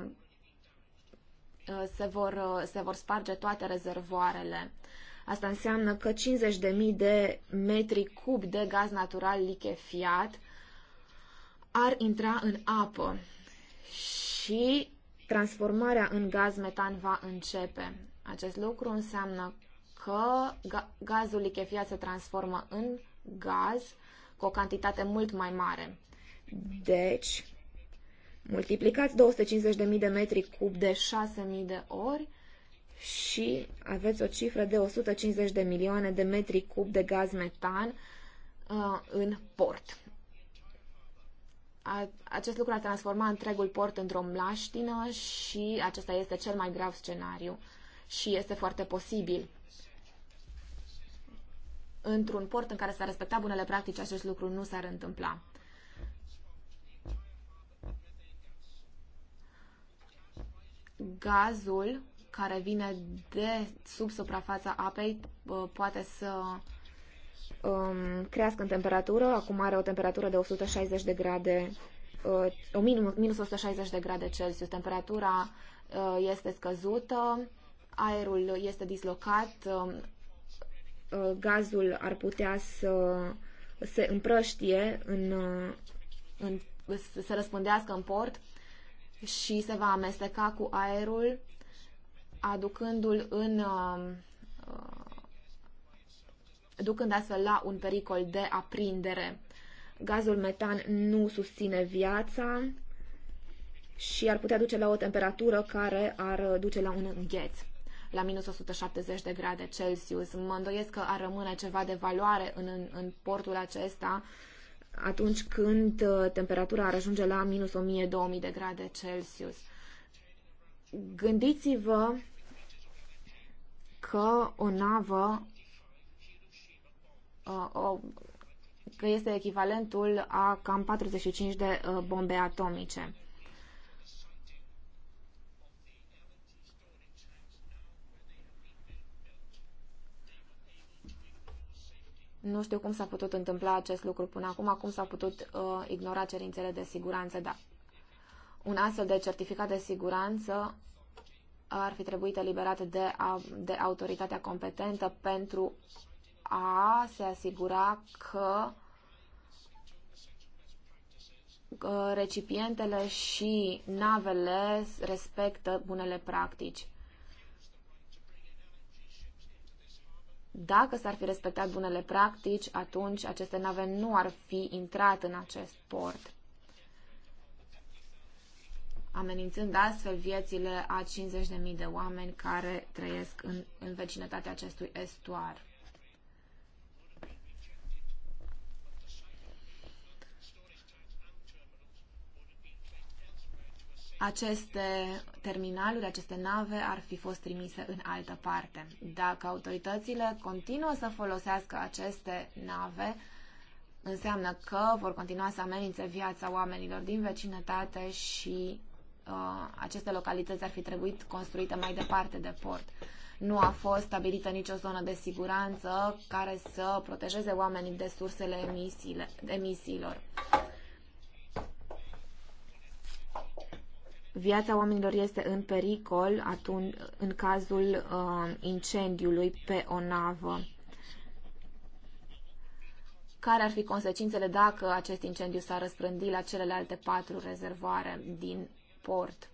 uh, se vor, uh, se vor sparge toate rezervoarele. Asta înseamnă că 50.000 de metri cub de gaz natural lichefiat ar intra în apă și transformarea în gaz metan va începe. Acest lucru înseamnă că gazul lichefiat se transformă în gaz cu o cantitate mult mai mare. Deci, multiplicați 250.000 de metri cub de 6.000 de ori și aveți o cifră de 150 de milioane de metri cub de gaz metan uh, în port a, acest lucru ar transforma întregul port într-o mlaștină și acesta este cel mai grav scenariu și este foarte posibil. Într-un port în care s-ar respecta bunele practici, acest lucru nu s-ar întâmpla. Gazul care vine de sub suprafața apei uh, poate să um, crească în temperatură. Acum are o temperatură de 160 de grade, uh, minus, minus 160 de grade Celsius. Temperatura uh, este scăzută, aerul este dislocat, um, uh, gazul ar putea să se împrăștie, în, uh, în, să se răspândească în port și se va amesteca cu aerul, aducându-l în uh, ducând astfel la un pericol de aprindere. Gazul metan nu susține viața și ar putea duce la o temperatură care ar duce la un îngheț la minus 170 de grade Celsius. Mă îndoiesc că ar rămâne ceva de valoare în, în, în portul acesta atunci când uh, temperatura ar ajunge la minus 1000-2000 de grade Celsius. Gândiți-vă că o navă Uh, o, că este echivalentul a cam 45 de uh, bombe atomice. Nu știu cum s-a putut întâmpla acest lucru până acum, cum s-a putut uh, ignora cerințele de siguranță, dar un astfel de certificat de siguranță ar fi trebuit eliberat de, a, de autoritatea competentă pentru a se asigura că recipientele și navele respectă bunele practici. Dacă s-ar fi respectat bunele practici, atunci aceste nave nu ar fi intrat în acest port, amenințând astfel viețile a 50.000 de oameni care trăiesc în, în vecinătatea acestui estuar. aceste terminaluri, aceste nave ar fi fost trimise în altă parte. Dacă autoritățile continuă să folosească aceste nave, înseamnă că vor continua să amenințe viața oamenilor din vecinătate și uh, aceste localități ar fi trebuit construite mai departe de port. Nu a fost stabilită nicio zonă de siguranță care să protejeze oamenii de sursele emisiile, emisiilor. Viața oamenilor este în pericol atunci, în cazul uh, incendiului pe o navă. Care ar fi consecințele dacă acest incendiu s-ar răspândi la celelalte patru rezervoare din port?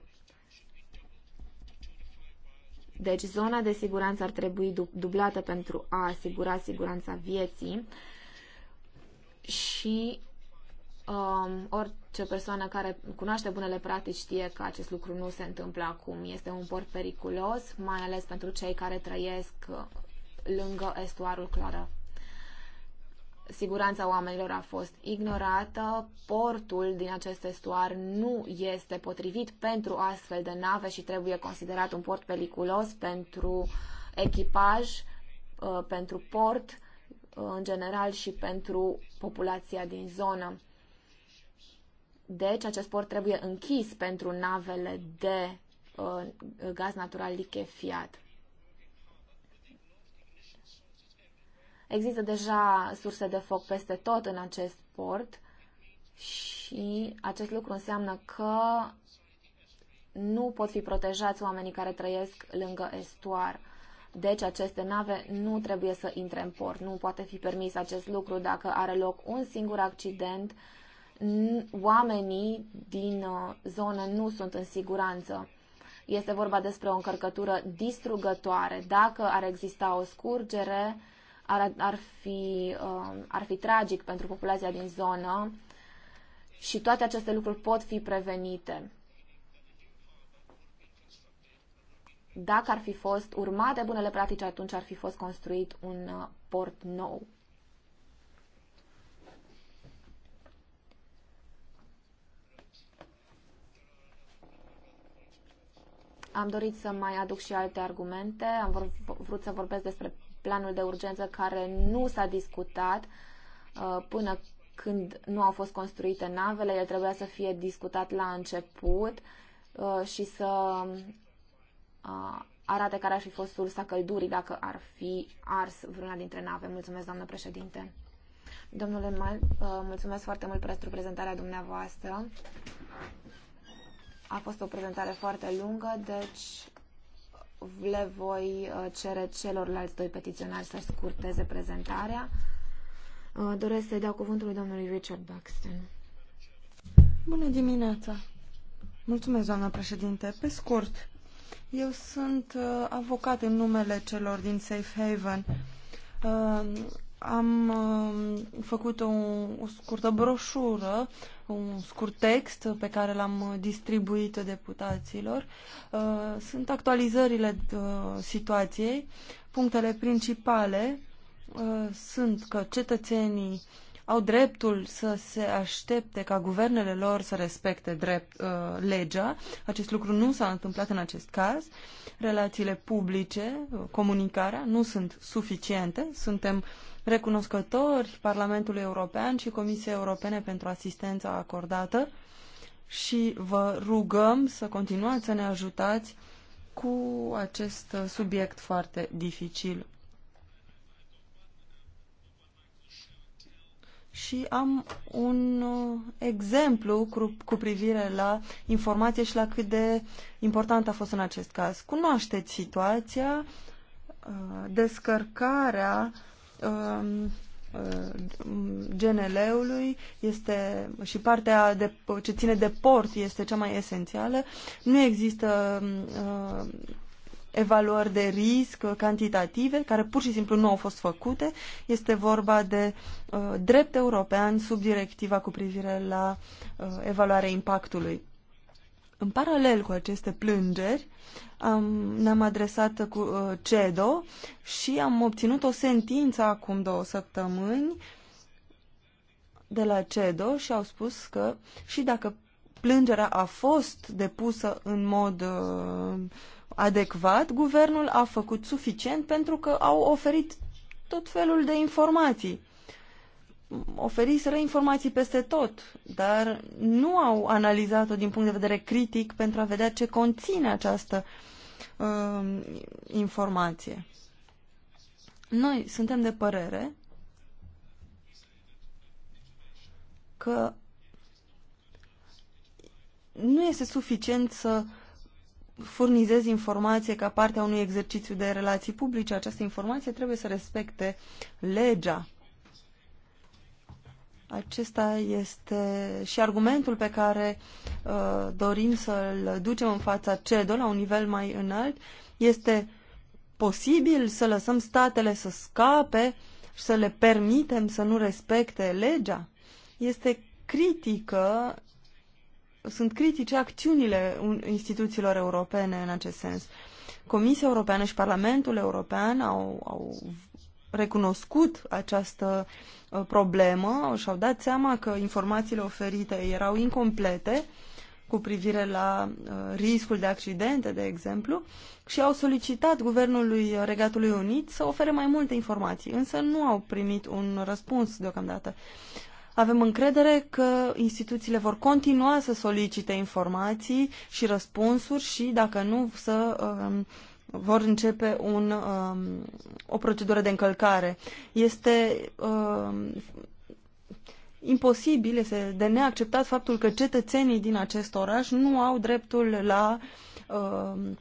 Deci zona de siguranță ar trebui dublată pentru a asigura siguranța vieții și Um, orice persoană care cunoaște bunele practici știe că acest lucru nu se întâmplă acum. Este un port periculos, mai ales pentru cei care trăiesc uh, lângă estuarul Clara. Siguranța oamenilor a fost ignorată, portul din acest estuar nu este potrivit pentru astfel de nave și trebuie considerat un port periculos pentru echipaj, uh, pentru port uh, în general și pentru populația din zonă. Deci acest port trebuie închis pentru navele de uh, gaz natural lichefiat. Există deja surse de foc peste tot în acest port și acest lucru înseamnă că nu pot fi protejați oamenii care trăiesc lângă estuar. Deci aceste nave nu trebuie să intre în port. Nu poate fi permis acest lucru dacă are loc un singur accident uh, oamenii din uh, zonă nu sunt în siguranță. Este vorba despre o încărcătură distrugătoare. Dacă ar exista o scurgere, ar, ar, fi, uh, ar fi tragic pentru populația din zonă și toate aceste lucruri pot fi prevenite. Dacă ar fi fost urmate bunele practici, atunci ar fi fost construit un uh, port nou. Am dorit să mai aduc și alte argumente. Am vor, vrut să vorbesc despre planul de urgență care nu s-a discutat uh, până când nu au fost construite navele. El trebuia să fie discutat la început uh, și să uh, arate care ar fi fost sursa căldurii dacă ar fi ars vreuna dintre nave. Mulțumesc, doamnă președinte. Domnule Mal, mulțumesc foarte mult pentru prezentarea dumneavoastră. A fost o prezentare foarte lungă, deci le voi uh, cere celorlalți doi petiționari să scurteze prezentarea. Uh, doresc să-i dau cuvântul lui domnului Richard Buxton. Bună dimineața! Mulțumesc, doamna președinte. Pe scurt, eu sunt uh, avocat în numele celor din Safe Haven. am făcut o, o scurtă broșură un scurt text pe care l-am distribuit deputaților. Uh, sunt actualizările uh, situației. Punctele principale uh, sunt că cetățenii au dreptul să se aștepte ca guvernele lor să respecte drept, uh, legea. Acest lucru nu s-a întâmplat în acest caz. Relațiile publice, comunicarea nu sunt suficiente. Suntem recunoscători Parlamentului European și Comisiei Europene pentru asistența acordată și vă rugăm să continuați să ne ajutați cu acest subiect foarte dificil. și am un uh, exemplu cu, cu privire la informație și la cât de important a fost în acest caz. Cunoașteți situația, uh, descărcarea Um, uh, GNL-ului este și partea de, ce ține de port este cea mai esențială. Nu există uh, evaluări de risc cantitative care pur și simplu nu au fost făcute. Este vorba de uh, drept european sub directiva cu privire la uh, evaluarea impactului. În paralel cu aceste plângeri, am, ne-am adresat cu uh, CEDO și am obținut o sentință acum două săptămâni de la CEDO și au spus că și dacă plângerea a fost depusă în mod uh, adecvat, guvernul a făcut suficient pentru că au oferit tot felul de informații oferiseră informații peste tot, dar nu au analizat-o din punct de vedere critic pentru a vedea ce conține această uh, informație. Noi suntem de părere că nu este suficient să furnizezi informație ca parte a unui exercițiu de relații publice. Această informație trebuie să respecte legea acesta este și argumentul pe care uh, dorim să-l ducem în fața CEDO la un nivel mai înalt. Este posibil să lăsăm statele să scape și să le permitem să nu respecte legea? Este critică, sunt critice acțiunile instituțiilor europene în acest sens. Comisia Europeană și Parlamentul European au, au recunoscut această uh, problemă și-au dat seama că informațiile oferite erau incomplete cu privire la uh, riscul de accidente, de exemplu, și au solicitat Guvernului Regatului Unit să ofere mai multe informații, însă nu au primit un răspuns deocamdată. Avem încredere că instituțiile vor continua să solicite informații și răspunsuri și, dacă nu, să uh, vor începe un, um, o procedură de încălcare. Este um, imposibil, este de neacceptat faptul că cetățenii din acest oraș nu au dreptul la, um,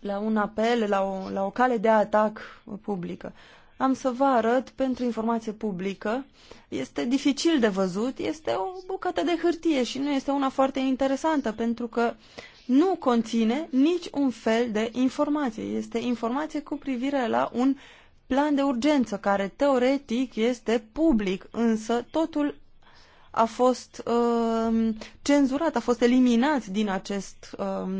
la un apel, la o, la o cale de atac publică. Am să vă arăt pentru informație publică. Este dificil de văzut, este o bucată de hârtie și nu este una foarte interesantă pentru că uh, nu conține nici un fel de informație. Este informație cu privire la un plan de urgență care teoretic este public, însă totul a fost uh, cenzurat, a fost eliminat din acest, uh,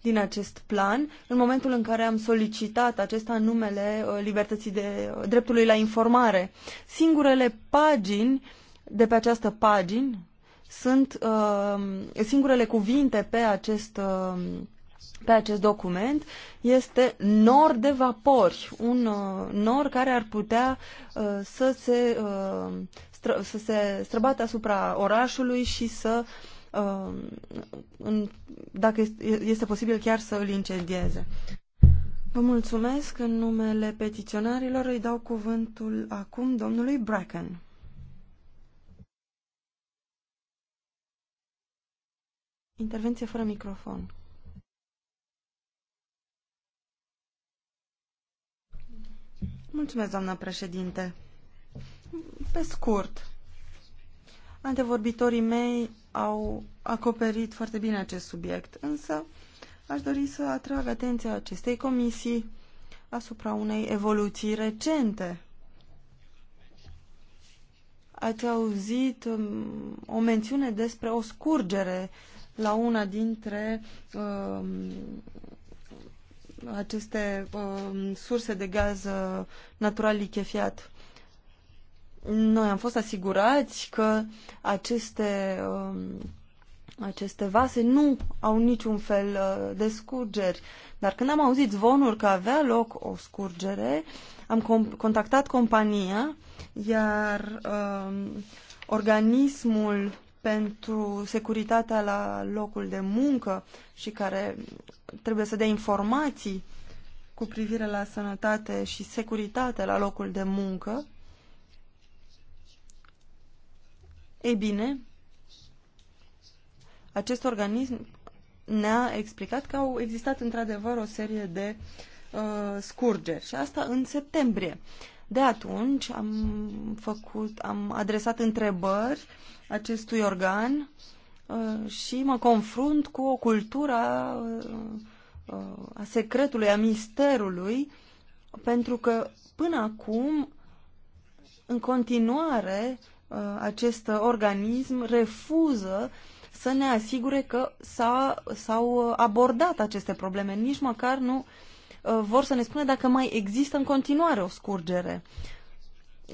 din acest plan în momentul în care am solicitat acesta numele uh, libertății de uh, dreptului la informare. Singurele pagini de pe această pagină sunt uh, singurele cuvinte pe acest, uh, pe acest document este nor de vapori, un uh, nor care ar putea uh, să, se, uh, stră, să se străbate asupra orașului și să, uh, în, dacă este, este posibil chiar să îl incendieze. Vă mulțumesc. În numele petiționarilor îi dau cuvântul acum domnului Bracken. Intervenție fără microfon. Mulțumesc, doamnă președinte. Pe scurt, antevorbitorii mei au acoperit foarte bine acest subiect, însă aș dori să atrag atenția acestei comisii asupra unei evoluții recente. Ați auzit um, o mențiune despre o scurgere uh, la una dintre uh, aceste uh, surse de gaz uh, natural lichefiat. Noi am fost asigurați că aceste, uh, aceste vase nu au niciun fel uh, de scurgeri, dar când am auzit zvonuri că avea loc o scurgere, am com- contactat compania, iar uh, organismul pentru securitatea la locul de muncă și care trebuie să dea informații cu privire la sănătate și securitate la locul de muncă, ei bine, acest organism ne-a explicat că au existat într-adevăr o serie de uh, scurgeri și asta în septembrie. De atunci am făcut, am adresat întrebări acestui organ uh, și mă confrunt cu o cultură uh, uh, a secretului, a misterului, pentru că până acum, în continuare, acest organism refuză să ne asigure că s-au abordat aceste probleme. Nici măcar nu vor să ne spună dacă mai există în continuare o scurgere.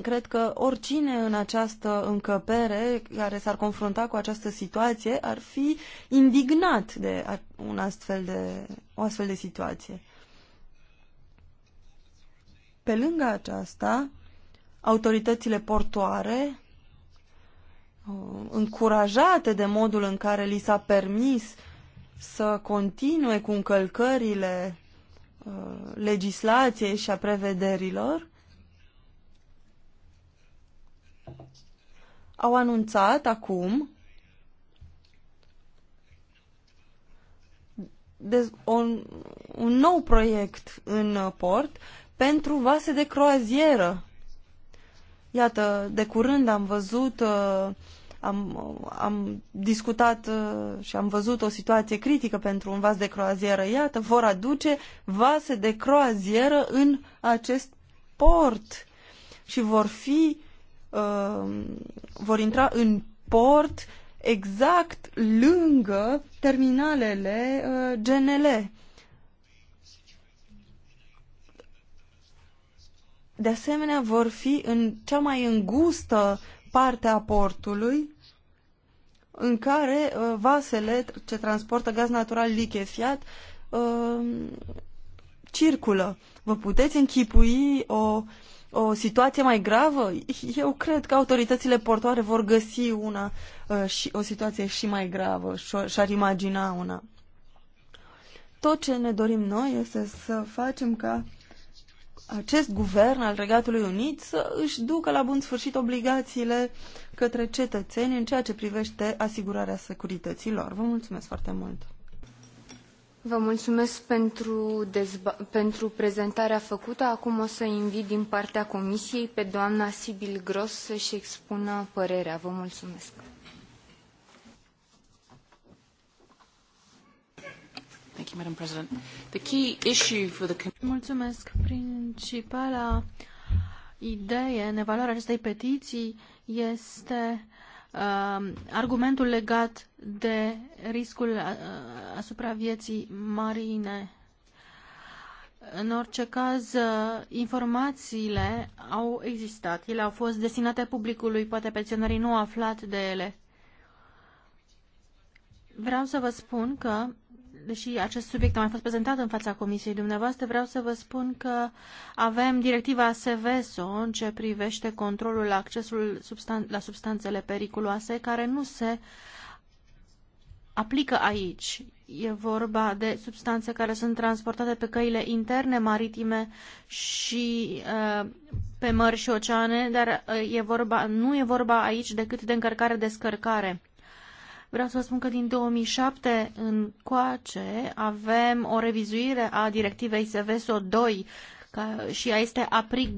Cred că oricine în această încăpere care s-ar confrunta cu această situație ar fi indignat de, un astfel de o astfel de situație. Pe lângă aceasta, autoritățile portoare, uh, încurajate de modul în care li s-a permis să continue cu încălcările uh, legislației și a prevederilor, au anunțat acum un, un nou proiect în uh, port pentru vase de croazieră. Iată, de curând am văzut, uh, am, am discutat uh, și am văzut o situație critică pentru un vas de croazieră. Iată, vor aduce vase de croazieră în acest port și vor fi Um, vor intra în port exact lângă terminalele uh, GNL. De asemenea, vor fi în cea mai îngustă parte a portului, în care uh, vasele ce transportă gaz natural lichefiat uh, circulă. Vă puteți închipui o uh, o situație mai gravă? Eu cred că autoritățile portoare vor găsi una uh, și o situație și mai gravă și-ar imagina una. Tot ce ne dorim noi este să facem ca acest guvern al Regatului Unit să își ducă la bun sfârșit obligațiile către cetățeni în ceea ce privește asigurarea securității lor. Vă mulțumesc foarte mult! Vă mulțumesc pentru, prezentarea făcută. Acum o să invit din partea Comisiei pe doamna Sibyl Gross să-și expună părerea. Vă mulțumesc. Mulțumesc. Principala idee în evaluarea acestei petiții este uh, argumentul legat de riscul uh, asupra vieții marine. În orice caz, uh, informațiile au existat, ele au fost destinate publicului, poate pensionarii nu au aflat de ele. Vreau să vă spun că deși acest subiect a mai fost prezentat în fața comisiei dumneavoastră, vreau să vă spun că avem directiva SVSO în ce privește controlul la accesul substan- la substanțele periculoase, care nu se aplică aici. E vorba de substanțe care sunt transportate pe căile interne, maritime și uh, pe mări și oceane, dar uh, e vorba, nu e vorba aici decât de încărcare-descărcare. Vreau să vă spun că din 2007 în coace avem o revizuire a directivei SVSO 2 și ea este aprig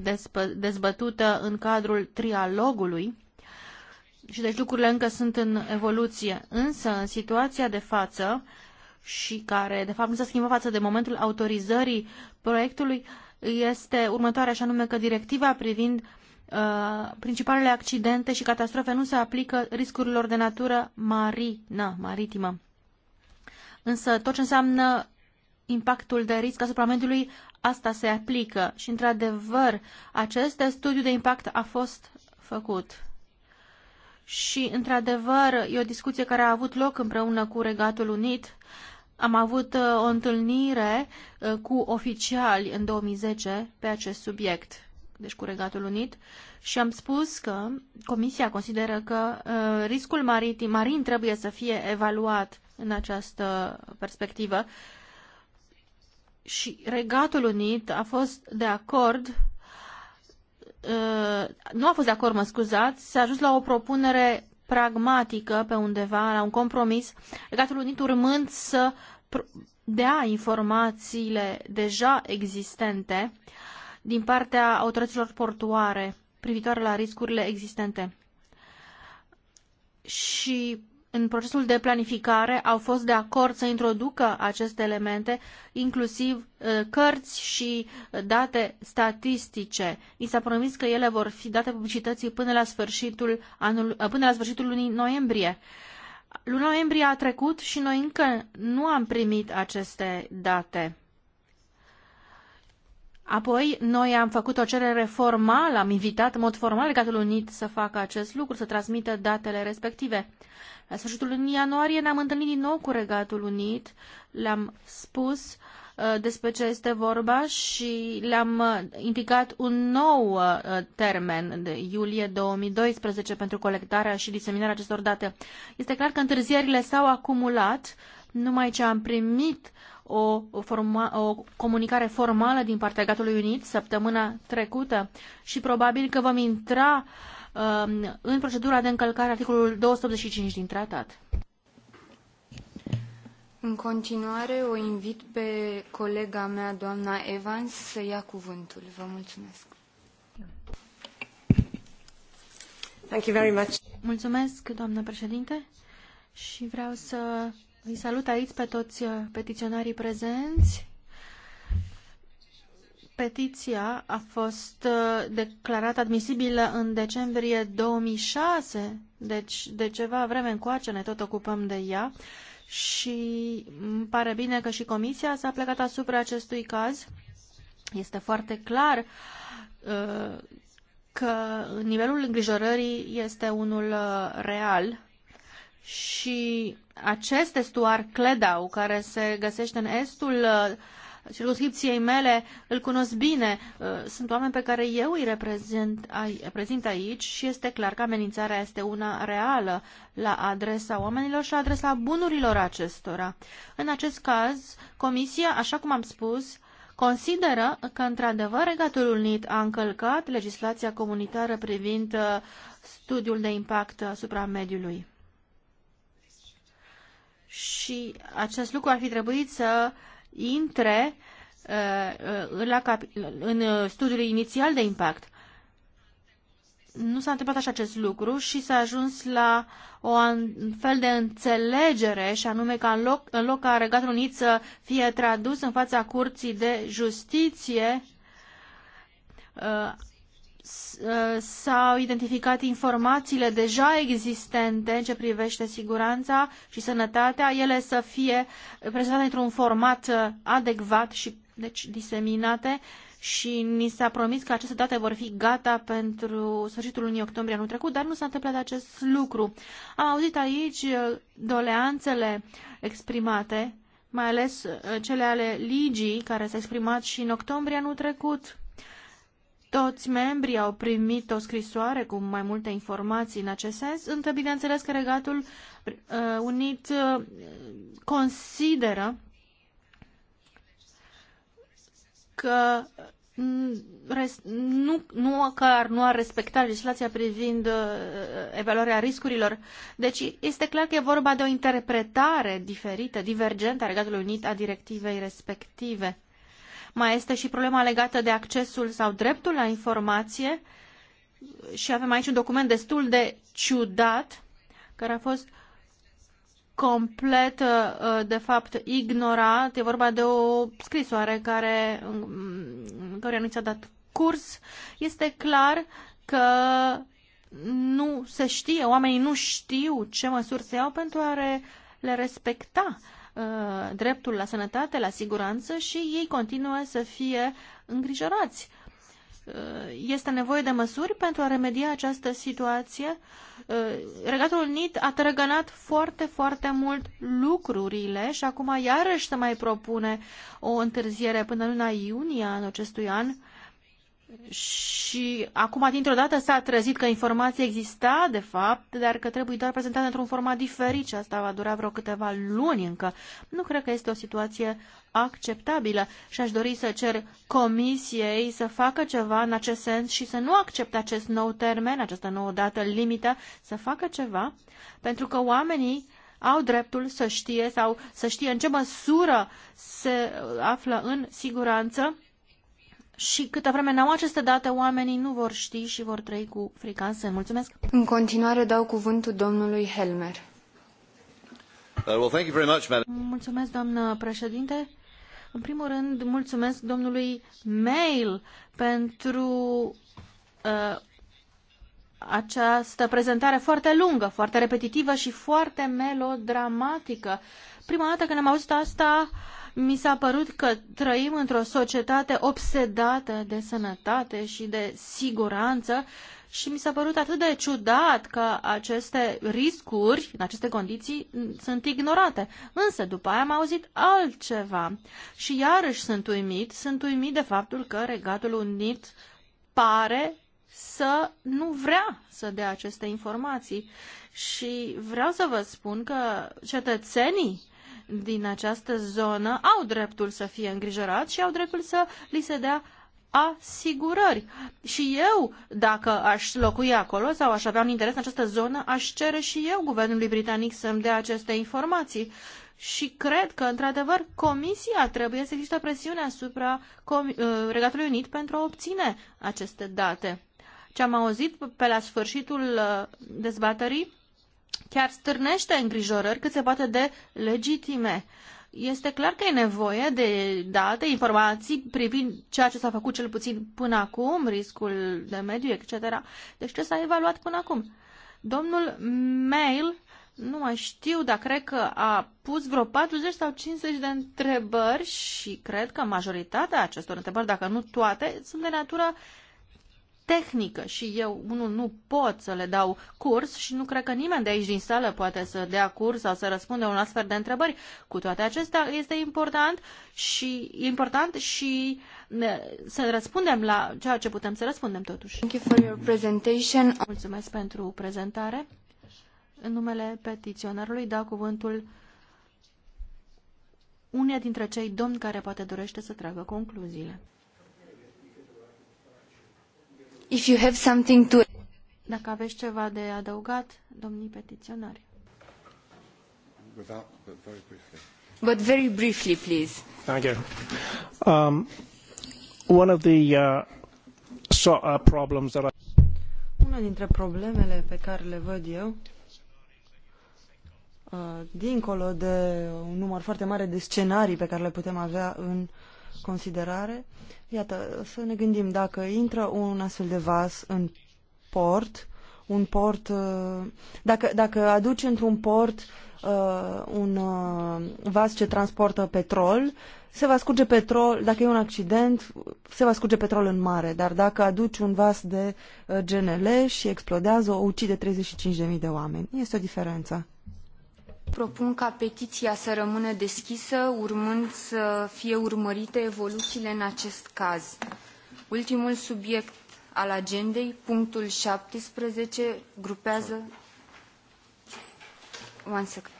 dezbătută în cadrul trialogului și deci lucrurile încă sunt în evoluție. Însă, în situația de față și care, de fapt, nu se schimbă față de momentul autorizării proiectului, este următoarea, și anume că directiva privind Uh, principalele accidente și catastrofe nu se aplică riscurilor de natură marină, maritimă. Însă tot ce înseamnă impactul de risc asupra mediului, asta se aplică. Și într-adevăr, acest studiu de impact a fost făcut. Și, într-adevăr, e o discuție care a avut loc împreună cu Regatul Unit. Am avut uh, o întâlnire uh, cu oficiali în 2010 pe acest subiect deci cu Regatul Unit, și am spus că Comisia consideră că uh, riscul maritim, marin trebuie să fie evaluat în această perspectivă și Regatul Unit a fost de acord uh, nu a fost de acord, mă scuzați, s-a ajuns la o propunere pragmatică pe undeva, la un compromis, Regatul Unit urmând să dea informațiile deja existente uh, din partea autorităților portuare privitoare la riscurile existente. Și în procesul de planificare au fost de acord să introducă aceste elemente, inclusiv uh, cărți și uh, date statistice. I s-a promis că ele vor fi date publicității până la sfârșitul, anul, uh, până la sfârșitul lunii noiembrie. Luna noiembrie a trecut și noi încă nu am primit aceste date. Apoi, noi am făcut o cerere formală, am invitat în mod formal Regatul Unit să facă acest lucru, să transmită datele respective. La sfârșitul lunii ianuarie ne-am întâlnit din nou cu Regatul Unit, le-am spus uh, despre ce este vorba și le-am uh, indicat un nou uh, termen de iulie 2012 pentru colectarea și diseminarea acestor date. Este clar că întârzierile s-au acumulat, numai ce am primit o, forma, o comunicare formală din partea Gatului Unit săptămâna trecută și probabil că vom intra um, în procedura de încălcare articolul 285 din tratat. În continuare o invit pe colega mea, doamna Evans, să ia cuvântul. Vă mulțumesc. Thank you very much. Mulțumesc, doamnă președinte, și vreau să îi salut aici pe toți uh, petiționarii prezenți. Petiția a fost uh, declarată admisibilă în decembrie 2006, deci de ceva vreme încoace ne tot ocupăm de ea și îmi pare bine că și Comisia s-a plecat asupra acestui caz. Este foarte clar uh, că nivelul îngrijorării este unul real și acest estuar Cledau, care se găsește în estul uh, circunscripției mele, îl cunosc bine. Uh, sunt oameni pe care eu îi reprezint, reprezint aici și este clar că amenințarea este una reală la adresa oamenilor și la adresa bunurilor acestora. În acest caz, Comisia, așa cum am spus, consideră că, într-adevăr, Regatul Unit a încălcat legislația comunitară privind uh, studiul de impact asupra mediului și acest lucru ar fi trebuit să intre uh, la în uh, studiul inițial de impact. Nu s-a întâmplat așa acest lucru și s-a ajuns la o fel de înțelegere și anume că în loc, în loc ca Regatul Unit să fie tradus în fața Curții de Justiție, uh, Uh, s-au identificat informațiile deja existente în ce privește siguranța și sănătatea, ele să fie prezentate într-un format uh, adecvat și deci diseminate și ni s-a promis că aceste date vor fi gata pentru sfârșitul lunii octombrie anul trecut, dar nu s-a întâmplat acest lucru. Am auzit aici uh, doleanțele exprimate, mai ales cele ale Ligii, care s-a exprimat și în octombrie anul trecut toți membrii au primit o scrisoare cu mai multe informații în acest sens, întâi bineînțeles că Regatul uh, Unit uh, consideră că nu, nu că ar, nu ar respecta legislația privind uh, evaluarea riscurilor. Deci este clar că e vorba de o interpretare diferită, divergentă a Regatului Unit a directivei respective. Mai este și problema legată de accesul sau dreptul la informație și avem aici un document destul de ciudat care a fost complet, uh, de fapt, ignorat. E vorba de o scrisoare care, care nu ți-a dat curs. Este clar că nu se știe, oamenii nu știu ce măsuri se iau pentru a le respecta Uh, dreptul la sănătate, la siguranță și ei continuă să fie îngrijorați. Uh, este nevoie de măsuri pentru a remedia această situație. Uh, Regatul Unit a trăgănat foarte, foarte mult lucrurile și acum iarăși se mai propune o întârziere până luna iunie anul acestui an și acum, dintr-o dată, s-a trezit că informația exista, de fapt, dar că trebuie doar prezentată într-un format diferit și asta va dura vreo câteva luni încă. Nu cred că este o situație acceptabilă și aș dori să cer comisiei să facă ceva în acest sens și să nu accepte acest nou termen, această nouă dată limită, să facă ceva, pentru că oamenii au dreptul să știe sau să știe în ce măsură se află în siguranță și câtă vreme n-au aceste date, oamenii nu vor ști și vor trăi cu frica în sân. Mulțumesc! În continuare dau cuvântul domnului Helmer. Uh, mulțumesc, doamnă președinte. În primul rând, mulțumesc domnului Mail pentru uh, această prezentare foarte lungă, foarte repetitivă și foarte melodramatică. Prima dată când am auzit asta, uh, mi s-a părut că trăim într-o societate obsedată de sănătate și de siguranță și mi s-a părut atât de ciudat că aceste riscuri, în aceste condiții, sunt ignorate. Însă, după aia am auzit altceva și iarăși sunt uimit, sunt uimit de faptul că Regatul Unit pare să nu vrea să dea aceste informații. Și vreau să vă spun că cetățenii uh, din această zonă au dreptul să fie îngrijorați și au dreptul să li se dea asigurări. Și eu, dacă aș locui acolo sau aș avea un interes în această zonă, aș cere și eu guvernului britanic să-mi dea aceste informații. Și cred că, într-adevăr, Comisia trebuie să existe presiune asupra uh, Regatului Unit pentru a obține aceste date. Ce am auzit pe la sfârșitul uh, dezbaterii chiar stârnește îngrijorări cât se poate de legitime. Este clar că e nevoie de date, informații privind ceea ce s-a făcut cel puțin până acum, riscul de mediu, etc. Deci ce s-a evaluat până acum? Domnul Mail, nu mai știu, dar cred că a pus vreo 40 sau 50 de întrebări și cred că majoritatea acestor întrebări, dacă nu toate, sunt de natură tehnică și eu unul nu pot să le dau curs și nu cred că nimeni de aici din sală poate să dea curs sau să răspundă un astfel de întrebări. Cu toate acestea este important și important și să răspundem la ceea ce putem să răspundem totuși. Thank you for your presentation. Mulțumesc pentru prezentare. În numele petiționarului dau cuvântul unia dintre cei domni care poate dorește să tragă concluziile. If you have something to... Dacă aveți ceva de adăugat, domnii petiționari. Without, but very briefly. But very briefly, please. Thank you. Um, one of the uh, so, uh, problems that I... Una dintre problemele pe care le văd eu, uh, dincolo de un număr foarte mare de scenarii pe care le putem avea în uh, considerare. Iată, să ne gândim dacă intră un astfel de vas în port, un port, uh, dacă, dacă aduci într-un port uh, un uh, vas ce transportă petrol, se va scurge petrol, dacă e un accident, se va scurge petrol în mare, dar dacă aduci un vas de uh, GNL și explodează, o ucide 35.000 de oameni. Este o diferență. Propun ca petiția să rămână deschisă, urmând să fie urmărite evoluțiile în acest caz. Ultimul subiect al agendei, punctul 17, grupează... One second.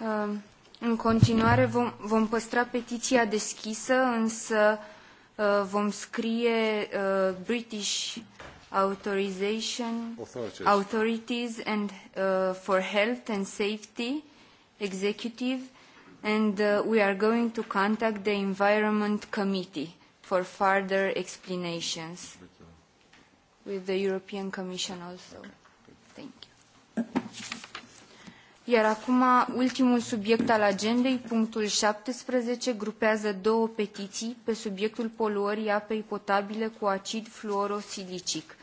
Um, în continuare vom, vom păstra petiția deschisă, însă uh, vom scrie uh, British Authorization Authorities, authorities and, uh, for Health and Safety Executive and uh, we are going to contact the Environment Committee for further explanations with the European Commission also. Okay. Iar acum, ultimul subiect al agendei, punctul 17, grupează două petiții pe subiectul poluării apei potabile cu acid fluorosilicic.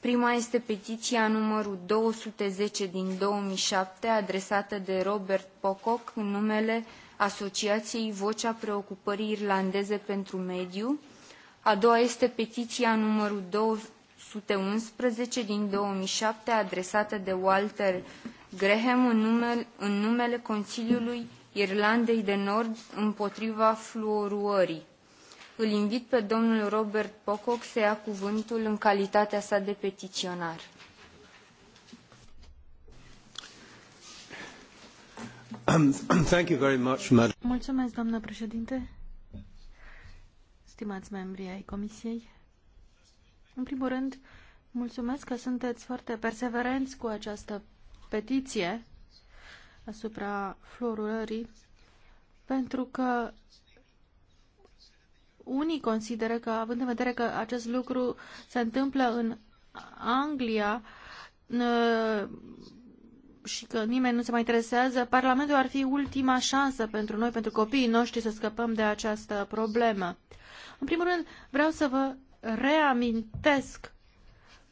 Prima este petiția numărul 210 din 2007, adresată de Robert Pocock în numele Asociației Vocea Preocupării Irlandeze pentru Mediu. A doua este petiția numărul 211 din 2007, adresată de Walter Graham în numele, în numele Consiliului Irlandei de Nord împotriva fluoruării. Îl invit pe domnul Robert Pocock să ia cuvântul în calitatea sa de petiționar. Mulțumesc, doamnă președinte. Stimați membri ai Comisiei, în primul rând, mulțumesc că sunteți foarte perseverenți cu această petiție asupra florurării, pentru că unii consideră că, având în vedere că acest lucru se întâmplă în Anglia și că nimeni nu se mai interesează, Parlamentul ar fi ultima șansă pentru noi, pentru copiii noștri, să scăpăm de această problemă. În primul rând, vreau să vă reamintesc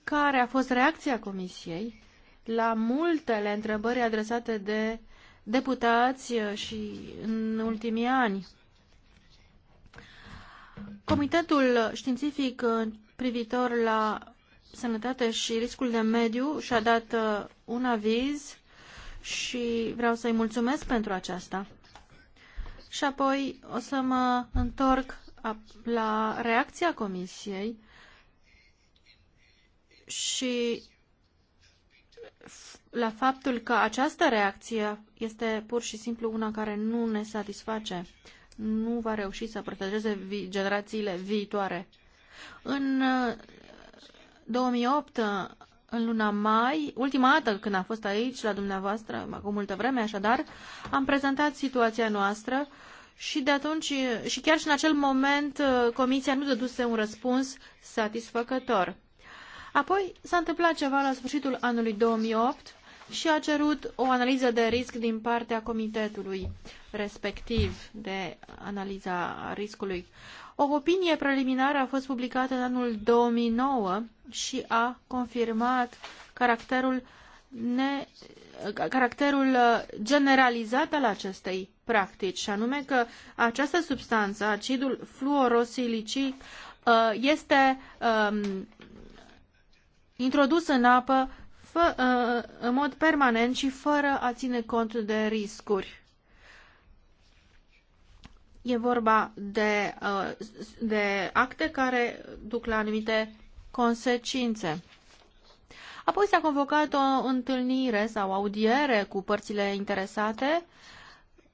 care a fost reacția Comisiei la multele întrebări adresate de deputați și în ultimii ani. Comitetul științific privitor la sănătate și riscul de mediu și-a dat uh, un aviz și vreau să-i mulțumesc pentru aceasta. Și apoi o să mă întorc la reacția Comisiei și la faptul că această reacție este pur și simplu una care nu ne satisface. Nu va reuși să protejeze vi- generațiile viitoare. În 2008, uh, în luna mai, ultima dată când am fost aici la dumneavoastră, acum multă vreme așadar, am prezentat situația noastră și de atunci, și chiar și în acel moment, uh, comisia nu dăduse un răspuns satisfăcător. Apoi s-a întâmplat ceva la sfârșitul anului 2008 și a cerut o analiză de risc din partea comitetului respectiv de analiza riscului. O opinie preliminară a fost publicată în anul 2009 și a confirmat caracterul, ne, caracterul uh, generalizat al acestei practici, și anume că această substanță, acidul fluorosilicic, uh, este um, introdus în apă fă, ă, în mod permanent și fără a ține cont de riscuri. E vorba de, ă, de acte care duc la anumite consecințe. Apoi s-a convocat o întâlnire sau audiere cu părțile interesate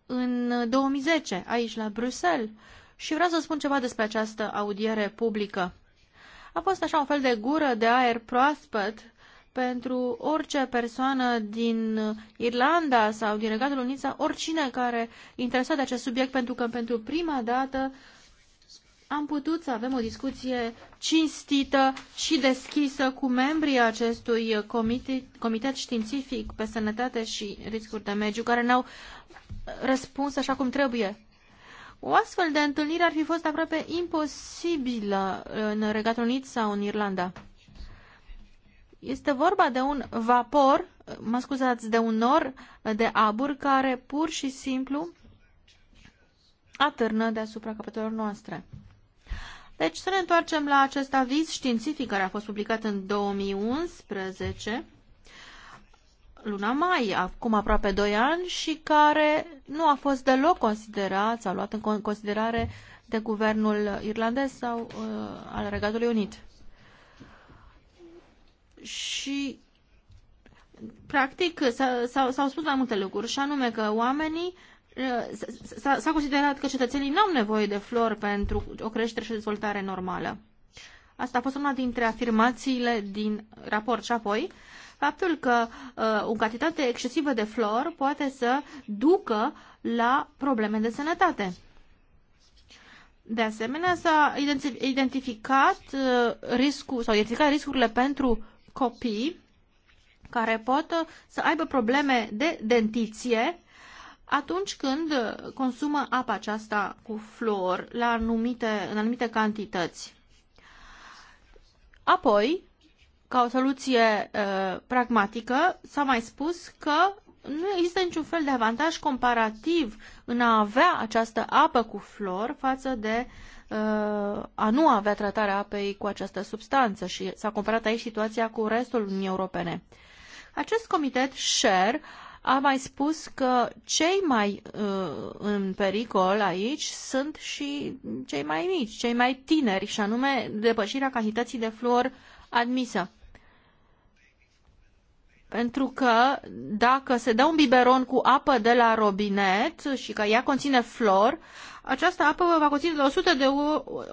în 2010, aici la Bruxelles. Și vreau să spun ceva despre această audiere publică. A fost așa un fel de gură de aer proaspăt pentru orice persoană din Irlanda sau din Regatul Unit sau oricine care e interesat de acest subiect, pentru că pentru prima dată am putut să avem o discuție cinstită și deschisă cu membrii acestui comite, comitet științific pe sănătate și riscuri de mediu, care ne-au răspuns așa cum trebuie. O astfel de întâlnire ar fi fost aproape imposibilă în Regatul Unit sau în Irlanda. Este vorba de un vapor, mă scuzați, de un nor de abur care pur și simplu atârnă deasupra capetelor noastre. Deci să ne întoarcem la acest aviz științific care a fost publicat în 2011, luna mai, acum aproape 2 ani, și care nu a fost deloc considerat sau luat în considerare de guvernul irlandez sau uh, al Regatului Unit și practic s-au spus mai multe lucruri și anume că oamenii uh, s-a considerat că cetățenii nu au nevoie de flori pentru o creștere și dezvoltare normală. Asta a fost una dintre afirmațiile din raport și apoi faptul că uh, o cantitate excesivă de flori poate să ducă la probleme de sănătate. De asemenea, s-a identificat uh, riscul sau identificat riscurile pentru copii care pot uh, să aibă probleme de dentiție atunci când uh, consumă apa aceasta cu fluor la anumite, în anumite cantități. Apoi, ca o soluție uh, pragmatică, s-a mai spus că nu există niciun fel de avantaj comparativ în a avea această apă cu flor față de uh, a nu avea tratarea apei cu această substanță și s-a comparat aici situația cu restul Uniunii Europene. Acest comitet SHARE a mai spus că cei mai uh, în pericol aici sunt și cei mai mici, cei mai tineri, și anume depășirea cantității de fluor admisă. Pentru că dacă se dă un biberon cu apă de la robinet și că ea conține flor, uh, această apă va conține de 100 de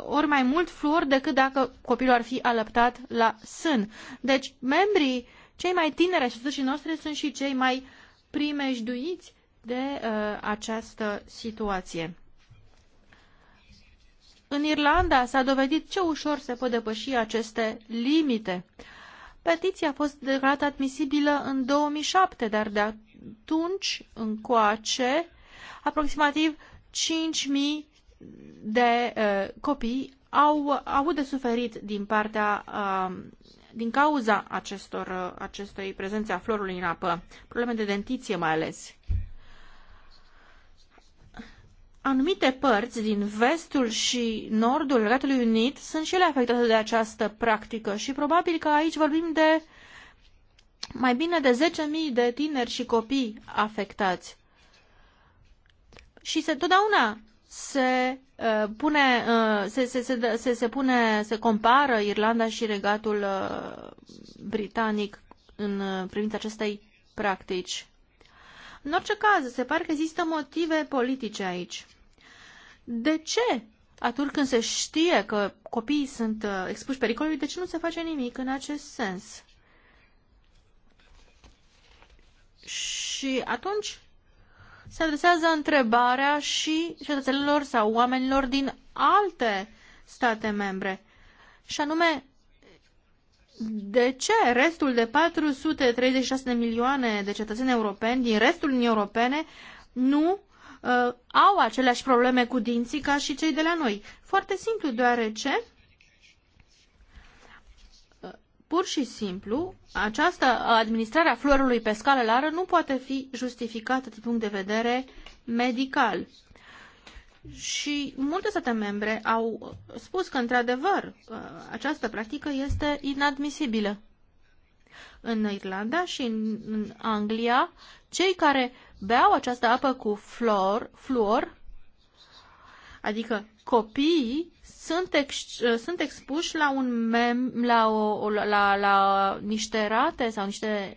ori mai mult fluor decât dacă copilul ar fi alăptat la sân. Deci, membrii cei mai tineri ai societății noastre sunt și cei mai primejduiți de uh, această situație. În Irlanda s-a dovedit ce ușor se pot depăși aceste limite. Petiția a fost declarată admisibilă în 2007, dar de atunci încoace aproximativ 5.000 de uh, copii au avut de suferit din partea uh, din cauza acestor, uh, acestei prezențe a florului în apă, probleme de dentiție mai ales. Anumite părți din vestul și nordul Regatului Unit sunt și ele afectate de această practică și probabil că aici vorbim de mai bine de 10.000 de tineri și copii afectați și se totdeauna se uh, pune, uh, se, se, se, se, se pune, se compară Irlanda și regatul uh, britanic în uh, privința acestei practici. În orice caz, se pare că există motive politice aici. De ce, atunci când se știe că copiii sunt uh, expuși pericolului, de ce nu se face nimic în acest sens? Și atunci se adresează întrebarea și cetățenilor sau oamenilor din alte state membre. Și anume, de ce restul de 436 de milioane de cetățeni europeni din restul Uniunii Europene nu uh, au aceleași probleme cu dinții ca și cei de la noi? Foarte simplu, deoarece Pur și simplu, această administrare a fluorului pe scală lară nu poate fi justificată din punct de vedere medical. Și multe state membre au spus că, într-adevăr, această practică este inadmisibilă. În Irlanda și în, Anglia, cei care beau această apă cu flor, fluor, adică copiii, sunt, ex, uh, sunt expuși la, un mem, la, o, la, la, la niște rate sau niște,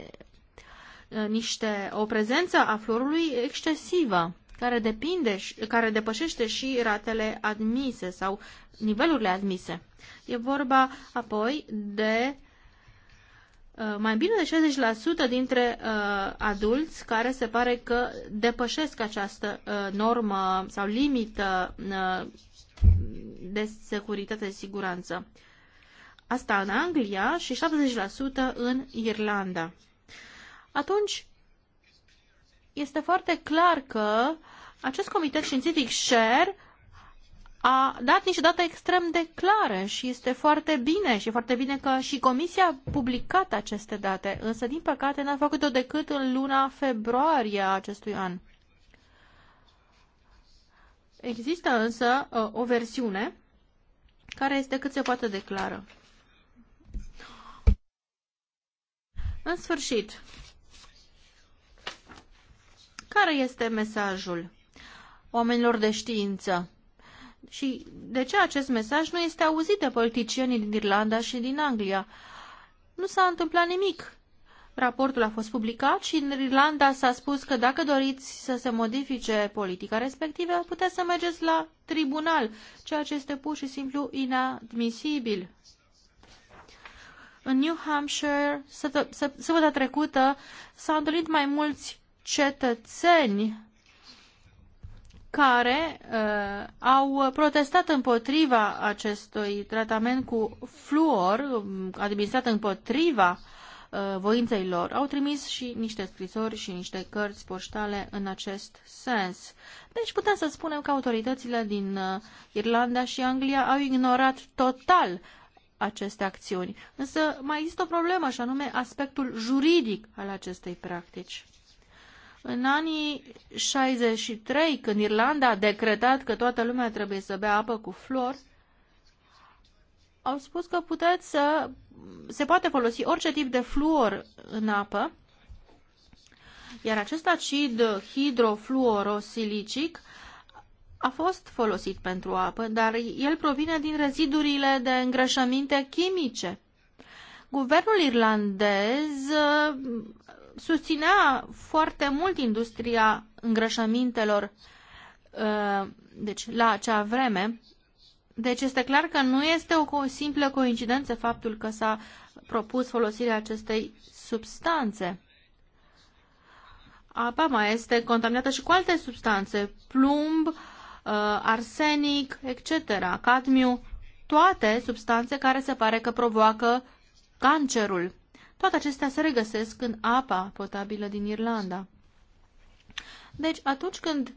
uh, niște, o prezență a florului excesivă, care, depinde, care depășește și ratele admise sau nivelurile admise. E vorba apoi de uh, mai bine de 60% dintre uh, adulți care se pare că depășesc această uh, normă sau limită uh, de securitate și siguranță. Asta în Anglia și 70% în Irlanda. Atunci, este foarte clar că acest comitet științific SHARE a dat niște date extrem de clare și este foarte bine și foarte bine că și Comisia a publicat aceste date, însă din păcate n-a făcut-o decât în luna februarie a acestui an. Există însă ă, o versiune care este cât se poate declară. În sfârșit, care este mesajul oamenilor de știință? Și de ce acest mesaj nu este auzit de politicienii din Irlanda și din Anglia? Nu s-a întâmplat nimic. Raportul a fost publicat și în Irlanda s-a spus că dacă doriți să se modifice politica respectivă, puteți să mergeți la tribunal, ceea ce este pur și simplu inadmisibil. În New Hampshire, săptămâna trecută, s-au întâlnit mai mulți cetățeni care uh, au protestat împotriva acestui tratament cu fluor, um, administrat împotriva uh, Uh, voinței lor. Au trimis și niște scrisori și niște cărți poștale în acest sens. Deci putem să spunem că autoritățile din uh, Irlanda și Anglia au ignorat total aceste acțiuni. Însă mai există o problemă, și anume aspectul juridic al acestei practici. În anii 63, când Irlanda a decretat că toată lumea trebuie să bea apă cu flori, au spus că puteți să se poate folosi orice tip de fluor în apă, iar acest acid hidrofluorosilicic a fost folosit pentru apă, dar el provine din rezidurile de îngrășăminte chimice. Guvernul irlandez uh, susținea foarte mult industria îngrășămintelor uh, deci la acea vreme deci este clar că nu este o simplă coincidență faptul că s-a propus folosirea acestei substanțe. Apa mai este contaminată și cu alte substanțe, plumb, uh, arsenic, etc., cadmiu, toate substanțe care se pare că provoacă cancerul. Toate acestea se regăsesc în apa potabilă din Irlanda. Deci atunci când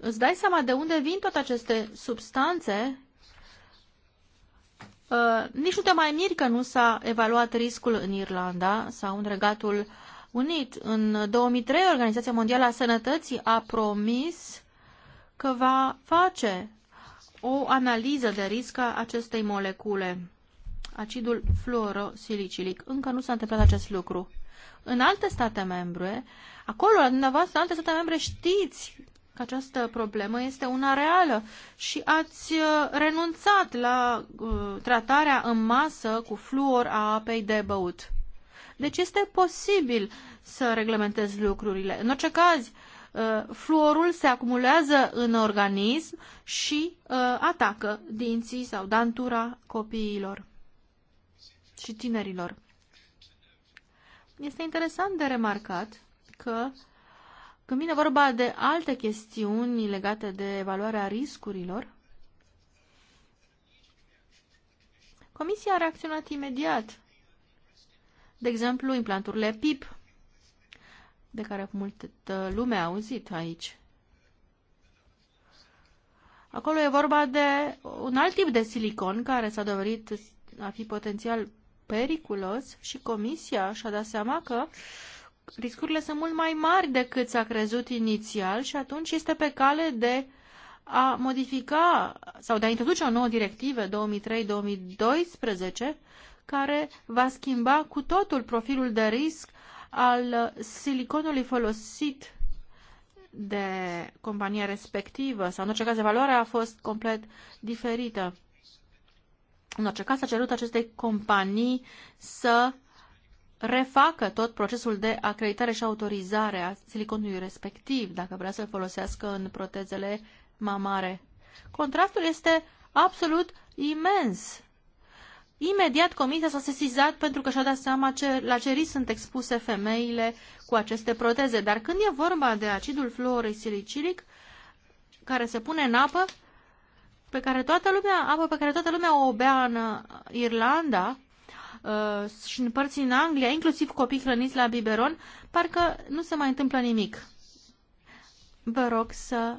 îți dai seama de unde vin toate aceste substanțe, uh, nici nu te mai miri că nu s-a evaluat riscul în Irlanda sau în Regatul Unit. În 2003, Organizația Mondială a Sănătății a promis că va face o analiză de risc a acestei molecule, acidul fluorosilicilic. Încă nu s-a întâmplat acest lucru. În alte state membre, acolo, la dumneavoastră, în alte state membre, știți că această problemă este una reală și ați uh, renunțat la uh, tratarea în masă cu fluor a apei de băut. Deci este posibil să reglementezi lucrurile. În orice caz, uh, fluorul se acumulează în organism și atacă dinții sau dantura copiilor și tinerilor. Este interesant de remarcat că uh, când vine vorba de alte chestiuni legate de evaluarea riscurilor, Comisia a reacționat imediat. De exemplu, implanturile PIP, de care multă lume a auzit aici. Acolo e vorba de un alt tip de silicon care s-a dovedit a fi potențial periculos și comisia și-a dat seama că uh, riscurile sunt mult mai mari decât s-a crezut inițial și atunci este pe cale de a modifica sau de a introduce o nouă directivă 2003-2012 care va schimba cu totul profilul de risc al siliconului folosit de compania respectivă sau în orice caz evaluarea a fost complet diferită. În orice caz a cerut acestei companii să refacă tot procesul de acreditare și autorizare a siliconului respectiv, dacă vrea să-l folosească în protezele mamare. Contractul este absolut imens. Imediat comisia s-a sesizat pentru că și-a dat seama ce, la ce risc sunt expuse femeile cu aceste proteze. Dar când e vorba de acidul fluorosilicilic care se pune în apă, pe care toată lumea, apă pe care toată lumea o bea în Irlanda, Uh, și în părți în Anglia, inclusiv copii hrăniți la biberon, parcă nu se mai întâmplă nimic. Vă rog să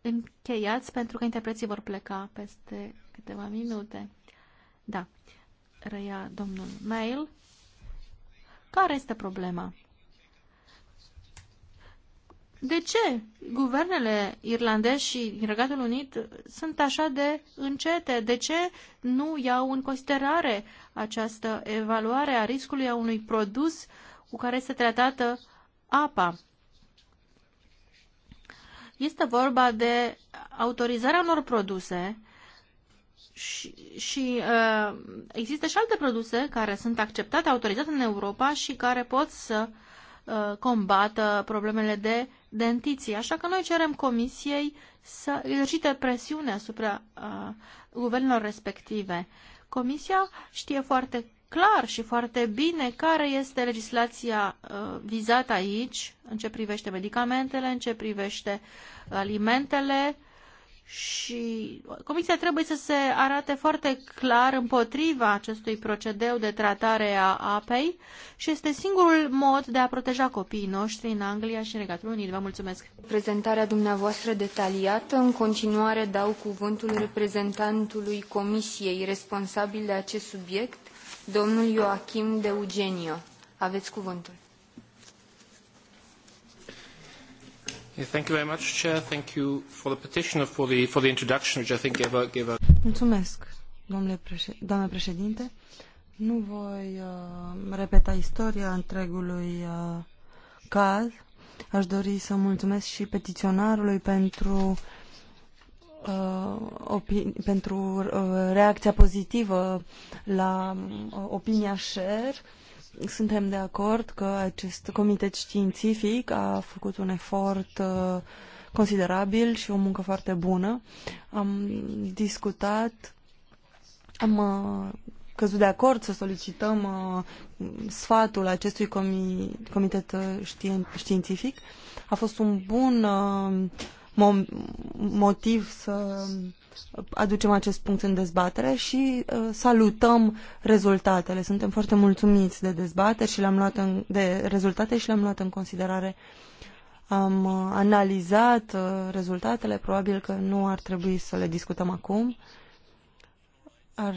încheiați pentru că interpreții vor pleca peste câteva minute. Da, răia domnul Mail. Care este problema? De ce guvernele irlandești și Regatul Unit sunt așa de încete? De ce nu iau în considerare această evaluare a riscului a unui produs cu care este tratată apa. Este vorba de autorizarea unor produse și, și uh, există și alte produse care sunt acceptate, autorizate în Europa și care pot să uh, combată problemele de dentiție. Așa că noi cerem comisiei să exercite presiune asupra uh, guvernelor respective. Uh, Comisia știe foarte clar și foarte bine care este legislația uh, vizată aici, în ce privește medicamentele, în ce privește alimentele, uh, și Comisia trebuie să se arate foarte clar împotriva acestui procedeu de tratare a apei și este singurul mod de a proteja copiii noștri în Anglia și în Regatul Unit. Vă mulțumesc! Prezentarea dumneavoastră detaliată. În continuare dau cuvântul reprezentantului Comisiei responsabil de acest subiect, domnul Joachim de Eugenio. Aveți cuvântul. Thank Mulțumesc, domnule președinte. Nu voi uh, repeta istoria întregului uh, caz. Aș dori să mulțumesc și petiționarului pentru uh, pentru reacția pozitivă la opinia share suntem de acord că acest comitet științific a făcut un efort uh, considerabil și o muncă foarte bună. Am discutat, am uh, căzut de acord să solicităm uh, sfatul acestui comitet științific. A fost un bun motiv să aducem acest punct în dezbatere și uh, salutăm rezultatele. Suntem foarte mulțumiți de dezbatere și le-am luat în, de rezultate și le-am luat în considerare. Am uh, analizat uh, rezultatele, probabil că nu ar trebui să le discutăm acum. Ar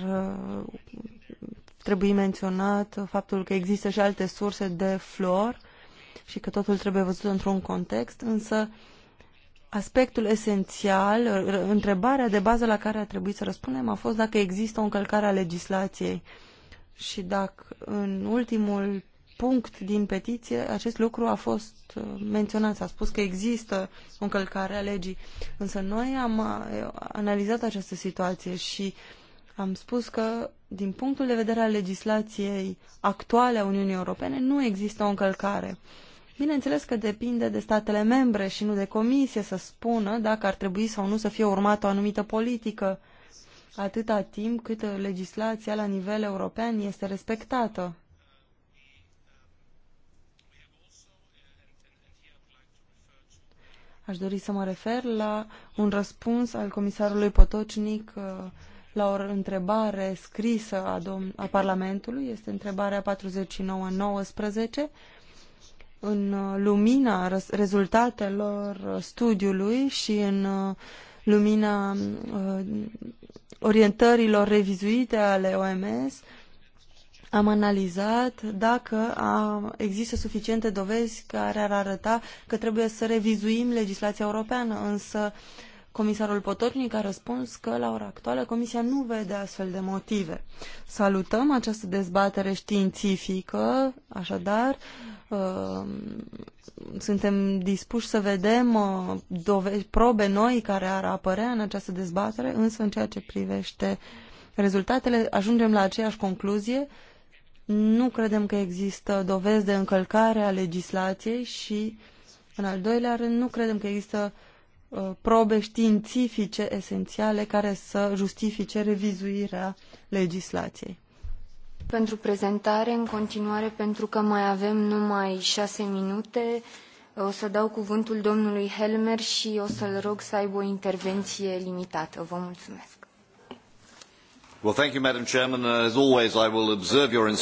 trebui menționat faptul că există și alte surse de flor și că totul trebuie văzut într-un context, însă uh, aspectul esențial, întrebarea de bază la care a trebuit să răspundem a fost dacă există o încălcare a legislației și dacă în ultimul punct din petiție acest lucru a fost uh, menționat, s-a spus că există o încălcare a legii, însă noi am uh, analizat această situație și am spus că din punctul de vedere al legislației actuale a Uniunii Europene nu există o încălcare. Uh, Bineînțeles că depinde de statele membre și nu de comisie să spună dacă ar trebui sau nu să fie urmată o anumită politică, atâta timp cât legislația la nivel european este respectată. Aș dori să mă refer la un răspuns al comisarului Potocnic uh, la o întrebare scrisă a, a Parlamentului, este întrebarea 49-19, în uh, lumina rezultatelor studiului și în uh, lumina uh, orientărilor revizuite ale OMS, am analizat dacă a, există suficiente dovezi care ar arăta că trebuie să revizuim legislația europeană, însă uh, Comisarul Potornic a răspuns că, la ora actuală, Comisia nu vede astfel de motive. Salutăm această dezbatere științifică, așadar, uh, suntem dispuși să vedem uh, dove- probe noi care ar apărea în această dezbatere, însă în ceea ce privește rezultatele, ajungem la aceeași concluzie. Nu credem că există dovezi de încălcare a legislației și, în al doilea rând, nu credem că există uh, Uh, probe științifice esențiale care să justifice revizuirea legislației. Pentru prezentare, în continuare, pentru că mai avem numai șase minute, uh, o să dau cuvântul domnului Helmer și o să-l rog să aibă o intervenție limitată. Vă mulțumesc. Well, thank you, Madam Chairman. Uh, as always, I will observe your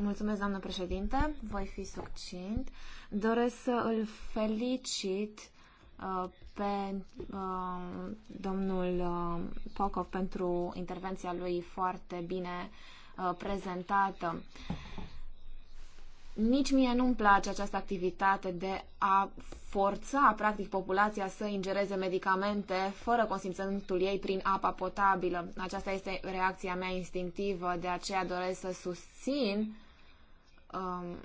Mulțumesc, doamnă președinte. Voi fi succint. Doresc să îl felicit Uh, pe uh, domnul uh, Pocov pentru intervenția lui foarte bine uh, prezentată. Nici mie nu-mi place această activitate de a forța, practic, populația să ingereze medicamente fără consimțământul ei prin apa potabilă. Aceasta este reacția mea instinctivă, de aceea doresc să susțin um,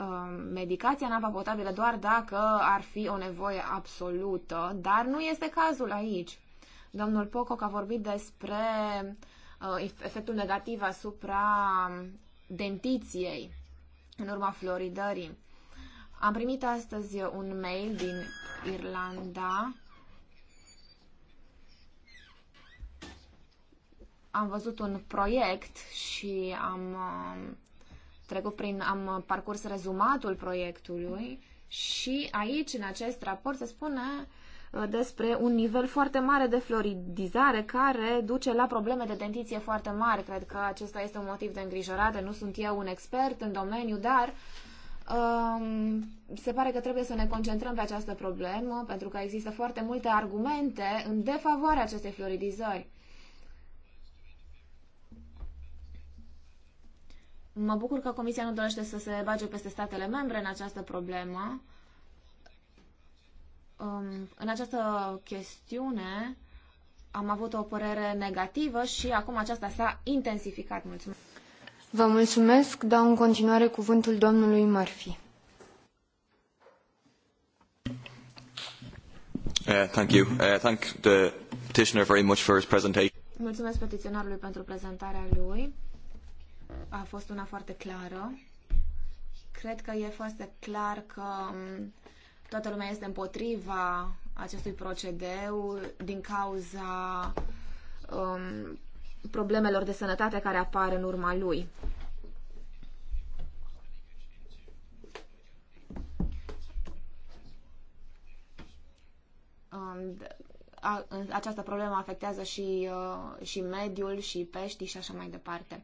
Um, medicația în apa potabilă doar dacă ar fi o nevoie absolută, dar nu este cazul aici. Domnul Pococ a vorbit despre uh, efectul negativ asupra dentiției în urma floridării. Am primit astăzi un mail din Irlanda. Am văzut un proiect și am um, trecut prin, am parcurs rezumatul proiectului și aici, în acest raport, se spune uh, despre un nivel foarte mare de floridizare care duce la probleme de dentiție foarte mari. Cred că acesta este un motiv de îngrijorare. Nu sunt eu un expert în domeniu, dar um, se pare că trebuie să ne concentrăm pe această problemă pentru că există foarte multe argumente în defavoarea acestei floridizări. Mă bucur că Comisia nu dorește să se bage peste statele membre în această problemă. Um, în această chestiune am avut o părere negativă și acum aceasta s-a intensificat. Mulțumesc! Vă mulțumesc. Dau în continuare cuvântul domnului Murphy. Uh, thank you. Uh, thank the petitioner very much for his presentation. Mulțumesc petiționarului pentru prezentarea lui a fost una foarte clară. Cred că e foarte clar că um, toată lumea este împotriva acestui procedeu din cauza um, problemelor de sănătate care apar în urma lui. Um, această problemă afectează și, uh, și mediul, și peștii și așa mai departe.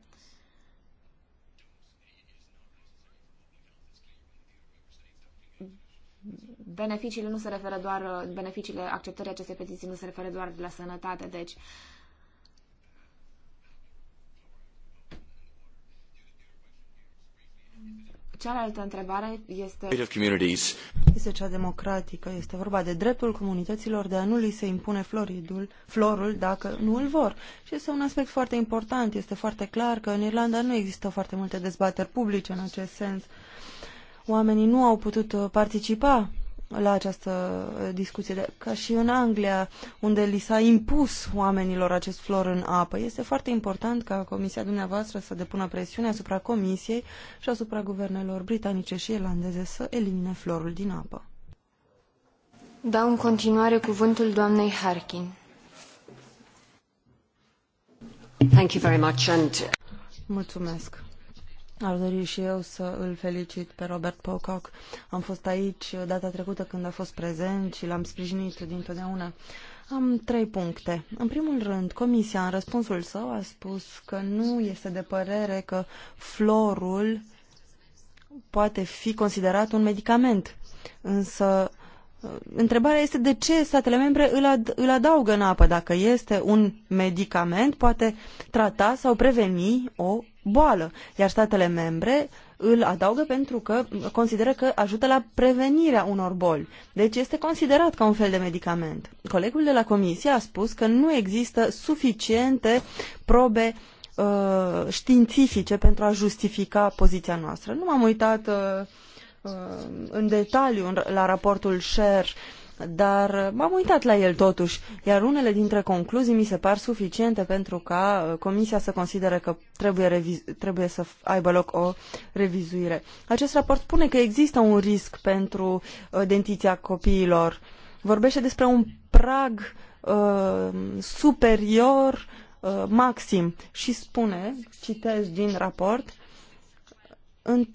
beneficiile nu se referă doar, beneficiile acceptării acestei petiții nu se referă doar la sănătate, deci Cealaltă întrebare este... Este cea democratică. Este vorba de dreptul comunităților de a nu li se impune floridul, florul dacă nu îl vor. Și este un aspect foarte important. Este foarte clar că în Irlanda nu există foarte multe dezbateri publice în acest sens. Oamenii nu au putut uh, participa la această discuție, ca și în Anglia, unde li s-a impus oamenilor acest flor în apă. Este foarte important ca Comisia dumneavoastră să depună presiune asupra Comisiei și asupra guvernelor britanice și irlandeze să elimine florul din apă. Dau în continuare cuvântul doamnei Harkin. Thank you very much and... Mulțumesc. Ar dori și eu să îl felicit pe Robert Pocock. Am fost aici data trecută când a fost prezent și l-am sprijinit dintotdeauna. Am trei puncte. În primul rând, Comisia, în răspunsul său, a spus că nu este de părere că florul poate fi considerat un medicament. Însă, Uh, întrebarea este de ce statele membre îl, ad- îl adaugă în apă dacă este un medicament, poate trata sau preveni o boală, iar statele membre îl adaugă pentru că consideră că ajută la prevenirea unor boli. Deci este considerat ca un fel de medicament. Colegul de la comisie a spus că nu există suficiente probe uh, științifice pentru a justifica poziția noastră. Nu m-am uitat uh, Um, în detaliu la raportul Share, dar m-am uitat la el totuși, iar unele dintre concluzii mi se par suficiente pentru ca uh, Comisia să considere că trebuie, trebuie să aibă loc o revizuire. Acest raport spune că există un risc pentru uh, dentiția copiilor. Vorbește despre un prag uh, superior uh, maxim și spune, citez din raport,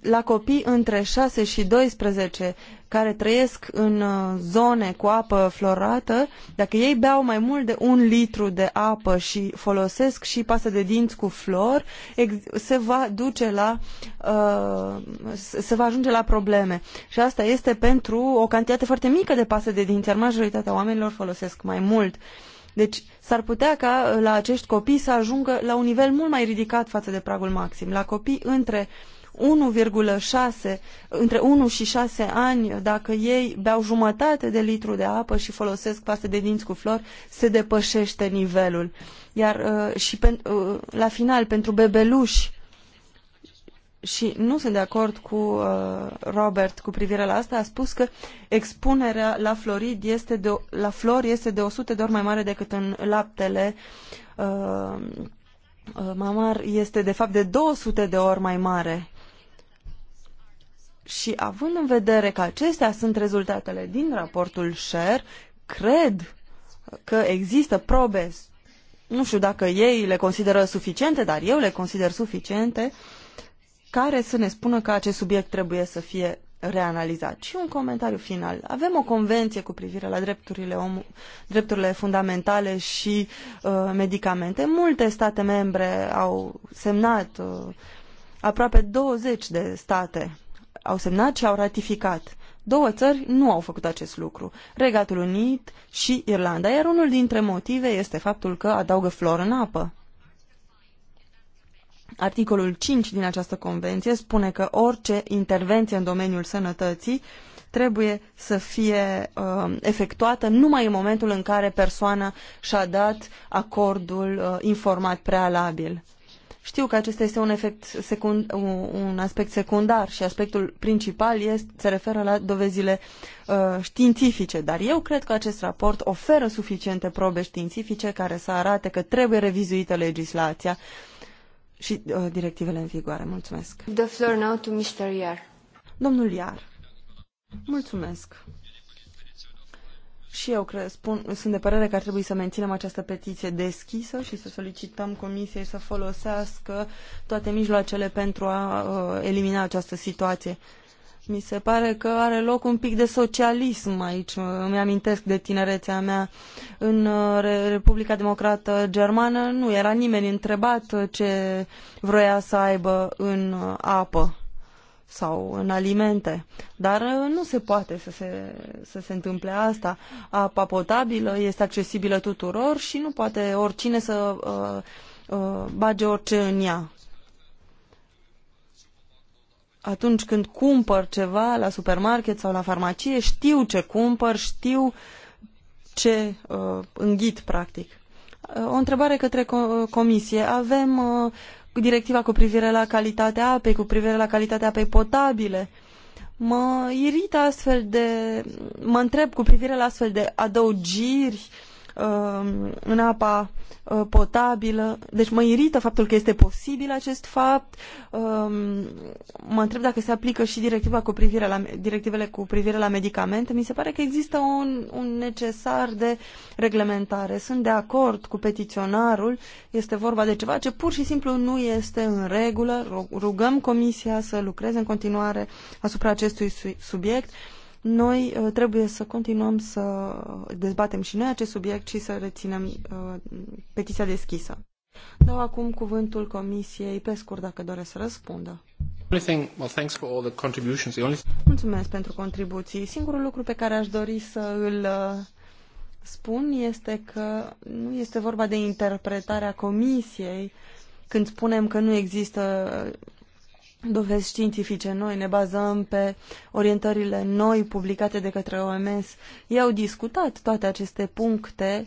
la copii între 6 și 12 care trăiesc în uh, zone cu apă florată, dacă ei beau mai mult de un litru de apă și folosesc și pasă de dinți cu flor, se va duce la uh, se va ajunge la probleme. Și asta este pentru o cantitate foarte mică de pasă de dinți, iar majoritatea oamenilor folosesc mai mult. Deci s-ar putea ca uh, la acești copii să ajungă la un nivel mult mai ridicat față de pragul maxim. La copii între 1,6, între 1 și 6 ani, dacă ei beau jumătate de litru de apă și folosesc paste de dinți cu flori, se depășește nivelul. Iar uh, și pen, uh, la final, pentru bebeluși, și nu sunt de acord cu uh, Robert cu privire la asta, a spus că expunerea la, florid este de, la flori este de 100 de ori mai mare decât în laptele uh, uh mamar este de fapt de 200 de ori mai mare. Și având în vedere că acestea sunt rezultatele din raportul Share, cred că există probe, nu știu dacă ei le consideră suficiente, dar eu le consider suficiente, care să ne spună că acest subiect trebuie să fie reanalizat. Și un comentariu final. Avem o convenție cu privire la drepturile, om, drepturile fundamentale și uh, medicamente. Multe state membre au semnat, uh, aproape 20 de state au semnat și au ratificat. Două țări nu au făcut acest lucru. Regatul Unit și Irlanda, iar unul dintre motive este faptul că adaugă flor în apă. Articolul 5 din această convenție spune că orice intervenție în domeniul sănătății trebuie să fie uh, efectuată numai în momentul în care persoana și-a dat acordul uh, informat prealabil. Știu că acesta este un, efect secund, un aspect secundar și aspectul principal este, se referă la dovezile uh, științifice, dar eu cred că acest raport oferă suficiente probe științifice care să arate că trebuie revizuită legislația și uh, directivele în vigoare. Mulțumesc. The floor now to Mr. Iar. Domnul Iar. Mulțumesc. Și eu cred, spun, sunt de părere că ar trebui să menținem această petiție deschisă și să solicităm Comisiei să folosească toate mijloacele pentru a uh, elimina această situație. Mi se pare că are loc un pic de socialism aici. Îmi amintesc de tinerețea mea. În uh, Republica Democrată Germană nu era nimeni întrebat ce vroia să aibă în uh, apă sau în alimente. Dar uh, nu se poate să se, să se întâmple asta. Apa potabilă este accesibilă tuturor și nu poate oricine să uh, uh, bage orice în ea. Atunci când cumpăr ceva la supermarket sau la farmacie, știu ce cumpăr, știu ce uh, înghit, practic. Uh, o întrebare către comisie. Avem uh, directiva cu privire la calitatea apei, cu privire la calitatea apei potabile. Mă irită astfel de... mă întreb cu privire la astfel de adăugiri uh, Um, în apa uh, potabilă. Deci mă irită faptul că este posibil acest fapt. Um, mă întreb dacă se aplică și directiva cu privire la, directivele cu privire la medicamente. Mi se pare că există un, un necesar de reglementare. Sunt de acord cu petiționarul. Este vorba de ceva ce pur și simplu nu este în regulă. Rugăm Comisia să lucreze în continuare asupra acestui subiect. Noi uh, trebuie să continuăm să dezbatem și noi acest subiect și să reținem uh, petiția deschisă. Dau acum cuvântul Comisiei pe scurt dacă doresc să răspundă. Mulțumesc pentru contribuții. Singurul lucru pe care aș dori să îl uh, spun este că nu este vorba de interpretarea Comisiei când spunem că nu există dovezi științifice noi, ne bazăm pe orientările noi publicate de către OMS. Ei au discutat toate aceste puncte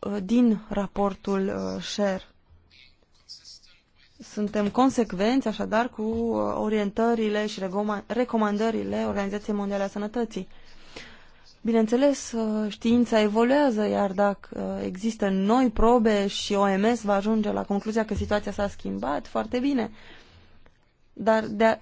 uh, din raportul SHARE. Uh, Suntem consecvenți, așadar, cu uh, orientările și recomandările Organizației Mondiale a Sănătății. Bineînțeles, știința evoluează, iar dacă există noi probe și OMS va ajunge la concluzia că situația s-a schimbat, foarte bine. Dar de a,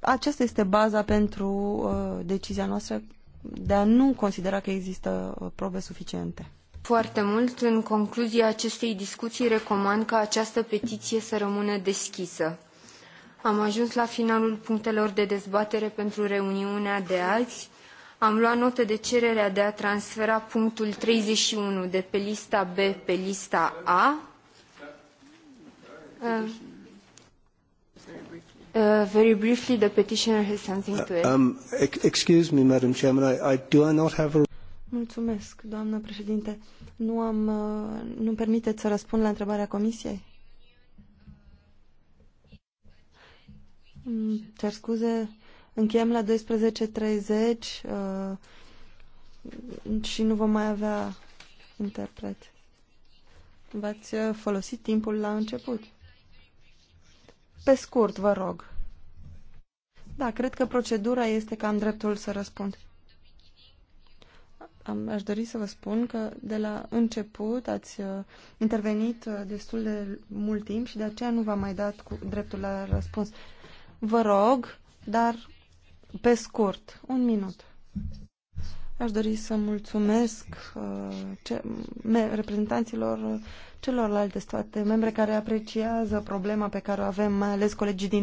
aceasta este baza pentru uh, decizia noastră de a nu considera că există uh, probe suficiente. Foarte mult. În concluzia acestei discuții recomand ca această petiție să rămână deschisă. Am ajuns la finalul punctelor de dezbatere pentru reuniunea de azi. Am luat notă de cererea de a transfera punctul 31 de pe lista B pe lista A. A. Da. Uh, Uh, very briefly, the petitioner has something uh, to add. Uh, um, excuse me, Madam Chairman, I, I, do I not have a... Mulțumesc, doamnă președinte. Nu am, uh, nu permiteți să răspund la întrebarea comisiei? Mm, cer scuze, încheiem la 12.30 uh, și nu vom mai avea interpret. V-ați uh, folosit timpul la început. Pe scurt, vă rog. Da, cred că procedura este că am dreptul să răspund. Am, aș dori să vă spun că de la început ați uh, intervenit uh, destul de mult timp și de aceea nu v-am mai dat cu dreptul la răspuns. Vă rog, dar pe scurt, un minut. Aș dori să mulțumesc uh, ce, me, reprezentanților uh, celorlalte state membre care apreciază problema pe care o avem, mai ales colegii din